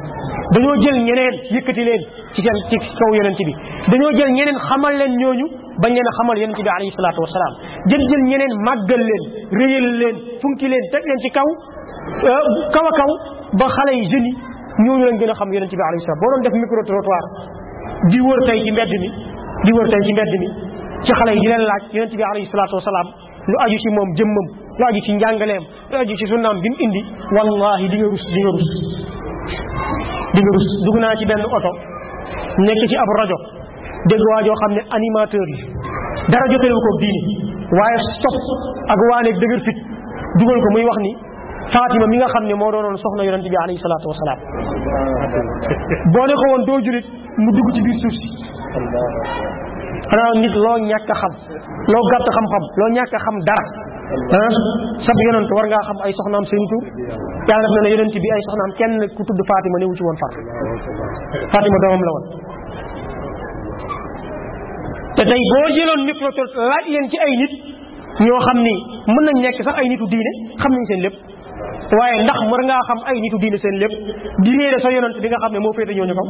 dañoo jël ñeneen yëkkati leen ci seen ci kaw bi dañoo jël ñeneen xamal leen ñooñu bañ leen a xamal yonent bi alayhi salaatu wasalaam jël jël ñeneen màggal leen leen funki leen teg leen ci kaw euh, kaw a kaw ba xale yi jeunes yi ñooñu lañ gën a xam yonent bi alayhi salaam boo doon def micro trottoir di wër tey ci mbedd mi di tey ci mbedd mi ci xale yi di leen laaj yonent bi alayhi salaatu wasalaam lu aju ci moom jëmmam lu ci njàngaleem lu ci sunnaam bi mu indi wallahi di nga rus di nga dugg naa ci benn oto nekk ci ab rajo dégg waa joo xam ne animateur yi dara joteelu ko diine waaye stop ak waaneeg dëgër fit dugal ko muy wax ni Fatima mi nga xam ne moo doonoon soxna yonent bi alayhi salaatu wa salaam boo ne woon doo julit mu dugg ci biir suuf si xanaa nit loo ñàkk a xam loo gàtt xam-xam loo ñàkk xam dara ah sab yonent war ngaa xam ay soxnaam seen tur yàlla def na ne yonent bi ay soxnaam kenn ku tudd Fatima newu ci woon far Fatima doomam la woon te tey boo jëloon micro laaj leen ci ay nit ñoo xam ni mën nañ nekk sax ay nitu diine xam nañ seen lépp waaye ndax mën ngaa xam ay nitu diine seen lépp di réere sa yonent bi nga xam ne moo féete ñooñu kaw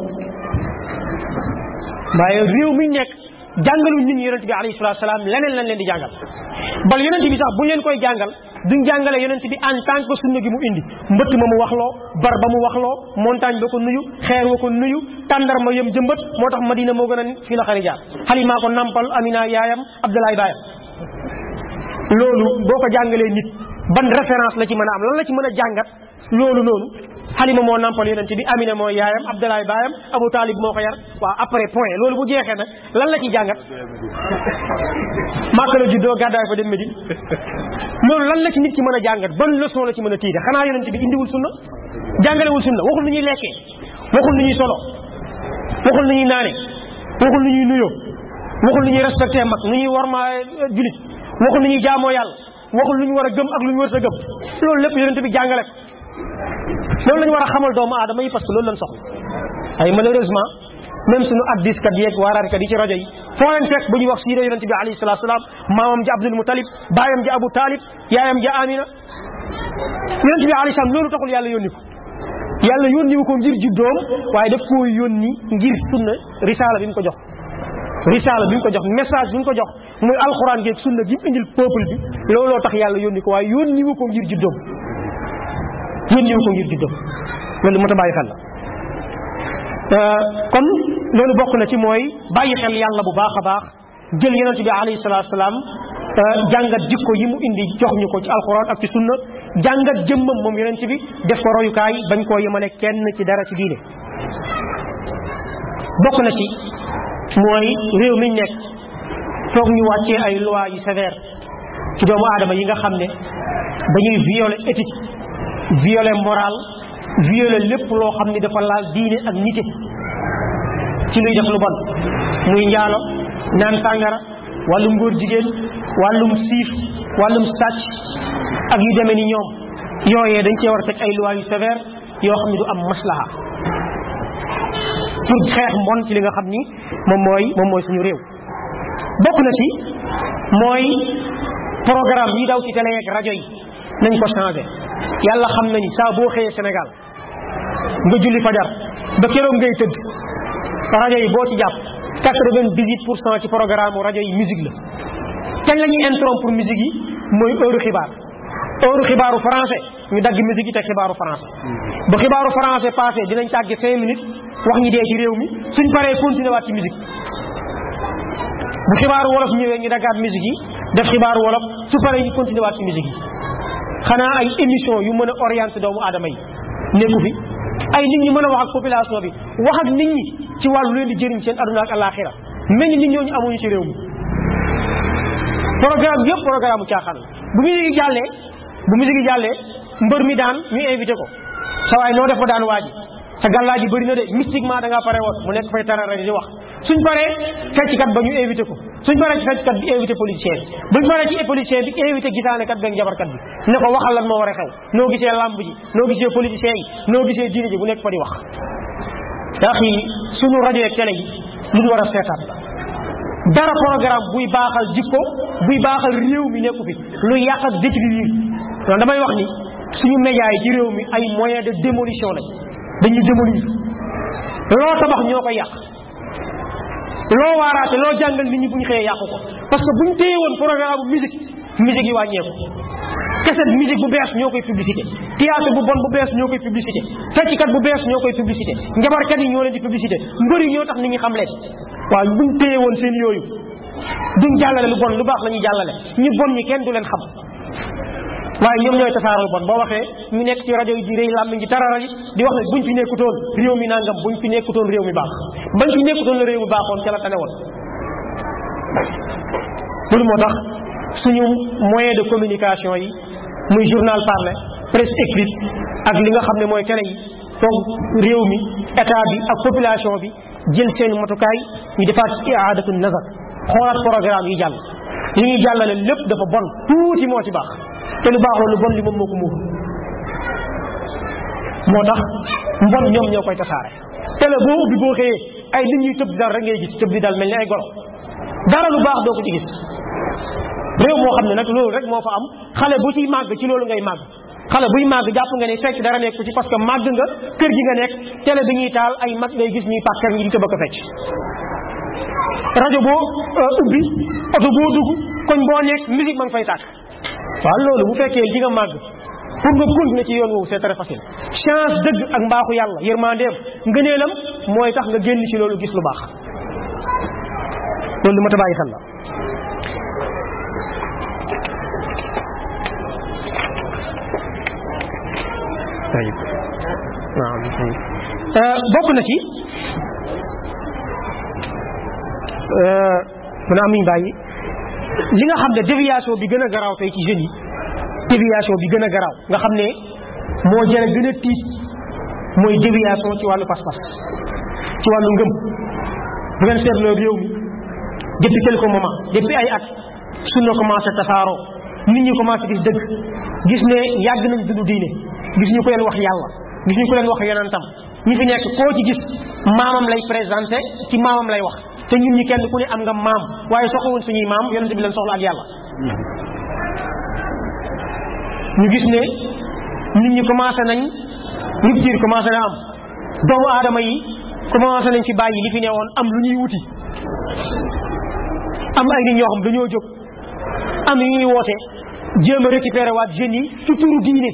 waaye réew mi nekk jàngalu ñu ñi yonent bi alayhi salatu salaam leneen lañ leen di jàngal bal yonent bi sax bu leen koy jàngal duñ jàngale yonent bi en tant que sunna gi mu indi mbëtt ma mu waxloo bar ba mu waxloo montagne ba ko nuyu xeer wa ko nuyu tàndar ma yëm jëmbët moo tax madina moo gën a fii la xari jaar xalimaa ko nampal amina yaayam abdoulaye baayam loolu boo jàngalee nit ban référence la ci mën a am lan la ci mën a jàngat loolu noonu xalima moo nampal yonente bi amina moo yaayam abdalaay baayam abou taalib moo ko yar waaw après point loolu bu jeexee nag lan la ci jàngat màkka la juddoo gàddaay fa dem Medine loolu lan la ci nit ci mën a jàngat ban leçon la ci mën a tiide xanaa yonente bi indiwul sunna jàngalewul sunna waxul nu ñuy lekkee waxul nu ñuy solo waxul nu ñuy naane waxul nu ñuy nuyoo waxul nu ñuy respecté mag nu ñuy warmaa julit waxul nu ñuy jaamoo yàlla waxul lu ñu war a gëm ak lu ñu war a gëm loolu lépp yonent bi jàngale ko loolu la ñu war a xamal doomu adama yi parce que loolu la soxla ay malheureusement même suñu addis kat yeeg waaraat kat yi ci rajo yi foo leen fekk bu ñuy wax siira yonent bi alayhi salaatu salaam maamam ji Abdul Mutalib baayam ji Abu Talib yaayam ji Amina yonent bi alayhi salaam loolu taxul yàlla yónni ko yàlla yónni wu ko ngir juddoom waaye daf koo yónni ngir sunna risaala bi mu ko jox risaala bi mu ko jox message bi mu ko jox muy alxuraan geeg sunna gi mu indil peuple bi looloo tax yàlla yónni ko waaye yónni wu ko ngir juddoom yónni wu ko ngir juddoom loolu moo tax bàyyi xel euh, kon loolu bokk na ci mooy bàyyi xel yàlla bu baax a baax jël yonent bi alayhi salaatu salaam euh, jàngat jikko yi mu indi jox ñu ko ci alxuraan ak ci sunna jàngat jëmmam moom yonent bi def ko royukaay bañ koo yemale kenn ci dara ci diine bokk na ci mooy réew mi nekk foog ñu wàccee ay loi yu sévère ci doomu aadama yi nga xam ne dañuy violer éthique violer morale violer lépp loo xam ne dafa laal diine ak nite ci luy def lu bon muy njaalo naan sàngara wàllum góor jigéen wàllum siif wàllum sàcc ak yu demee ni ñoom yooyee dañ cee war a teg ay loi yu sévère yoo xam ne du am maslaha pour xeex mbon ci li nga xam ni moom mooy moom mooy suñu réew bokk na ci mooy programme yi daw ci télé ak rajo yi nañ ko changé yàlla xam nañ saa boo xëyee Sénégal nga julli fajar ba keroog ngay tëdd rajo yi boo ci jàpp quatre-vingt-dix-huit pour ci programme rajo yi musique la kañ la ñuy pour musique yi mooy heure xibaar heure xibaaru français ñu dagg musique yi te xibaaru français ba xibaaru français passé dinañ tàgge cinq minutes wax ñi dee ci réew mi suñ paree continué waat ci musique bu xibaaru wolof ñëwee ñu daggaat musique yi def xibaaru wolof su paree ñu continué ci musique yi xanaa ay émission yu mën a orienté doomu aadama yi nekku fi ay nit ñi mën a wax ak population bi wax ak nit ñi ci wàllu leen di jëriñ seen aduna ak alaxira mel ni nit ñooñu amuñu ci réew mi programme yëpp programme caaxaan bu musique yi jàllee bu musique yi jàllee mbër mi daan ñu invité ko sa waay noo def ba daan waaji sa gàllaa ji bëri na de mystiquement da ngaa pare woon mu wax suñ paree fecckat ba ñu invité ko suñ paree ci fecckat bi invité politicien bi buñ paree ci politicien bi invité gisaanekat beeg jabarkat bi ne ko waxal lan moo war a xew noo gisee làmb ji noo gisee politicien yi noo gisee diine ji bu nekk fa di wax ndax yi suñu rajo ak télé yi lu ñu war a seetaan dara programme buy baaxal jikko buy baaxal réew mi nekku fi lu yàq ak détruire non damay wax ni suñu média yi ci réew mi ay moyen de démolition lañ dañuy démolir loo tabax yàq loo waaraate loo jàngal nit ñi bu ñu xëyee yàqu ko parce que bu ñu téye woon programme musique musique yi wàññeeku cassette musique bu bees ñoo koy publicité théâtre bu bon bu bees ñoo koy publicité fecckat bu bees ñoo koy publicité njabarkat yi ñoo leen di publicité mbër yi ñoo tax nit ñi xam leen waa bu ñu téye woon seen yooyu duñ jàllale lu bon lu baax la ñuy jàllale ñi bon ñi kenn du leen xam waaye ñoom ñooy tasaaroo bon boo waxee mu nekk ci rajo yi di rëy làmmiñ ji tarara yi di wax ne buñ fi nekkutoon réew mi nangam buñ fi nekkutoon réew mi baax bañ fi nekkutoon la réew mi baaxoon ca la tane woon loolu moo tax suñu moyen de communication yi muy journal parlé presse écrite ak li nga xam ne mooy télé yi donc réew mi état bi ak population bi jël seen matukaay ñu defaat i'aadatu nazar xoolaat programme yi jàll li ñuy jàllale lépp dafa bon tuuti moo ci baax te lu baax la lu bon li moom moo ko muur moo tax mbon ñoom ñoo koy tasaare télé boo ubbi boo xëyee ay nit ñuy tëb dal rek ngay gis tëb di dal mel ni ay golo dara lu baax doo ko ci gis réew moo xam ne nag loolu rek moo fa am xale bu ci màgg ci loolu ngay màgg xale buy màgg jàpp nga ne fecc dara nekk ci parce que màgg nga kër gi nga nekk télé bi ñuy taal ay mag ngay gis ñuy pàkkar ñi di tëb ak a rajo boo euh, ubbi oto boo dugg koñ boo nekk musique ma nga fay tàkk waaw loolu bu fekkee ji nga màgg pour nga continuer ci yoon woowu c'est très chance dëgg ak mbaaxu yàlla yërmandeem ngëneelam mooy tax nga génn ci loolu gis lu baax loolu lu ma ta xel la euh, bokk na ci mën a am ñu bàyyi li nga xam ne déviation bi gën a garaaw tey ci jeunes yi déviation bi gën a garaaw nga xam ne moo jëre gën a tiit mooy déviation ci wàllu pas-pas ci wàllu ngëm bu ngeen seetloo réew mi depuis quelque moment depuis ay at sunna commencé tasaaroo nit ñi commencé gis dëgg gis ne yàgg nañ dund diine gis ñu ko leen wax yàlla gis ñu ko leen wax yonentam ñi fi nekk koo ci gis maamam lay présenté ci maamam lay wax te ñun ñi kenn ku ne am nga maam waaye soxlawuñ suñuy maam yonente bi leen soxla ak yàlla ñu gis ne nit ñi commencé nañ rupture commencé na am doomu aadama yi commencé nañ fi bàyyi li fi ne woon am lu ñuy wuti am ay nit ñoo xam dañoo jóg am yu ñuy woote jéem a récupérer waat jeunes yi su turu diine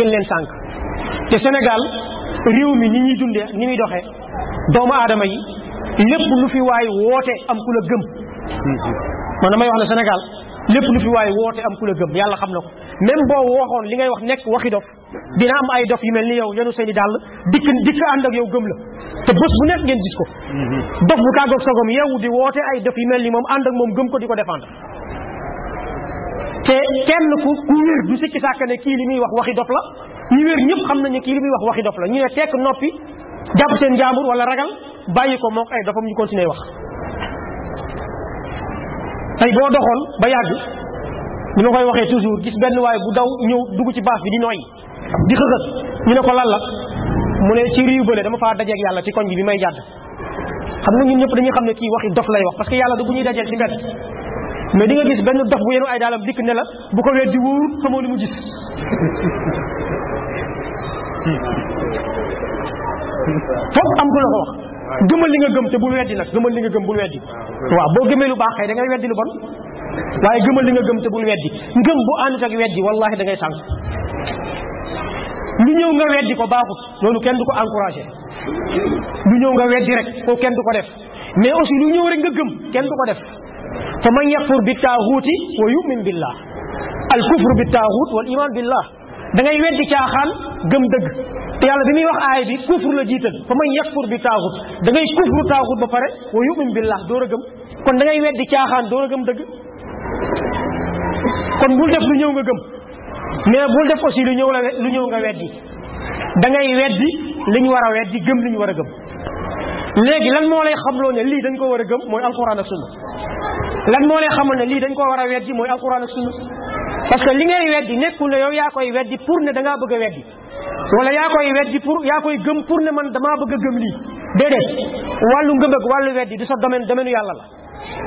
gën leen sànq te Sénégal réew mi ni ñuy dundee ni muy doxee doomu aadama yi lépp lu fi waay woote am ku la gëm man damay wax ne Sénégal lépp lu fi waay woote am ku la gëm yàlla xam na ko même boo waxoon li ngay wax nekk waxi dof dina am ay dof yu mel ni yow yenu seeni dàll dikk dikk ànd ak yow gëm la te bés bu nekk ngeen gis ko dof bu kàggoog sagom yow di woote ay dof yu mel ni moom ànd ak moom gëm ko di ko défendre te kenn ku ku wér du sikki sàkk ne kii li muy wax waxi dof la ñu wér ñëpp xam nañu kii li muy wax waxi dof la ñu tekk noppi jàpp seen jaambur wala ragal bàyyi ko moo mook dafa dafam ñu continuer wax tey boo doxoon ba yàgg ñu ma koy waxee toujours gis benn waay bu daw ñëw dugg ci baas bi di nooy di xëxët ñu ne ko lan la mu ne ci riiw bële dama faa dajeeg yàlla ci koñ bi bi may jàdd xam nga ñu ñëpp dañuy xam ne kii waxi dof lay wax parce que yàlla du bu ñuy dajeeg ci mbedd mais di nga gis benn dof bu yenu ay daalam dikk ne la bu ko weddi wóor xamoo li mu gis foog am ku la ko wax gëmal li nga gëm te bul weddi nag gëmal li nga gëm bul weddi ah, waaw boo gëmee lu baax xëy da ngay weddi lu bon waaye gëmal li nga gëm te bul weddi gëm bu àndut ak weddi wallahi da ngay sànq lu ñëw nga weddi ko baaxut loolu kenn du ko encouragé lu ñëw nga weddi rek ko kenn du ko def mais aussi lu ñëw rek nga gëm kenn du ko def fa man yakfur bi taaxuuti wa yumin billah al kufru bi taaxuut wal iman billah da ngay weddi caaxaan gëm dëgg te yàlla bi muy wax aay bi kufur la jiital fa man yakfur bi taaxut da ngay kufru taaxut ba pare wa yumin billah door a gëm kon dangay ngay weddi caaxaan door a gëm dëgg kon bul def lu ñëw nga gëm mais bul def aussi lu ñëw la lu ñëw nga weddi da ngay weddi li ñu war a weddi gëm li ñu war a gëm léegi lan moo lay xamloo ne lii dañ ko war a gëm mooy alxuraan ak sunna lan moo lay xamal ne lii dañ koo war a weddi mooy alxuraan ak sunna parce que li ngay weddi nekkul ne yow yaa koy weddi pour ne da ngaa bëgg a weddi wala yaa koy weddi pour yaa koy gëm pour ne man damaa bëgg gëm lii déedéet wàllu ngëm ak wàllu weddi du sa domaine domaine yàlla la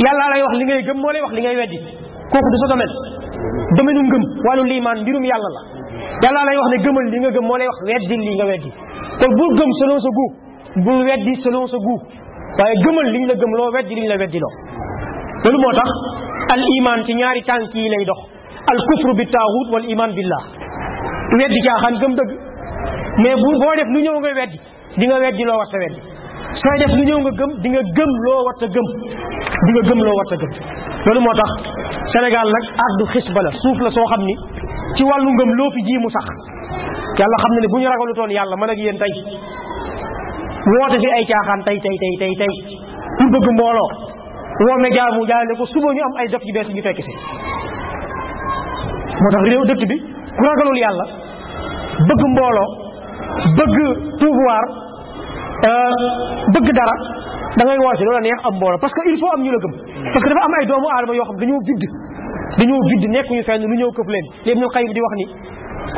yàlla lay wax li ngay gëm moo lay wax li ngay weddi kooku du sa domaine domaine ngëm wàllu liimaan mbirum yàlla la yàlla lay wax ne gëmal li nga gëm moo lay wax weddi lii nga weddi te bu gëm selon sa bul weddi selon sa goût waaye gëmal liñ la gëm loo weddi liñ la weddi loo loolu moo tax al iman ci ñaari tànk yi lay dox al kufru bi taaxut wal iman billah weddi caaxaan gëm dëgg mais bu boo def lu ñëw nga weddi di nga weddi loo war ta weddi sooy def lu ñëw nga gëm di nga gëm loo war ta gëm di nga gëm loo war ta gëm loolu moo tax Sénégal nag ardu xisba la suuf la soo xam ni ci wàllu ngëm loo fi ji mu sax yàlla xam na ne bu ñu ragalutoon yàlla man ak yéen tey woote fi ay caaxaan tey tey tey tey tey ñu bëgg mbooloo woo na jaamu jaale ko suba ñu am ay dof yu bees ñu fekk si moo tax réew dëkk bi ku ragalul yàlla bëgg mbooloo bëgg pouvoir euh, bëgg dara da ngay woote loola neex am mbooloo parce que il faut am ñu la gëm parce que dafa am ay doomu aadama yoo xam dañoo bidd dañoo bidd nekk ñu fenn lu ñëw këf leen léegi ñoo xay di wax ni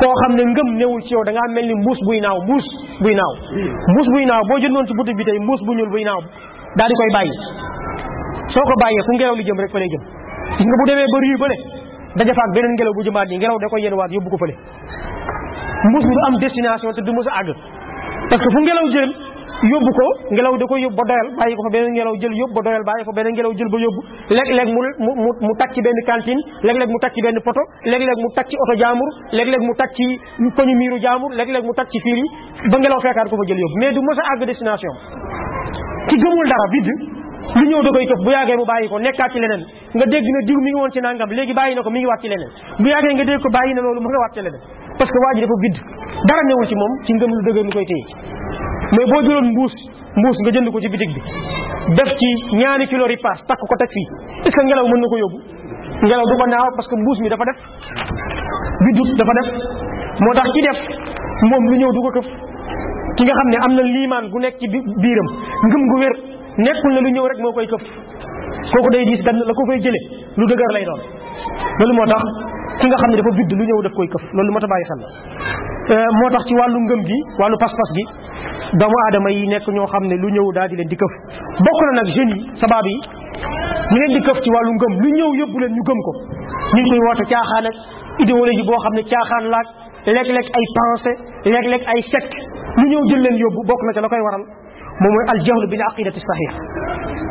koo xam ne ngëm newul ci yow da ngaa mel ni mbuus buy naaw mbuus buy naaw mbuus buy naaw boo jëndoon ci boutique bi tey mbuus bu ñuul buy naaw daal di koy bàyyi soo ko bàyyee fu ngelaw li jëm rek fa lay jëm gis nga bu demee ba riu bële daja faak beneen ngelaw bu jëmaat yi ngelaw da koy waat yóbbu ko fële mbuus bi du am destination te du mos a àgg parce fu ngelaw jëm yóbbu ko ngelaw da ko yóbbu ba doyal bàyyi ko fa beneen ngelaw jël yóbbu ba doyal bàyyi ko beneen ngelaw jël ba yóbbu léeg-léeg mu mu mu takk ci benn cantine léeg-léeg mu takk ci benn poto léeg-léeg mu takk ci oto jaamur léeg-léeg mu takk ci koñu miiru jaamur léeg-léeg mu takk ci fiir yi ba ngelaw fekkaat ko fa jël yóbbu mais du mos a àgg destination ki gëmul dara vide lu ñëw da koy këf bu yàggee mu bàyyi ko nekkaat ci leneen nga dégg na diw mi ngi woon ci nangam léegi bàyyi na ko mi ngi waat ci leneen bu yàggee nga dégg ko bàyyi na loolu parce que waa ji dafa bidd dara newul ci moom ci ngëm lu dëgër lu koy téye mais boo jëloon mbuus mbuus nga jënd ko ci bitig bi def ci ñaari kilo ripaas takk ko teg fii est ce que ngelaw mën na ko yóbbu ngelaw du ko naaw parce que mbuus mi dafa def biddut dafa def moo tax ci def moom lu ñëw du ko këf ki nga xam ne am na liimaan gu nekk ci biiram ngëm gu wér nekkul ne lu ñëw rek moo koy këf kooku day diis dan la ko fay jële lu dëgër lay doon loolu moo tax ki nga xam ne dafa bidd lu ñëw def koy këf loolu moo tax bàyyi xel euh, moo tax ci wàllu ngëm gi wàllu pas-pas gi doomu aadama yi nekk ñoo xam ne lu ñëw daal di leen di këf bokk na nag jeunes yi sabab yi ñu leen di këf ci wàllu ngëm lu ñëw yóbbu leen ñu gëm ko ñu ngi koy woote caaxaan ak idéologie boo xam ne caaxaan laa léeg-léeg ay pensée léeg-léeg ay set lu ñëw jël leen yóbbu bokk na ca la koy waral moom mooy al jahlu bil aqidati sahih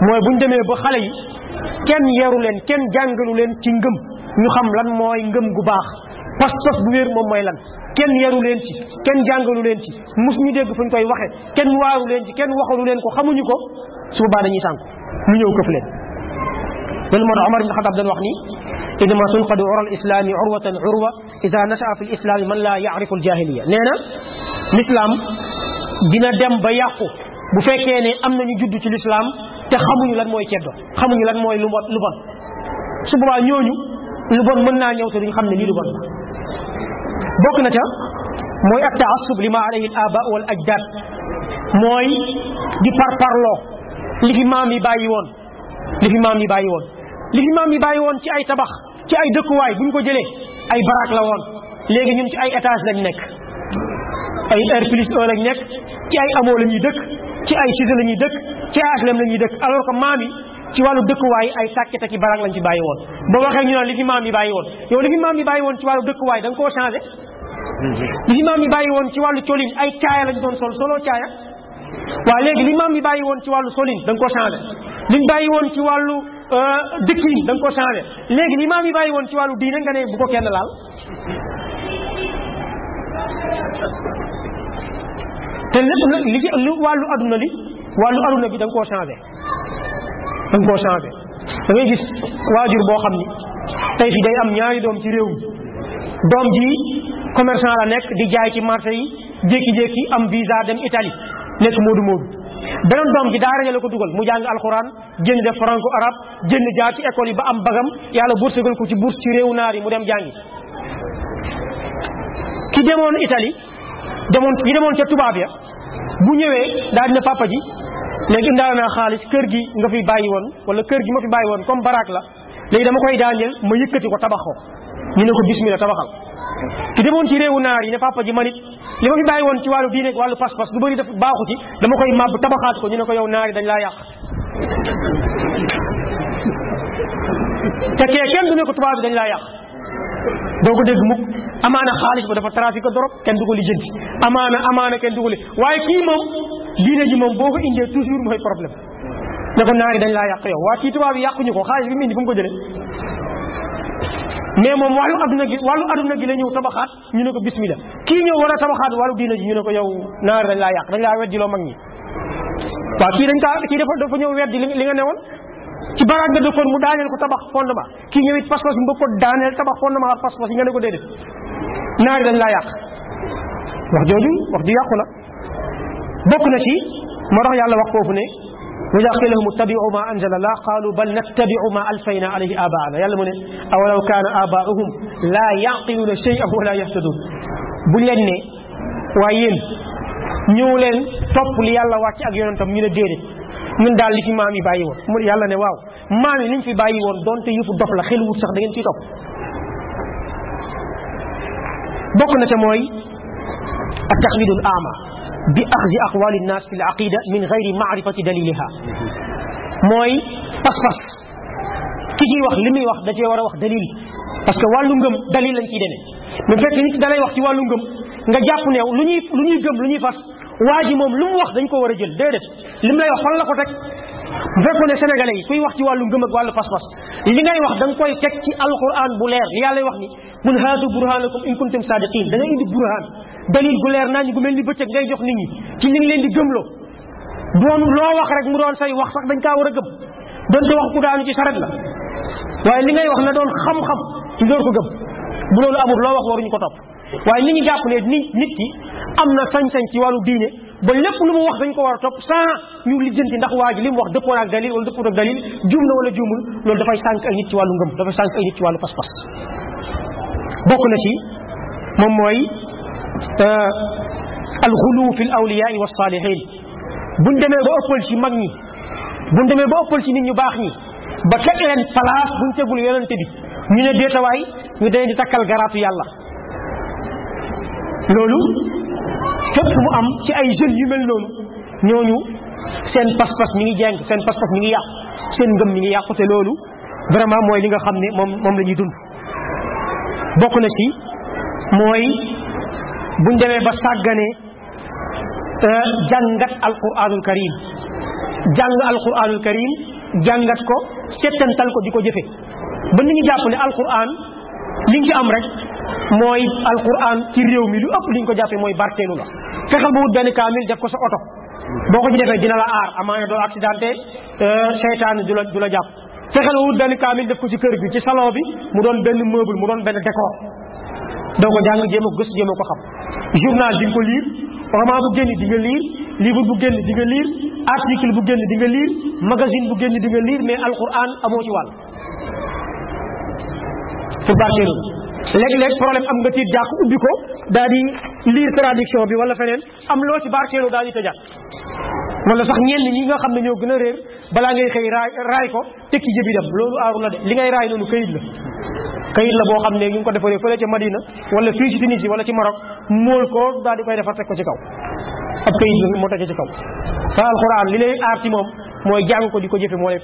mooy buñ demee ba xale yi kenn yaru leen kenn jàngalu leen ci ngëm ñu xam lan mooy ngëm gu baax pas-pas bu weer moom mooy lan kenn yaru leen ci kenn jàngalu leen ci mus ñu dégg fuñ koy waxe kenn waaru leen ci kenn waxalu leen ko xamuñu ko su boobaa dañuy sànku ñu ñëw këf leen loolu moo tax Omar ibn Xataab dañ wax ni idma tunqadu ura alislami urwatan urwa ida nashaa fi lislami man laa yaarifu aljahiliya nee na l'islam dina dem ba yàqu bu fekkee ne am nañu judd ci l'islam te xamuñu lan mooy ceddo xamuñu lan mooy lu bon lu bon su ñooñu lu mën naa ñëw te duñ xam ne lii lu bon la bokk na ca mooy ak taasub li ma alayhi al aba wal ajdaad mooy di parparloo li fi maam yi bàyyi woon li fi maam yi bàyyi woon li fi maam yi woon ci ay tabax ci ay dëkkuwaay buñ ko jëlee ay baraak la woon léegi ñun ci ay étage lañ nekk ay R lañ nekk ci ay amo lañuy dëkk ci ay Cissé la ñuy dëkk ci HLM la ñuy dëkk alors que maam yi ci wàllu dëkkuwaay ay sàkket ak i barag lañ ci bàyyi woon boo waxee ñu naan li fi maam yi bàyyi woon yow li fi maam yi bàyyi woon ci wàllu dëkkuwaay da nga koo changé li fi maam yi bàyyi woon ci wàllu colin ay caaya lañ doon sol solo caaya waaye léegi li maam yi bàyyi woon ci wàllu solin da nga koo changé liñ bàyyi woon ci wàllu euh, dëkkin da nga koo changé léegi li maam yi bàyyi woon ci wàllu diine nga ne bu ko kenn laal te lépp li lu wàllu aduna li wàllu aduna bi da nga koo changé da nga koo changé da ngay gis waajur boo xam ni tey fi day am ñaari doom ci réew mi doom ji commerçant la nekk di jaay ci marché yi jékki-jékki am visa dem Italie nekk moodu moodu beneen doom ji daara ja la ko dugal mu jàng alxuraan génn def franco arab génn jaar ci école yi ba am bagam yàlla boursegal ko ci bourse ci réew naar yi mu dem jàngi ki demoon itali demoon yi demoon ca tubaab ya bu ñëwee daal dina papa ji léegi indaale naa xaalis kër gi nga fi bàyyi woon wala kër gi ma fi bàyyi woon comme baraak la léegi dama koy daaneel ma yëkkati ko tabax ko ñu ne ko bismillah tabaxal ki demoon ci réewu naar yi ne papa ji man it li ma fi bàyyi woon ci wàllu diine wàllu pas-pas lu bëri daf baaxu ci dama koy màbb tabaxaat ko ñu ne ko yow naar yi dañ laa yàq te kee kenn du ne ko tubaab bi dañ laa yàq doo ko dégg mukk amaana xaalis ba dafa trafic dorog kenn du ko lijjanti amaana amaana kenn du ko waaye kii moom diine ji moom boo ko indee toujours mooy problème ne ko naari dañ laa yàq yow waa kii tubaab yi ñu ko xaalis bi mu indi fu mu ko jëlee mais moom wàllu aduna gi wàllu aduna gi la ñëw tabaxaat ñu ne ko bismillah kii ñëw war a tabaxaat wàllu diine ji ñu ne ko yow naari dañ laa yàq dañ laa weddi loo mag ñi waaw kii dañ kaa kii dafa dafa ñëw weddi li nga newoon ci baraag la dëkkoon mu daaneel ko tabax fondement kii ñëwit pas-pas bi nga ko daaneel tabax fondement ak pas-pas yi nga ne ko déedéet naari dañ laa yàq wax jooju wax ju yàqu la bokk na ci moo tax yàlla wax foofu ne wa idaa qiila lahum ittabi'u maa anzala allah qaalu bal nattabi'u maa alfayna alayhi aabaana yàlla mu ne awalaw kaana aabaa'uhum laa yaqiluuna shay'an wa laa yahtaduun buñ leen ne waaye yéen ñëw leen topp li yàlla wàcc ak yonentam ñu ne déedéet ñun daal li fi maam yi bàyyi woon mu yàlla ne waaw maam yi liñ fi bàyyi woon donte yëfu dof la xel wut sax da ngeen ciy topp bokk na ca mooy ak taxlidul ama bi axzi aqwali nnas fi l aqida min gayri maarifati daliliha mooy pas-pas ki ciy wax li muy wax da cee war a wax dalil parce que wàllu ngëm dalil lañ ciy demee fekk nit dalay wax ci wàllu ngëm nga jàpp neew lu lu ñuy gëm lu ñuy fas waa ji moom lu mu wax dañ ko war a jël déedéet lim lay wax fan la ko teg bu fekkoon ne sénégalais yi kuy wax ci wàllu ngëm ak wàllu pas-pas li ngay wax da nga koy teg ci alquran bu leer li yàlla wax ni qul haatu burhanakum in kuntum sadiqin da ngay indi burhan dalil gu leer naa ñi gu mel ni bëccëg ngay jox ni ñi ci li ngi leen di gëmloo doon loo wax rek mu doon say wax sax dañ kaa war a gëm donte wax ku daanu ci saret la waaye li ngay wax na doon xam-xam ci door ko gëm bu loolu amul loo wax waruñu ko topp waaye ni ñu jàppalee ni nit ki am na sañ-sañ ci wàllu diine ba lépp lu mu wax dañ ko war a topp sans ñu lijjanti ndax waa ji li mu wax dëppoon ak dalil wala dëppoon ak dalil juum na wala juumul loolu dafay sànq ay nit ci wàllu ngëm dafay sànq ay nit ci wàllu pas-pas bokk na ci moom mooy euh, alxulu fi l awliyaai wa saalihin buñ demee ba ëppal ci mag ñi buñ demee ba ëppal ci nit ñu baax ñi ba teg leen place buñ tegul yonente bi ñu ne déetawaay ñu dañ di takkal garaatu yàlla loolu fépp mu am ci ay jeunes yu mel noonu ñooñu seen pas-pas mi ngi jeng seen pas-pas ñu ngi yàqu seen ngëm mi ngi yàqu loolu vraiment mooy li nga xam ne moom moom la ñuy dund bokk na ci mooy buñ demee ba sàggane euh, jàngat alquranul karim jàng alquranul karim jàngat ko settantal ko di ko jëfe ba ni ñu jàpp ne alquran li ngi ci am rek mooy alquran ci réew mi lu ëpp li ñu ko jàppee mooy barkeelu la fexeel ba wut benn kaamil def ko sa oto boo ko ci defee dina la aar amaana doo accidenté euh, seytaane du la du la jàpp fexeel ba wut benn kaamil def ko ci kër gi ci salon bi mu doon benn meuble mu doon benn décor doo ko jàng jéem a gëstu jéem ko xam journal di nga ko lire roman bu génn di nga lire livre bu génn di nga lire article bu génn di nga lire magazine bu génn di nga lire mais alquran amoo ci wàll pour barkeelu léeg-léeg problème am nga tiit jàq ubbi ko daa di lire traduction bi wala feneen am loo ci barkeelu daal di tëjaat wala sax ñenn ñi nga xam ne ñoo gën a réer balaa ngay xëy raay raay ko tekki jëbi dem loolu aaru la de li ngay raay noonu kayit la kayit la boo xam ne ñu ngi ko defaree fële ca Madina wala fii ci Tunisie wala ci Maroc mool ko daal di koy defar teg ko ci kaw ab kayit la moo tege ci kaw sa alxuraan li lay aar ci moom mooy jàng ko di ko jëfe moo lay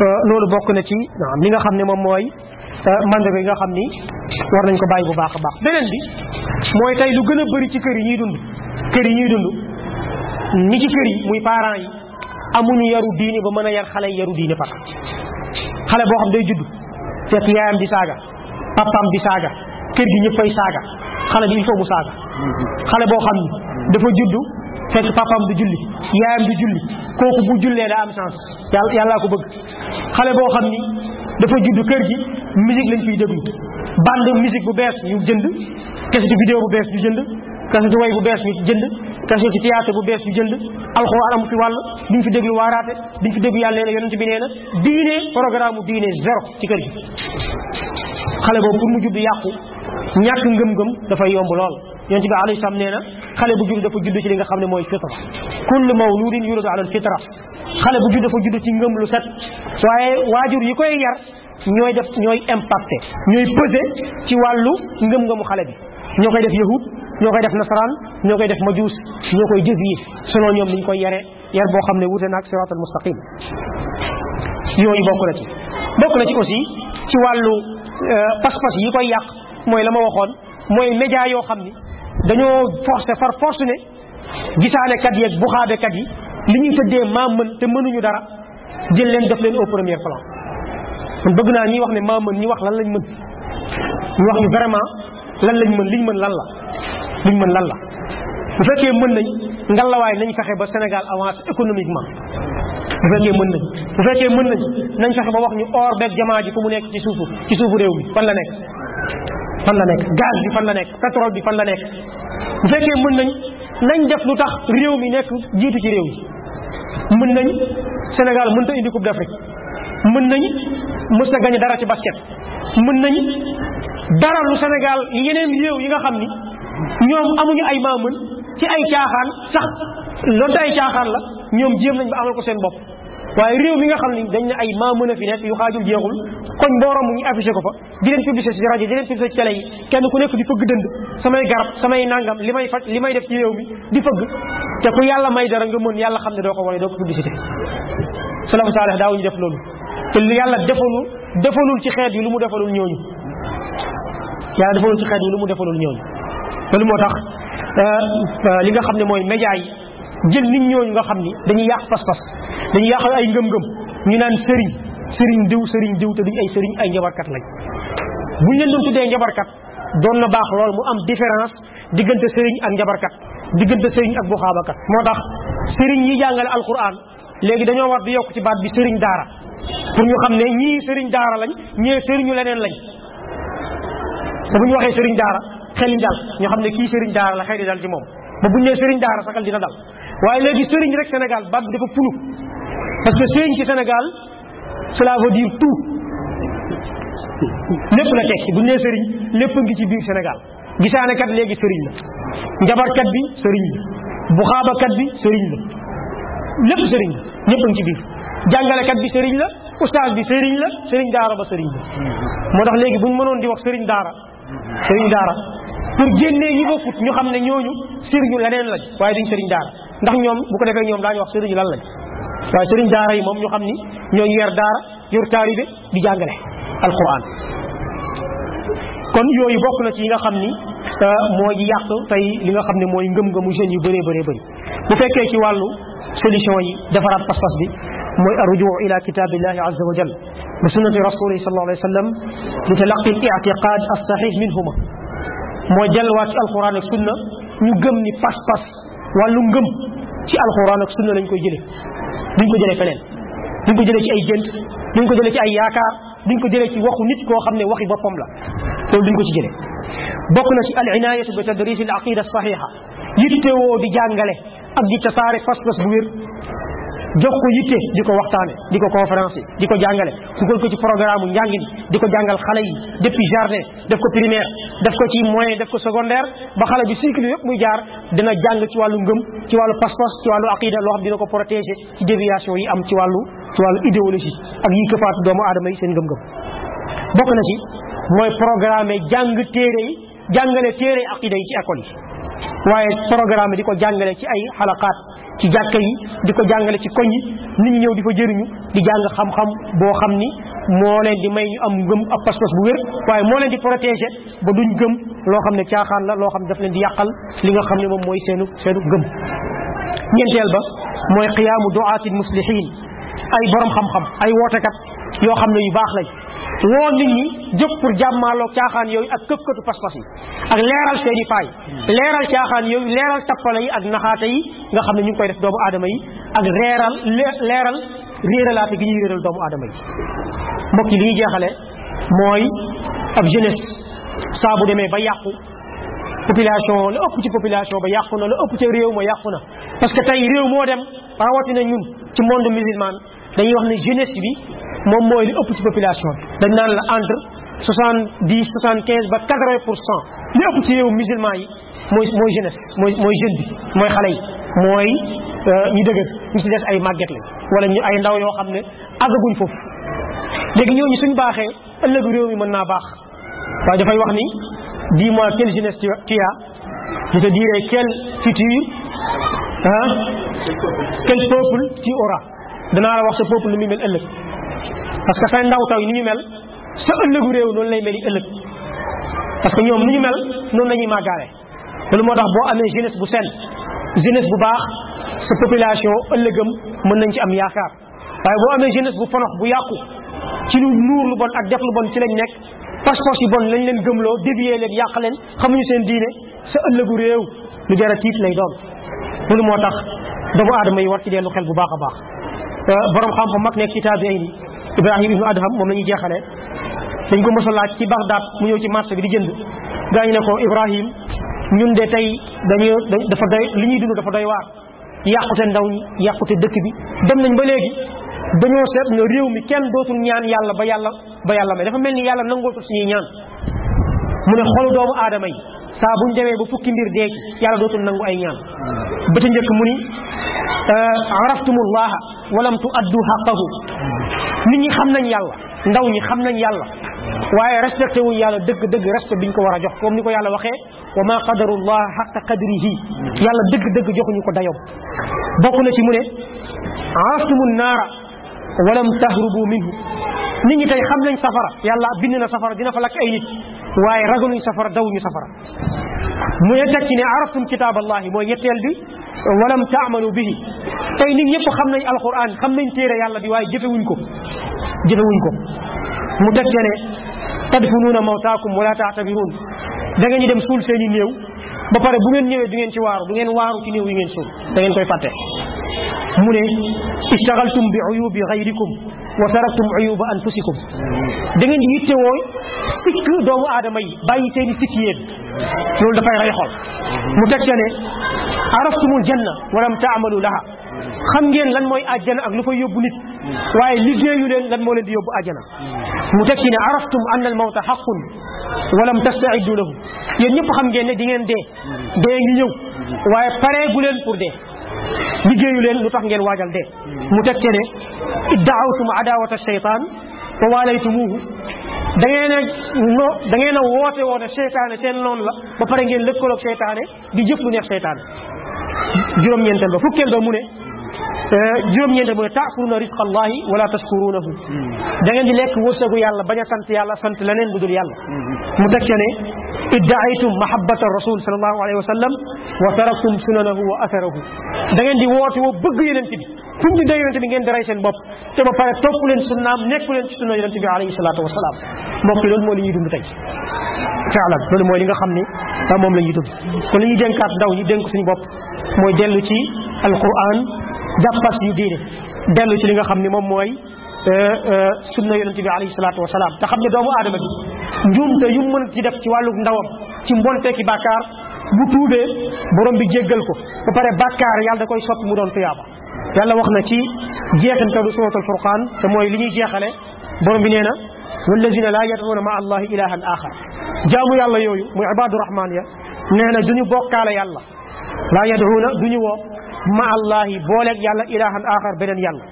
Euh, loolu bokk na ci li nga xam ne moom mooy euh, mandarga yi nga xam ni war nañ ko bàyyi bu baax a baax beneen bi mooy tay lu gën a bëri ci kër yi ñuy dund kër yi ñuy dund ni ci kër yi muy parents yi amuñu yaru diine ba mën a yar xale yaru diine pak xale boo xam day judd fekk yaayam di saaga papaam di saaga kër gi ñëppay saaga xale bi il faut mu saaga mm-hmm. xale boo xam ni dafa juddu fekk papaam du julli yaayam du julli kooku bu jullee daa am chance yàlla yàllaa ko bëgg xale boo xam ni dafa judd kër gi musique lañ fiy déglu bande musique bu bees ñu jënd kasetu vidéo bu bees ñu jënd kasetu way bu bees ñu jënd kasetu théâtre bu bees ñu jënd alxuraan amu fi wàll duñ fi déglu waaraate duñ fi déglu yàlla nee na yonent bi nee na diine programme diine zéro ci kër gi xale boobu pour mu judd yàqu ñàkk ngëm-ngëm dafay yomb lool yonent bi alayhi salaam nee na xale bu judd dafa judd ci li nga xam ne mooy fitra kullu mawludin yuladu ala fitra xale bu judd dafa judd ci ngëm lu set waaye waajur yi koy yar ñooy def ñooy impacté ñooy pesé ci wàllu ngëm-ngëmu xale bi ñoo koy def yahud ñoo koy def nasaraan ñoo koy def majuus ñoo koy dévier selon ñoom niñ koy yare yar boo xam ne wute naag siraatal mustaqim yooyu bokk na ci bokk na ci aussi ci wàllu euh, pas yi koy yàq mooy la ma waxoon mooy média yoo xam ni dañoo forcé far force ne kat yi ak buxaabekat yi li ñuy tëddee maam mën te mënuñu dara jël leen def leen au premier plan kon bëgg naa ñuy wax ne maam mën ñu wax lan lañ mën ñu wax ñu vraiment lan lañ mën liñ mën lan la liñ mën lan la bu fekkee mën nañ ngalawaay nañ fexe ba Sénégal avance économiquement bu fekkee mën nañ bu fekkee mën nañ nañ fexe ba wax ñu or beeg jamaa ji fu mu nekk ci suufu ci suufu réew mi fan la nekk fan la nekk gaz bi fan la nekk pétrole bi fan la nekk bu fekkee mën nañ nañ def lu tax réew mi nekk jiitu ci réew yi mën nañ Sénégal mën indi coupe d'Afrique mën nañ mës na dara ci basket mën nañ dara lu Sénégal yeneen réew yi nga xam ni ñoom amuñu ay maamën ci ay caaxaan sax loolu ay caaxaan la ñoom jéem nañ ba amal ko seen bopp waaye réew mi nga xam ni dañ ne ay maa mën a fi nekk yu xaajul jeexul koñ boorom mu ñu affiché ko fa di leen publicité rajo di leen publicité ci kenn ku nekk di fëgg dënd samay garab samay nangam li may faj li may def ci mi di fëgg te ku yàlla may dara nga mën yàlla xam ne doo ko wane doo ko publicité salafu saalih daawuñu def loolu te yàlla defalul defalul ci xeet yi lu mu defalul ñooñu yàlla defalul ci xeet yi lu mu defalul ñooñu loolu moo tax Euh, euh, li nga xam ne mooy média yi jël nit ñooñu nga xam ni dañuy yàq pas-pas dañuy yàq ay ngëm-ngëm ñu naan sëriñ sëriñ diw sëriñ diw te duñ ay sëriñ ay njabarkat lañ buñ leen doon tuddee njabarkat doon na baax lool mu am différence diggante sëriñ ak njabarkat diggante sëriñ ak buxaabakat moo tax sëriñ yi jàngale alquran léegi dañoo war di yokk ci baat bi sëriñ daara pour ñu xam ne ñii sëriñ daara lañ ñee sëriñu leneen lañ te bu ñu waxee sëriñ daara xeliñ daal ñu xam ne kii sëriñ daara la xëy di daal ci moom ba buñ nee sëriñ daara sakal dina dal waaye léegi sëriñ rek senegal ba bi dafa pulu parce que sëriñ ci senegal cela veut dire tout lépp la tekki buñ nee sëriñ lépp ngi ci biir senegal Sénégal gisaane kat léegi sëriñ la njabarkat bi sëriñ la buxaabakat bi sëriñ la lépp sëriñ la ñëpp ci biir jàngalekat bi sëriñ la ustaas bi sëriñ la sëriñ daara ba sëriñ la moo tax léegi buñ mënoon di wax sëriñ daar sëriñ daara pour génnee ñi bokkut ñu xam ne ñooñu sëriñu leneen lañ waaye duñ sëriñ daara ndax ñoom bu ko defee ñoom daañu wax sëriñu lan lañ waaye sëriñ daara yi moom ñu xam ni ñooñu yor daara yor taalibe di jàngale alquran kon yooyu bokk na ci yi nga xam ni euh, moo ji yàq tey li nga xam ne mooy ngëm-ngëmu jeunes yu bëree bëree bëri bu fekkee ci wàllu solution yi defaraat pas-pas bi mooy arrujuu ila kitabillahi azza wa jal wa sunnati rasulihi sallallahu alayhi wa sallam li talaqi al i'tiqad as sahih minhuma mooy delluwaat ci alxuraan ak sunna ñu gëm ni pas-pas wàllu ngëm ci alxuraan ak sunna lañ koy jëlee duñ ko jëlee feneen duñ ko jële ci ay gént duñ ko jëlee ci ay yaakaar duñ ko jëlee ci waxu nit koo xam ne waxi boppam la loolu duñ ko ci jëlee bokk na ci al inaayatu bi tadris al aqida saxiixa yittewoo di jàngale ak di tasaare pas-pas bu wér jox ko yitte di ko waxtaane di ko conférence yi di ko jàngale dugal ko ci programme njàng mi di ko jàngal xale yi depuis jardin def ko primaire def ko ci moyen def ko secondaire ba xale bi cycle yëpp muy jaar dina jàng ci wàllu ngëm ci wàllu pas-pas ci wàllu aqida loo xam dina ko protéger ci déviation yi am ci wàllu ci wàllu idéologie ak yi këfaat doomu aadama yi seen ngëm-ngëm bokk na ci mooy programme jàng téere yi jàngale téere aqida yi ci yi waaye programme di ko jàngale ci ay xalaqaat ci jàkka yi di ko jàngale ci koñ yi nit ñi ñëw di fa jëriñu di jàng xam-xam boo xam ni moo leen di may ñu am ngëm ab pas-pas bu wér waaye moo leen di protégé ba duñ gëm loo xam ne caaxaan la loo xam ne daf leen di yàqal li nga xam ne moom mooy seenu seenu gëm ñeenteel ba mooy xiyaamu duaati muslihin ay borom xam-xam ay wootekat yoo xam ne yu baax lañ woo nit ñi jóg pour jàmmaaloo caaxaan yooyu ak këkkatu pas-pas yi ak leeral seeni paay leeral caaxaan yooyu leeral tappale yi ak naxaate yi nga xam ne ñu ngi koy def doomu aadama yi ak reeral leeral réeralaate gi ñuy réeral doomu aadama yi mbokk yi li jeexale mooy ab jeunesse saa bu demee ba yàqu population la ëpp ci population ba yàqu na la ëpp ca réew moo yàqu na parce que tey réew moo dem rawatina ñun ci monde musulman dañuy wax ne jeunesse bi moom mooy li ëpp ci population bi dañ naan la entre soixante dix soixante quinze ba quatre vingt pour cent li ëpp ci réew musulman yi mooy mooy jeunesse mooy mooy jeune bi mooy xale yi mooy euh, ñu dëgër ñu ci des ay màgget lañ wala ñu ay ndaw yoo xam ne àggaguñ foofu léegi ñooñu suñ baaxee ëllëgu réew mi mën naa baax waaye dafay wax ni dis-moi quelle jeunesse tu as je te dirai quel futur ah quel peuple tu auras danaa la wax sa peuple lu muy mel ëllëg parce que sa ndawtaw yi ni ñu mel sa ëllëgu réew noonu lay mel yi ëllëg parce que ñoom ni ñu mel noonu la ñuy màggaale loolu moo tax boo amee jeunesse bu sell jeunesse bu baax sa population ëllëgam mën nañ ci am yaakaar waaye boo amee jeunesse bu fonox bu yàqu ci lu nuur lu bon ak def lu bon ci lañ nekk passeport yi bon lañ leen loo dévier leen yàq leen xamuñu seen diine sa ëllëgu réew lu jar a tiit lay doon loolu moo tax doomu adama yi war ci lu xel bu baax a baax euh, borom xam-xam mag nekk ci taabiin Ibrahim ibnu Adham moom la ñuy jeexale dañ ko mos a laaj ci Bagdad mu ñëw ci marché bi di jënd gaa ñu ne ko Ibrahim ñun de tey dañu dafa doy li ñuy dund dafa doy waar yàqute ndaw ñi yàqute dëkk bi dem nañ ba léegi dañoo seet ne réew mi kenn dootul ñaan yàlla ba yàlla ba yàlla may dafa mel ni yàlla nangootul suñuy ñaan mu ne xolu doomu aadama yi saa bu demee ba fukki mbir dee ci yàlla dootul nangu ay ñaan ba ta njëkk mu ni araftumullah walam tu addu xaqahu nit ñi xam nañ yàlla ndaw ñi xam nañ yàlla waaye respecté wuñ yàlla dëgg dëgg respect biñ ko war a jox comme ni ko yàlla waxee wa ma qadarullah xaqa qadrihi yàlla dëgg dëgg joxuñu ko dayoom bokk na ci mu ne aasimu naara walam tahrubu minhu nit ñi tey xam nañ safara yàlla bind na safara dina fa lakk ay nit waaye ragaluñ safara dawuñu safara mu ne teg ci ne araftum kitaab allahi mooy ñetteel bi walam taamalu bihi tey nit ñëpp xam nañ alquran xam nañ téere yàlla bi waaye jëfewuñ ko jëfewuñ ko mu teg ci ne tadfunuuna mawtaakum wala taatabiruun da nga ñu dem suul seen i néew ba pare bu ngeen ñëwee du ngeen ci waaru du ngeen waaru ci néew yi ngeen suul da ngeen koy fàtte mu ne istaxaltum bi uyubi xayrikum wa taraktum uyuba anfusikum da ngeen di yitte woo sikk doomu aadama yi bàyyi seeni sikk yéen loolu dafay rey xol mu teg ca ne araftumul janna walam taamalu laha xam ngeen lan mooy àjjana ak lu koy yóbbu nit waaye liggéeyu leen lan moo leen di yóbbu àjjana mu tekki ne araftum anna al mawta xaqun walam tastaiddu lahu yéen ñëpp xam ngeen ne di ngeen dee dee ngi ñëw waaye pare gu leen pour dee liggéeyu leen lu tax ngeen waajal dee mu tekki ne iddaawtum adawata shaytan wa waalaytumuhu da ngeen da ngeen a woote woote seytaane seen loon la ba pare ngeen lëkkaloog seytaane di jëf lu neex seytaane juróom-ñeenteel ba fukkeel ba mu ne Eh, juróom-ñeent mooy taakuruuna risqa allahi wala tashkuruunahu hmm. da ngeen di lekk wërsëgu yàlla bañ a sant yàlla sant leneen lu dul yàlla hmm. mu teg ca ne iddaaytum mahabbata rasul sallallahu alayhi wa sallam wa taraktum sunanahu wa atharahu da ngeen di woote woo bëgg yonent bi fu ñu dee yonent bi ngeen di rey seen bopp te ba pare topp leen sunnaam nekku leen ci sunna yonent bi alayhi salaatu wasalaam mbokk loolu moo li ñuy dund tey faalan loolu mooy li nga xam ne ah, moom la ñuy dund kon li ñuy dénkaat ndaw ñi dénk suñu bopp mooy dellu ci alquran jàppas yu diine dellu ci li nga xam ni moom mooy euh, euh, sunna yonente bi alayhi salaatu wasalaam te xam ne doomu aadama bi njuumte yu mën ci def ci wàllu ndawam ci mbonteeki bàkkaar bu tuubee borom bi jéggal ko ba pare bàkkaar yàlla da koy soppi mu doon tuyaaba yàlla wax na ci jeexantalu suratul furqaan te mooy li ñuy jeexale borom bi nee na wallazina laa yad'uuna ma allahi ilahan axar jaamu yàlla yooyu muy ibaadu rahmaan ya nee na du ñu bokkaale yàlla laa yad'uuna du ñu ma allahi booleeg yàlla ilahan axar beneen yàlla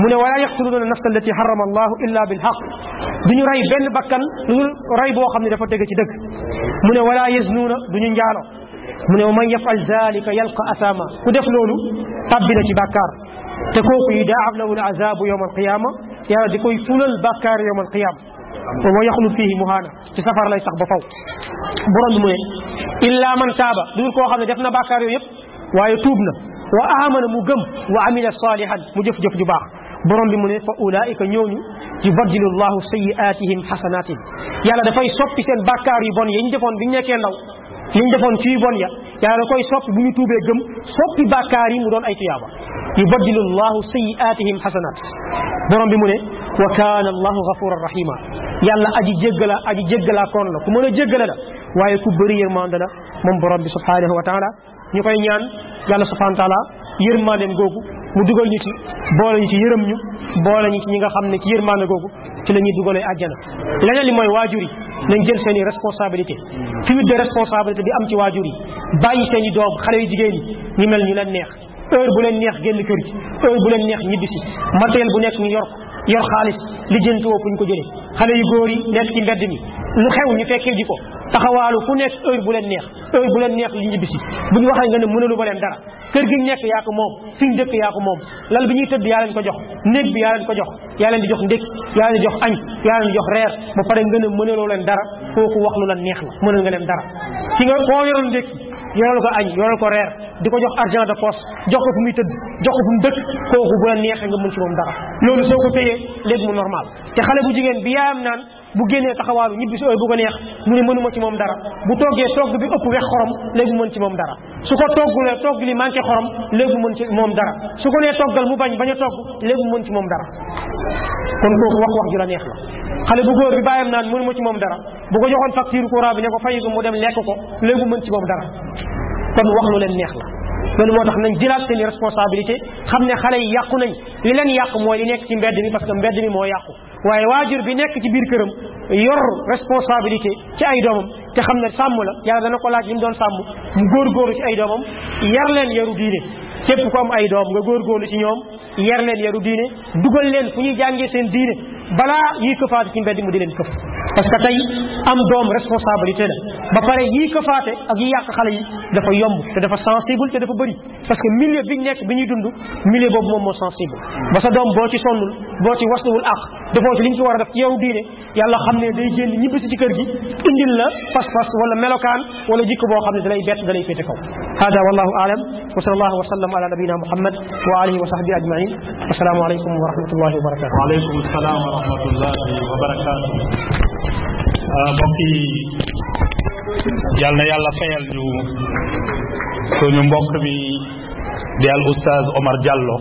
mu ne walaa yaqtuluuna nafsa allati harama allahu illa bilhaq duñu rey benn bakkan duñu rey boo xam ne dafa tege ci dëgg mu ne walaa yasnuuna duñu njaalo mu ne wa man yafal dalika yalqa asama ku def loolu tabbina ci bàkkaar te kooku yudaa'af lahu alazabu yawma alqiyama yàlla di koy fulal bàkkaar yawma alqiyama wa yaxlu fihi muhaana ci safar lay sax ba faw borom bi mu ne illa man taaba duñu koo xam ne def na bàkkaar yooyu yëpp waaye tuub na wa amana mu gëm wa amila salihan mu jëf-jëf ju baax borom bi mu ne fa ulaika ñooñu yubaddilu llahu sayiatihim xasanatin yàlla dafay soppi seen bàkkaar yu bon ya ñu defoon bi ñu nekkee ndaw li ñu defoon ci yu bon ya yàlla da koy soppi bu ñu tuubee gëm soppi bàkkaar yi mu doon ay tuyaaba yubaddilu llahu sayiatihim xasanat borom bi mu ne wa kaana allahu gafuran rahima yàlla aji jéggala aji jéggalaa koon la ku mën a jéggale la waaye ku bëri yërmande la moom borom bi subhaanahu wa taala ñu koy ñaan yàlla subhaanahu wa taala yërmandeem googu mu dugal ñu ci boole ñu ci yërëm ñu boole ñu ci ñi nga xam ne ci yërmande googu ci la ñuy dugalee àjjana leneen li mooy waajur yi nañ jël seen i responsabilité fuite de responsabilité bi am ci waajur yi bàyyi seen i doom xale yi jigéen ñi ñu mel ñu leen neex heure bu leen neex génn kër gi heure bu leen neex ñibbi si matériel bu nekk ñu yor ko yor xaalis lijjantiwoo fu ñu ko jëlee xale yu góor yi nekk ci mbedd mi lu xew ñu fekkil ji ko taxawaalu fu nekk heure bu leen neex heure bu leen neex li ñibbisi bu ñu a nga ne mënalu ba leen dara kër gi nekk yaa ko moom fi ñu dëkk yaa ko moom lal bu ñuy tëdd yaa leen ko jox néeg bi yaa leen ko jox yaa leen di jox ndékki yaa leen di jox añ yaa leen di jox reer ba pare nga ne mënaloo leen dara kooku wax lu la neex la mënal nga leen dara koo yoroon ndékki la ko añ yoral ko reer di ko jox argent de poche jox ko fu muy tëdd jox ko fu mu dëkk kooku bu la neexee nga mën ci moom dara loolu soo ko téyee léegi mu normal te xale bu jigéen bi yaayam naan bu génnee taxawaalu ñibbi si bu ko neex mu ne mënuma ci moom dara bu toggee togg bi ëpp wex xorom léegi mu mën ci moom dara su ko toggulee togg li manqué xorom léegi mu mën ci moom dara su ko nee toggal mu bañ bañ a togg léegi mën ci moom dara kon kooku wax wax ju la neex la xale bu góor bi bàyyam naan mënuma ci moom dara bu ko joxoon facture courant bi ne ko fay ko dem lekk ko léegi mën ci moom dara kon wax lu leen neex la loolu moo tax nañ jëlaat seen responsabilité xam ne xale yi yàqu nañ li leen yàq mooy li nekk ci mbedd mi parce que mbedd mi moo yàqu waaye waajur bi nekk ci biir këram yor responsabilité ci ay doomam te xam ne sàmm la yàlla dana ko laaj li doon sàmm mu góor góoru ci ay doomam yar leen yaru diine képp ku am ay doom nga góorgóorlu ci ñoom yar yaru diine dugal leen fu ñuy jàngee seen diine balaa yii këfaate ci mbedd mu di leen këf parce que tey am doom responsabilité la ba pare yii këfaate ak yi yàq xale yi dafa yomb te dafa sensible te dafa bëri parce que millier bi ñu nekk bi ñuy dund milieu boobu moom moo sensible ba sa doom boo ci sonnul boo ci wasluwul ak defoo ci li ñu ci war a def ci yow diine yàlla xam ne day génn ñibbisi ci kër gi indil la pas-pas wala melokaan wala jikko boo xam ne dalay bett dalay féete kaw hada wallahu aalam sallam ala nabina muhammad wa alihi wa sahbi ajmain assalaamu aleykum wa rahmatullahi wa barakatu waaleykum salaam wa rahmatullahi wa barakatu ah, mbokk yi yal na yàlla fayal ñu suñu mbokk bi di al oustaz Omar Diallo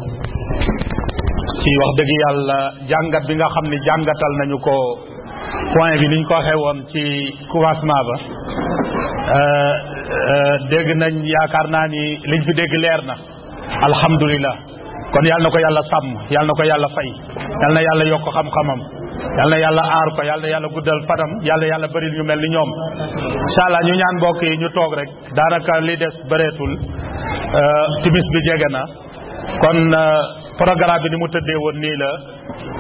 ci wax dëgg yàlla jàngat bi nga xam ne jàngatal nañu ko point bi ni ñu ko waxee woon ci commencement ba ah, ah, dégg nañ yaakaar naa ni liñ fi dégg leer na alhamdulilah kon yàlla ko yàlla sàmm yàlla na ko yàlla fay yal yàlla yokk xam-xamam yal yàlla aar ko yal yàlla guddal fanam yàlla yàlla bari ñu mel ni ñoom incha allah ñu ñaan mbokk yi ñu toog rek daanaka li des bëreetul euh, timis bi jege na kon euh, programme bi ni mu tëddee woon nii la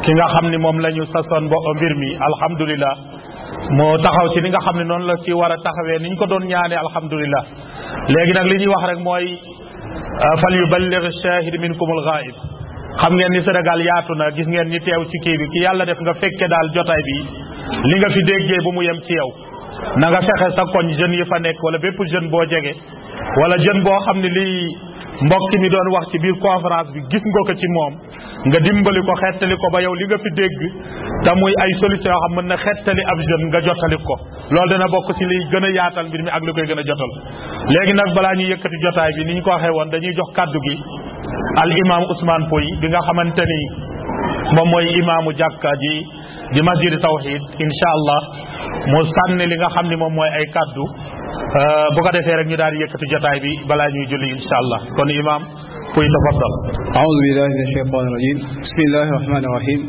ki nga xam ni moom la ñu sasoon ba mbir mi alhamdulilah moo taxaw ci ni nga xam ne noonu la ci war a taxawee ni ñu ko doon ñaanee alhamdulilah léegi nag li ñuy wax rek mooy Euh, fal yuballigh ash-shahid minkum al-ghaib xam ngeen ni Sénégal yaatu na gis ngeen ni teew ci kii bi ki yàlla def nga fekke daal jotaay bi li nga fi déggee bu mu yem si yow na nga fexe sa koñ jeunes yi fa nekk wala bépp jeune boo jege wala jeune boo xam ne lii mbokk mi doon wax ci biir conférence bi gis nga ko ci moom nga dimbali ko xettali ko ba yow li nga fi dégg te muy ay solution yoo xam mën na xettali ab jeune nga jottali ko loolu dana bokk ci liy gën a yaatal mbir mi ak li koy gën a jotal léegi nag balaa ñuy yëkkati jotaay bi ni ñu ko waxee woon dañuy jox kàddu gi al imam Ousmane Pouy bi nga xamante ni moom mooy imaamu jàkka ji di masjidi tawxid incha allah mu sànni li nga xam ni moom mooy ay kàddu Euh, bu ko defee rek ñu daal di yëkkati jotaay bi balaa ñuy julli insha allah kon imam kuy tafaddal aoudu billahi min ashaytan irajim bismillahi rahmani rahim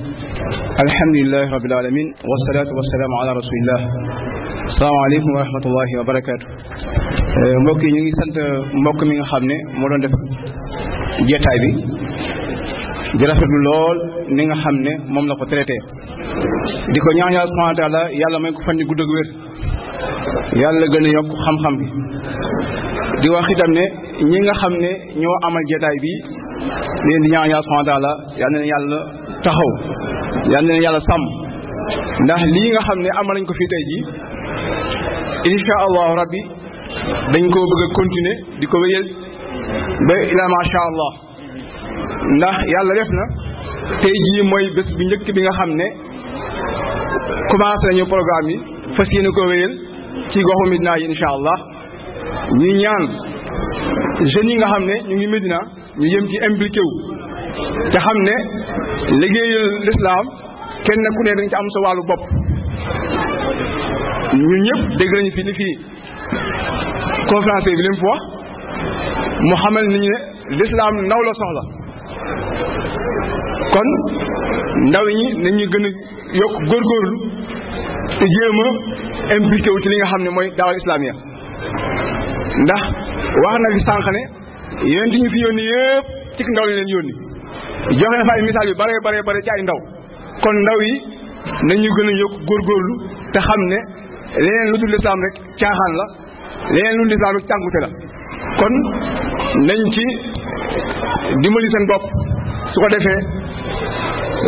alhamdulilahi rabbil alamin wasalaatu wasalaamu ala rasulillah salaamaaleykum wa rahmatullahi wa barakaatu euh, mbokk yi ñu ngi sant mbokk mi nga xam ne moo doon def jotaay bi di rafetlu lool ni nga xam ne moom la ko traité di ko ñaan yàlla subhana taala yàlla may ko fan ni gudd ak wér yàlla gën a yokk xam-xam bi di wax itam ne ñi nga xam ne ñoo amal jataay bi leen di ñaan yàlla subhanahu wa na yàlla taxaw yal na yàlla sàmm ndax lii nga xam ne amal nañ ko fii tey jii insha allahu rabbi dañ ko bëgg a continuer di ko wéyal ba ila macha allah ndax yàlla def na tey jii mooy bés bu njëkk bi nga xam ne commencé nañu programme yi fas yéene ko wéyal ci gox goxu Medina yi incha allah ñu ñaan jeunes yi nga xam ne ñu ngi Medina ñu jëm ci impliqué wu te xam ne liggéeyal lislaam kenn ku ne dañ ci am sa wàllu bopp ñun ñëpp dégg nañu fi ni fii conférencier bi li mu fi wax mu xamal ni ñu ne lislaam ndaw la soxla kon ndaw ñi nañu gën a yokk góor te jéem impliqué ci li nga xam ne mooy daawal islamiya ndax wax na fi sànq ne yéen ñu fi yónni yëpp ci ndaw lañ leen yónni joxe na fa ay misaal yu bare bare bare ci ay ndaw kon ndaw yi nañu gën a yokk góorgóorlu te xam ne leneen lu dul lislaam rek caaxaan la leneen lu dul lislaam rek càngute la kon nañ ci dimbali seen bopp su ko defee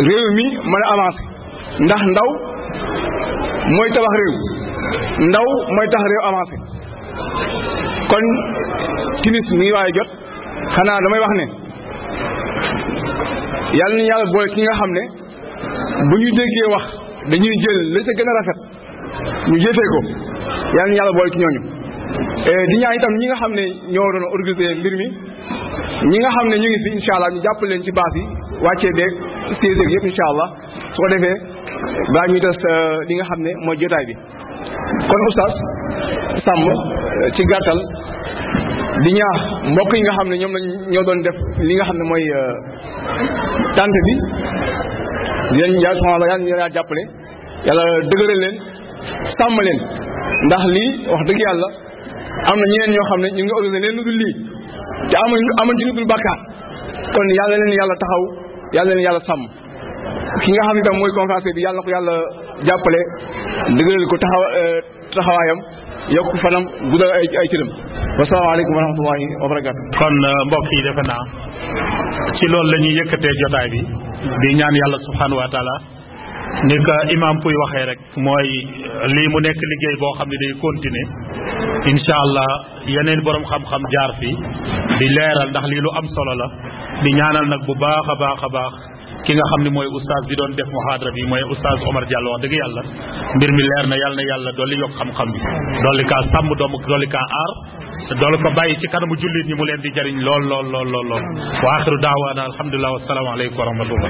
réew mi mën a avancé ndax ndaw mooy tabax réew ndaw mooy tax réew avancé kon timis mi ngi waaye jot xanaa damay wax ne yàlla na yàlla boole ki nga xam ne bu ñu déggee wax dañuy jël la sa gën a rafet ñu jëfee ko yàlla na yàlla boole ci ñooñu eh, di ñaan tam ñi nga xam ne ñoo doon organiser mbir mi ñi nga xam ne ñu ngi fi incha allah ñu jàpp leen ci baas yi wàccee si siège yëpp incha allah su ko defee balaa ñu des eh, li nga xam ne mooy jotaay bi kon oustaz sàmm eh, ci gàttal di ñaax mbokk yi nga xam ne ñoom lañ ñoo doon def li nga xam ne mooy eh, tànt bi di leen yaa subhaana yaa jàppale yàlla dëgëral leen sàmm leen ndax lii wax dëgg yàlla am na ñeneen ñoo xam ne ñu ngi organisé leen lu dul lii te amuñ amuñ ci lu dul bàkkaar kon yàlla leen yàlla taxaw yàlla leen yàlla sàmm ki nga xam ne tam mooy conférencier bi yàlla na ko yàlla jàppale dëgëral ko taxaw euh, taxawaayam yokk fanam guddal ay ay cëram wasalaamaaleykum wa rahmatullahi wa barakaatu kon euh, mbokk yi defe naa ci loolu la ñuy yëkkatee jotaay bi di ñaan yàlla subhanahu wa taala ni ko imaam waxee rek mooy euh, lii mu nekk liggéey boo xam ne day continuer incha allah yeneen borom xam-xam jaar fi di leeral ndax lii lu am solo la di ñaanal nag bu baax a baax a baax ki nga xam ni mooy oustaz bi doon def muhaadara bi mooy oustaz Omar Diallo wax dëgg yàlla mbir mi leer na yàlla na yàlla dolli yokk xam-xam bi dolli kaa sàmm doomu dolli kaa aar dolli ko bàyyi ci kanamu jullit ñi mu leen di jariñ lool lool lool lool lool wa axiru daawaana alhamdulilah wasalaamu aleykum wa rahmatullah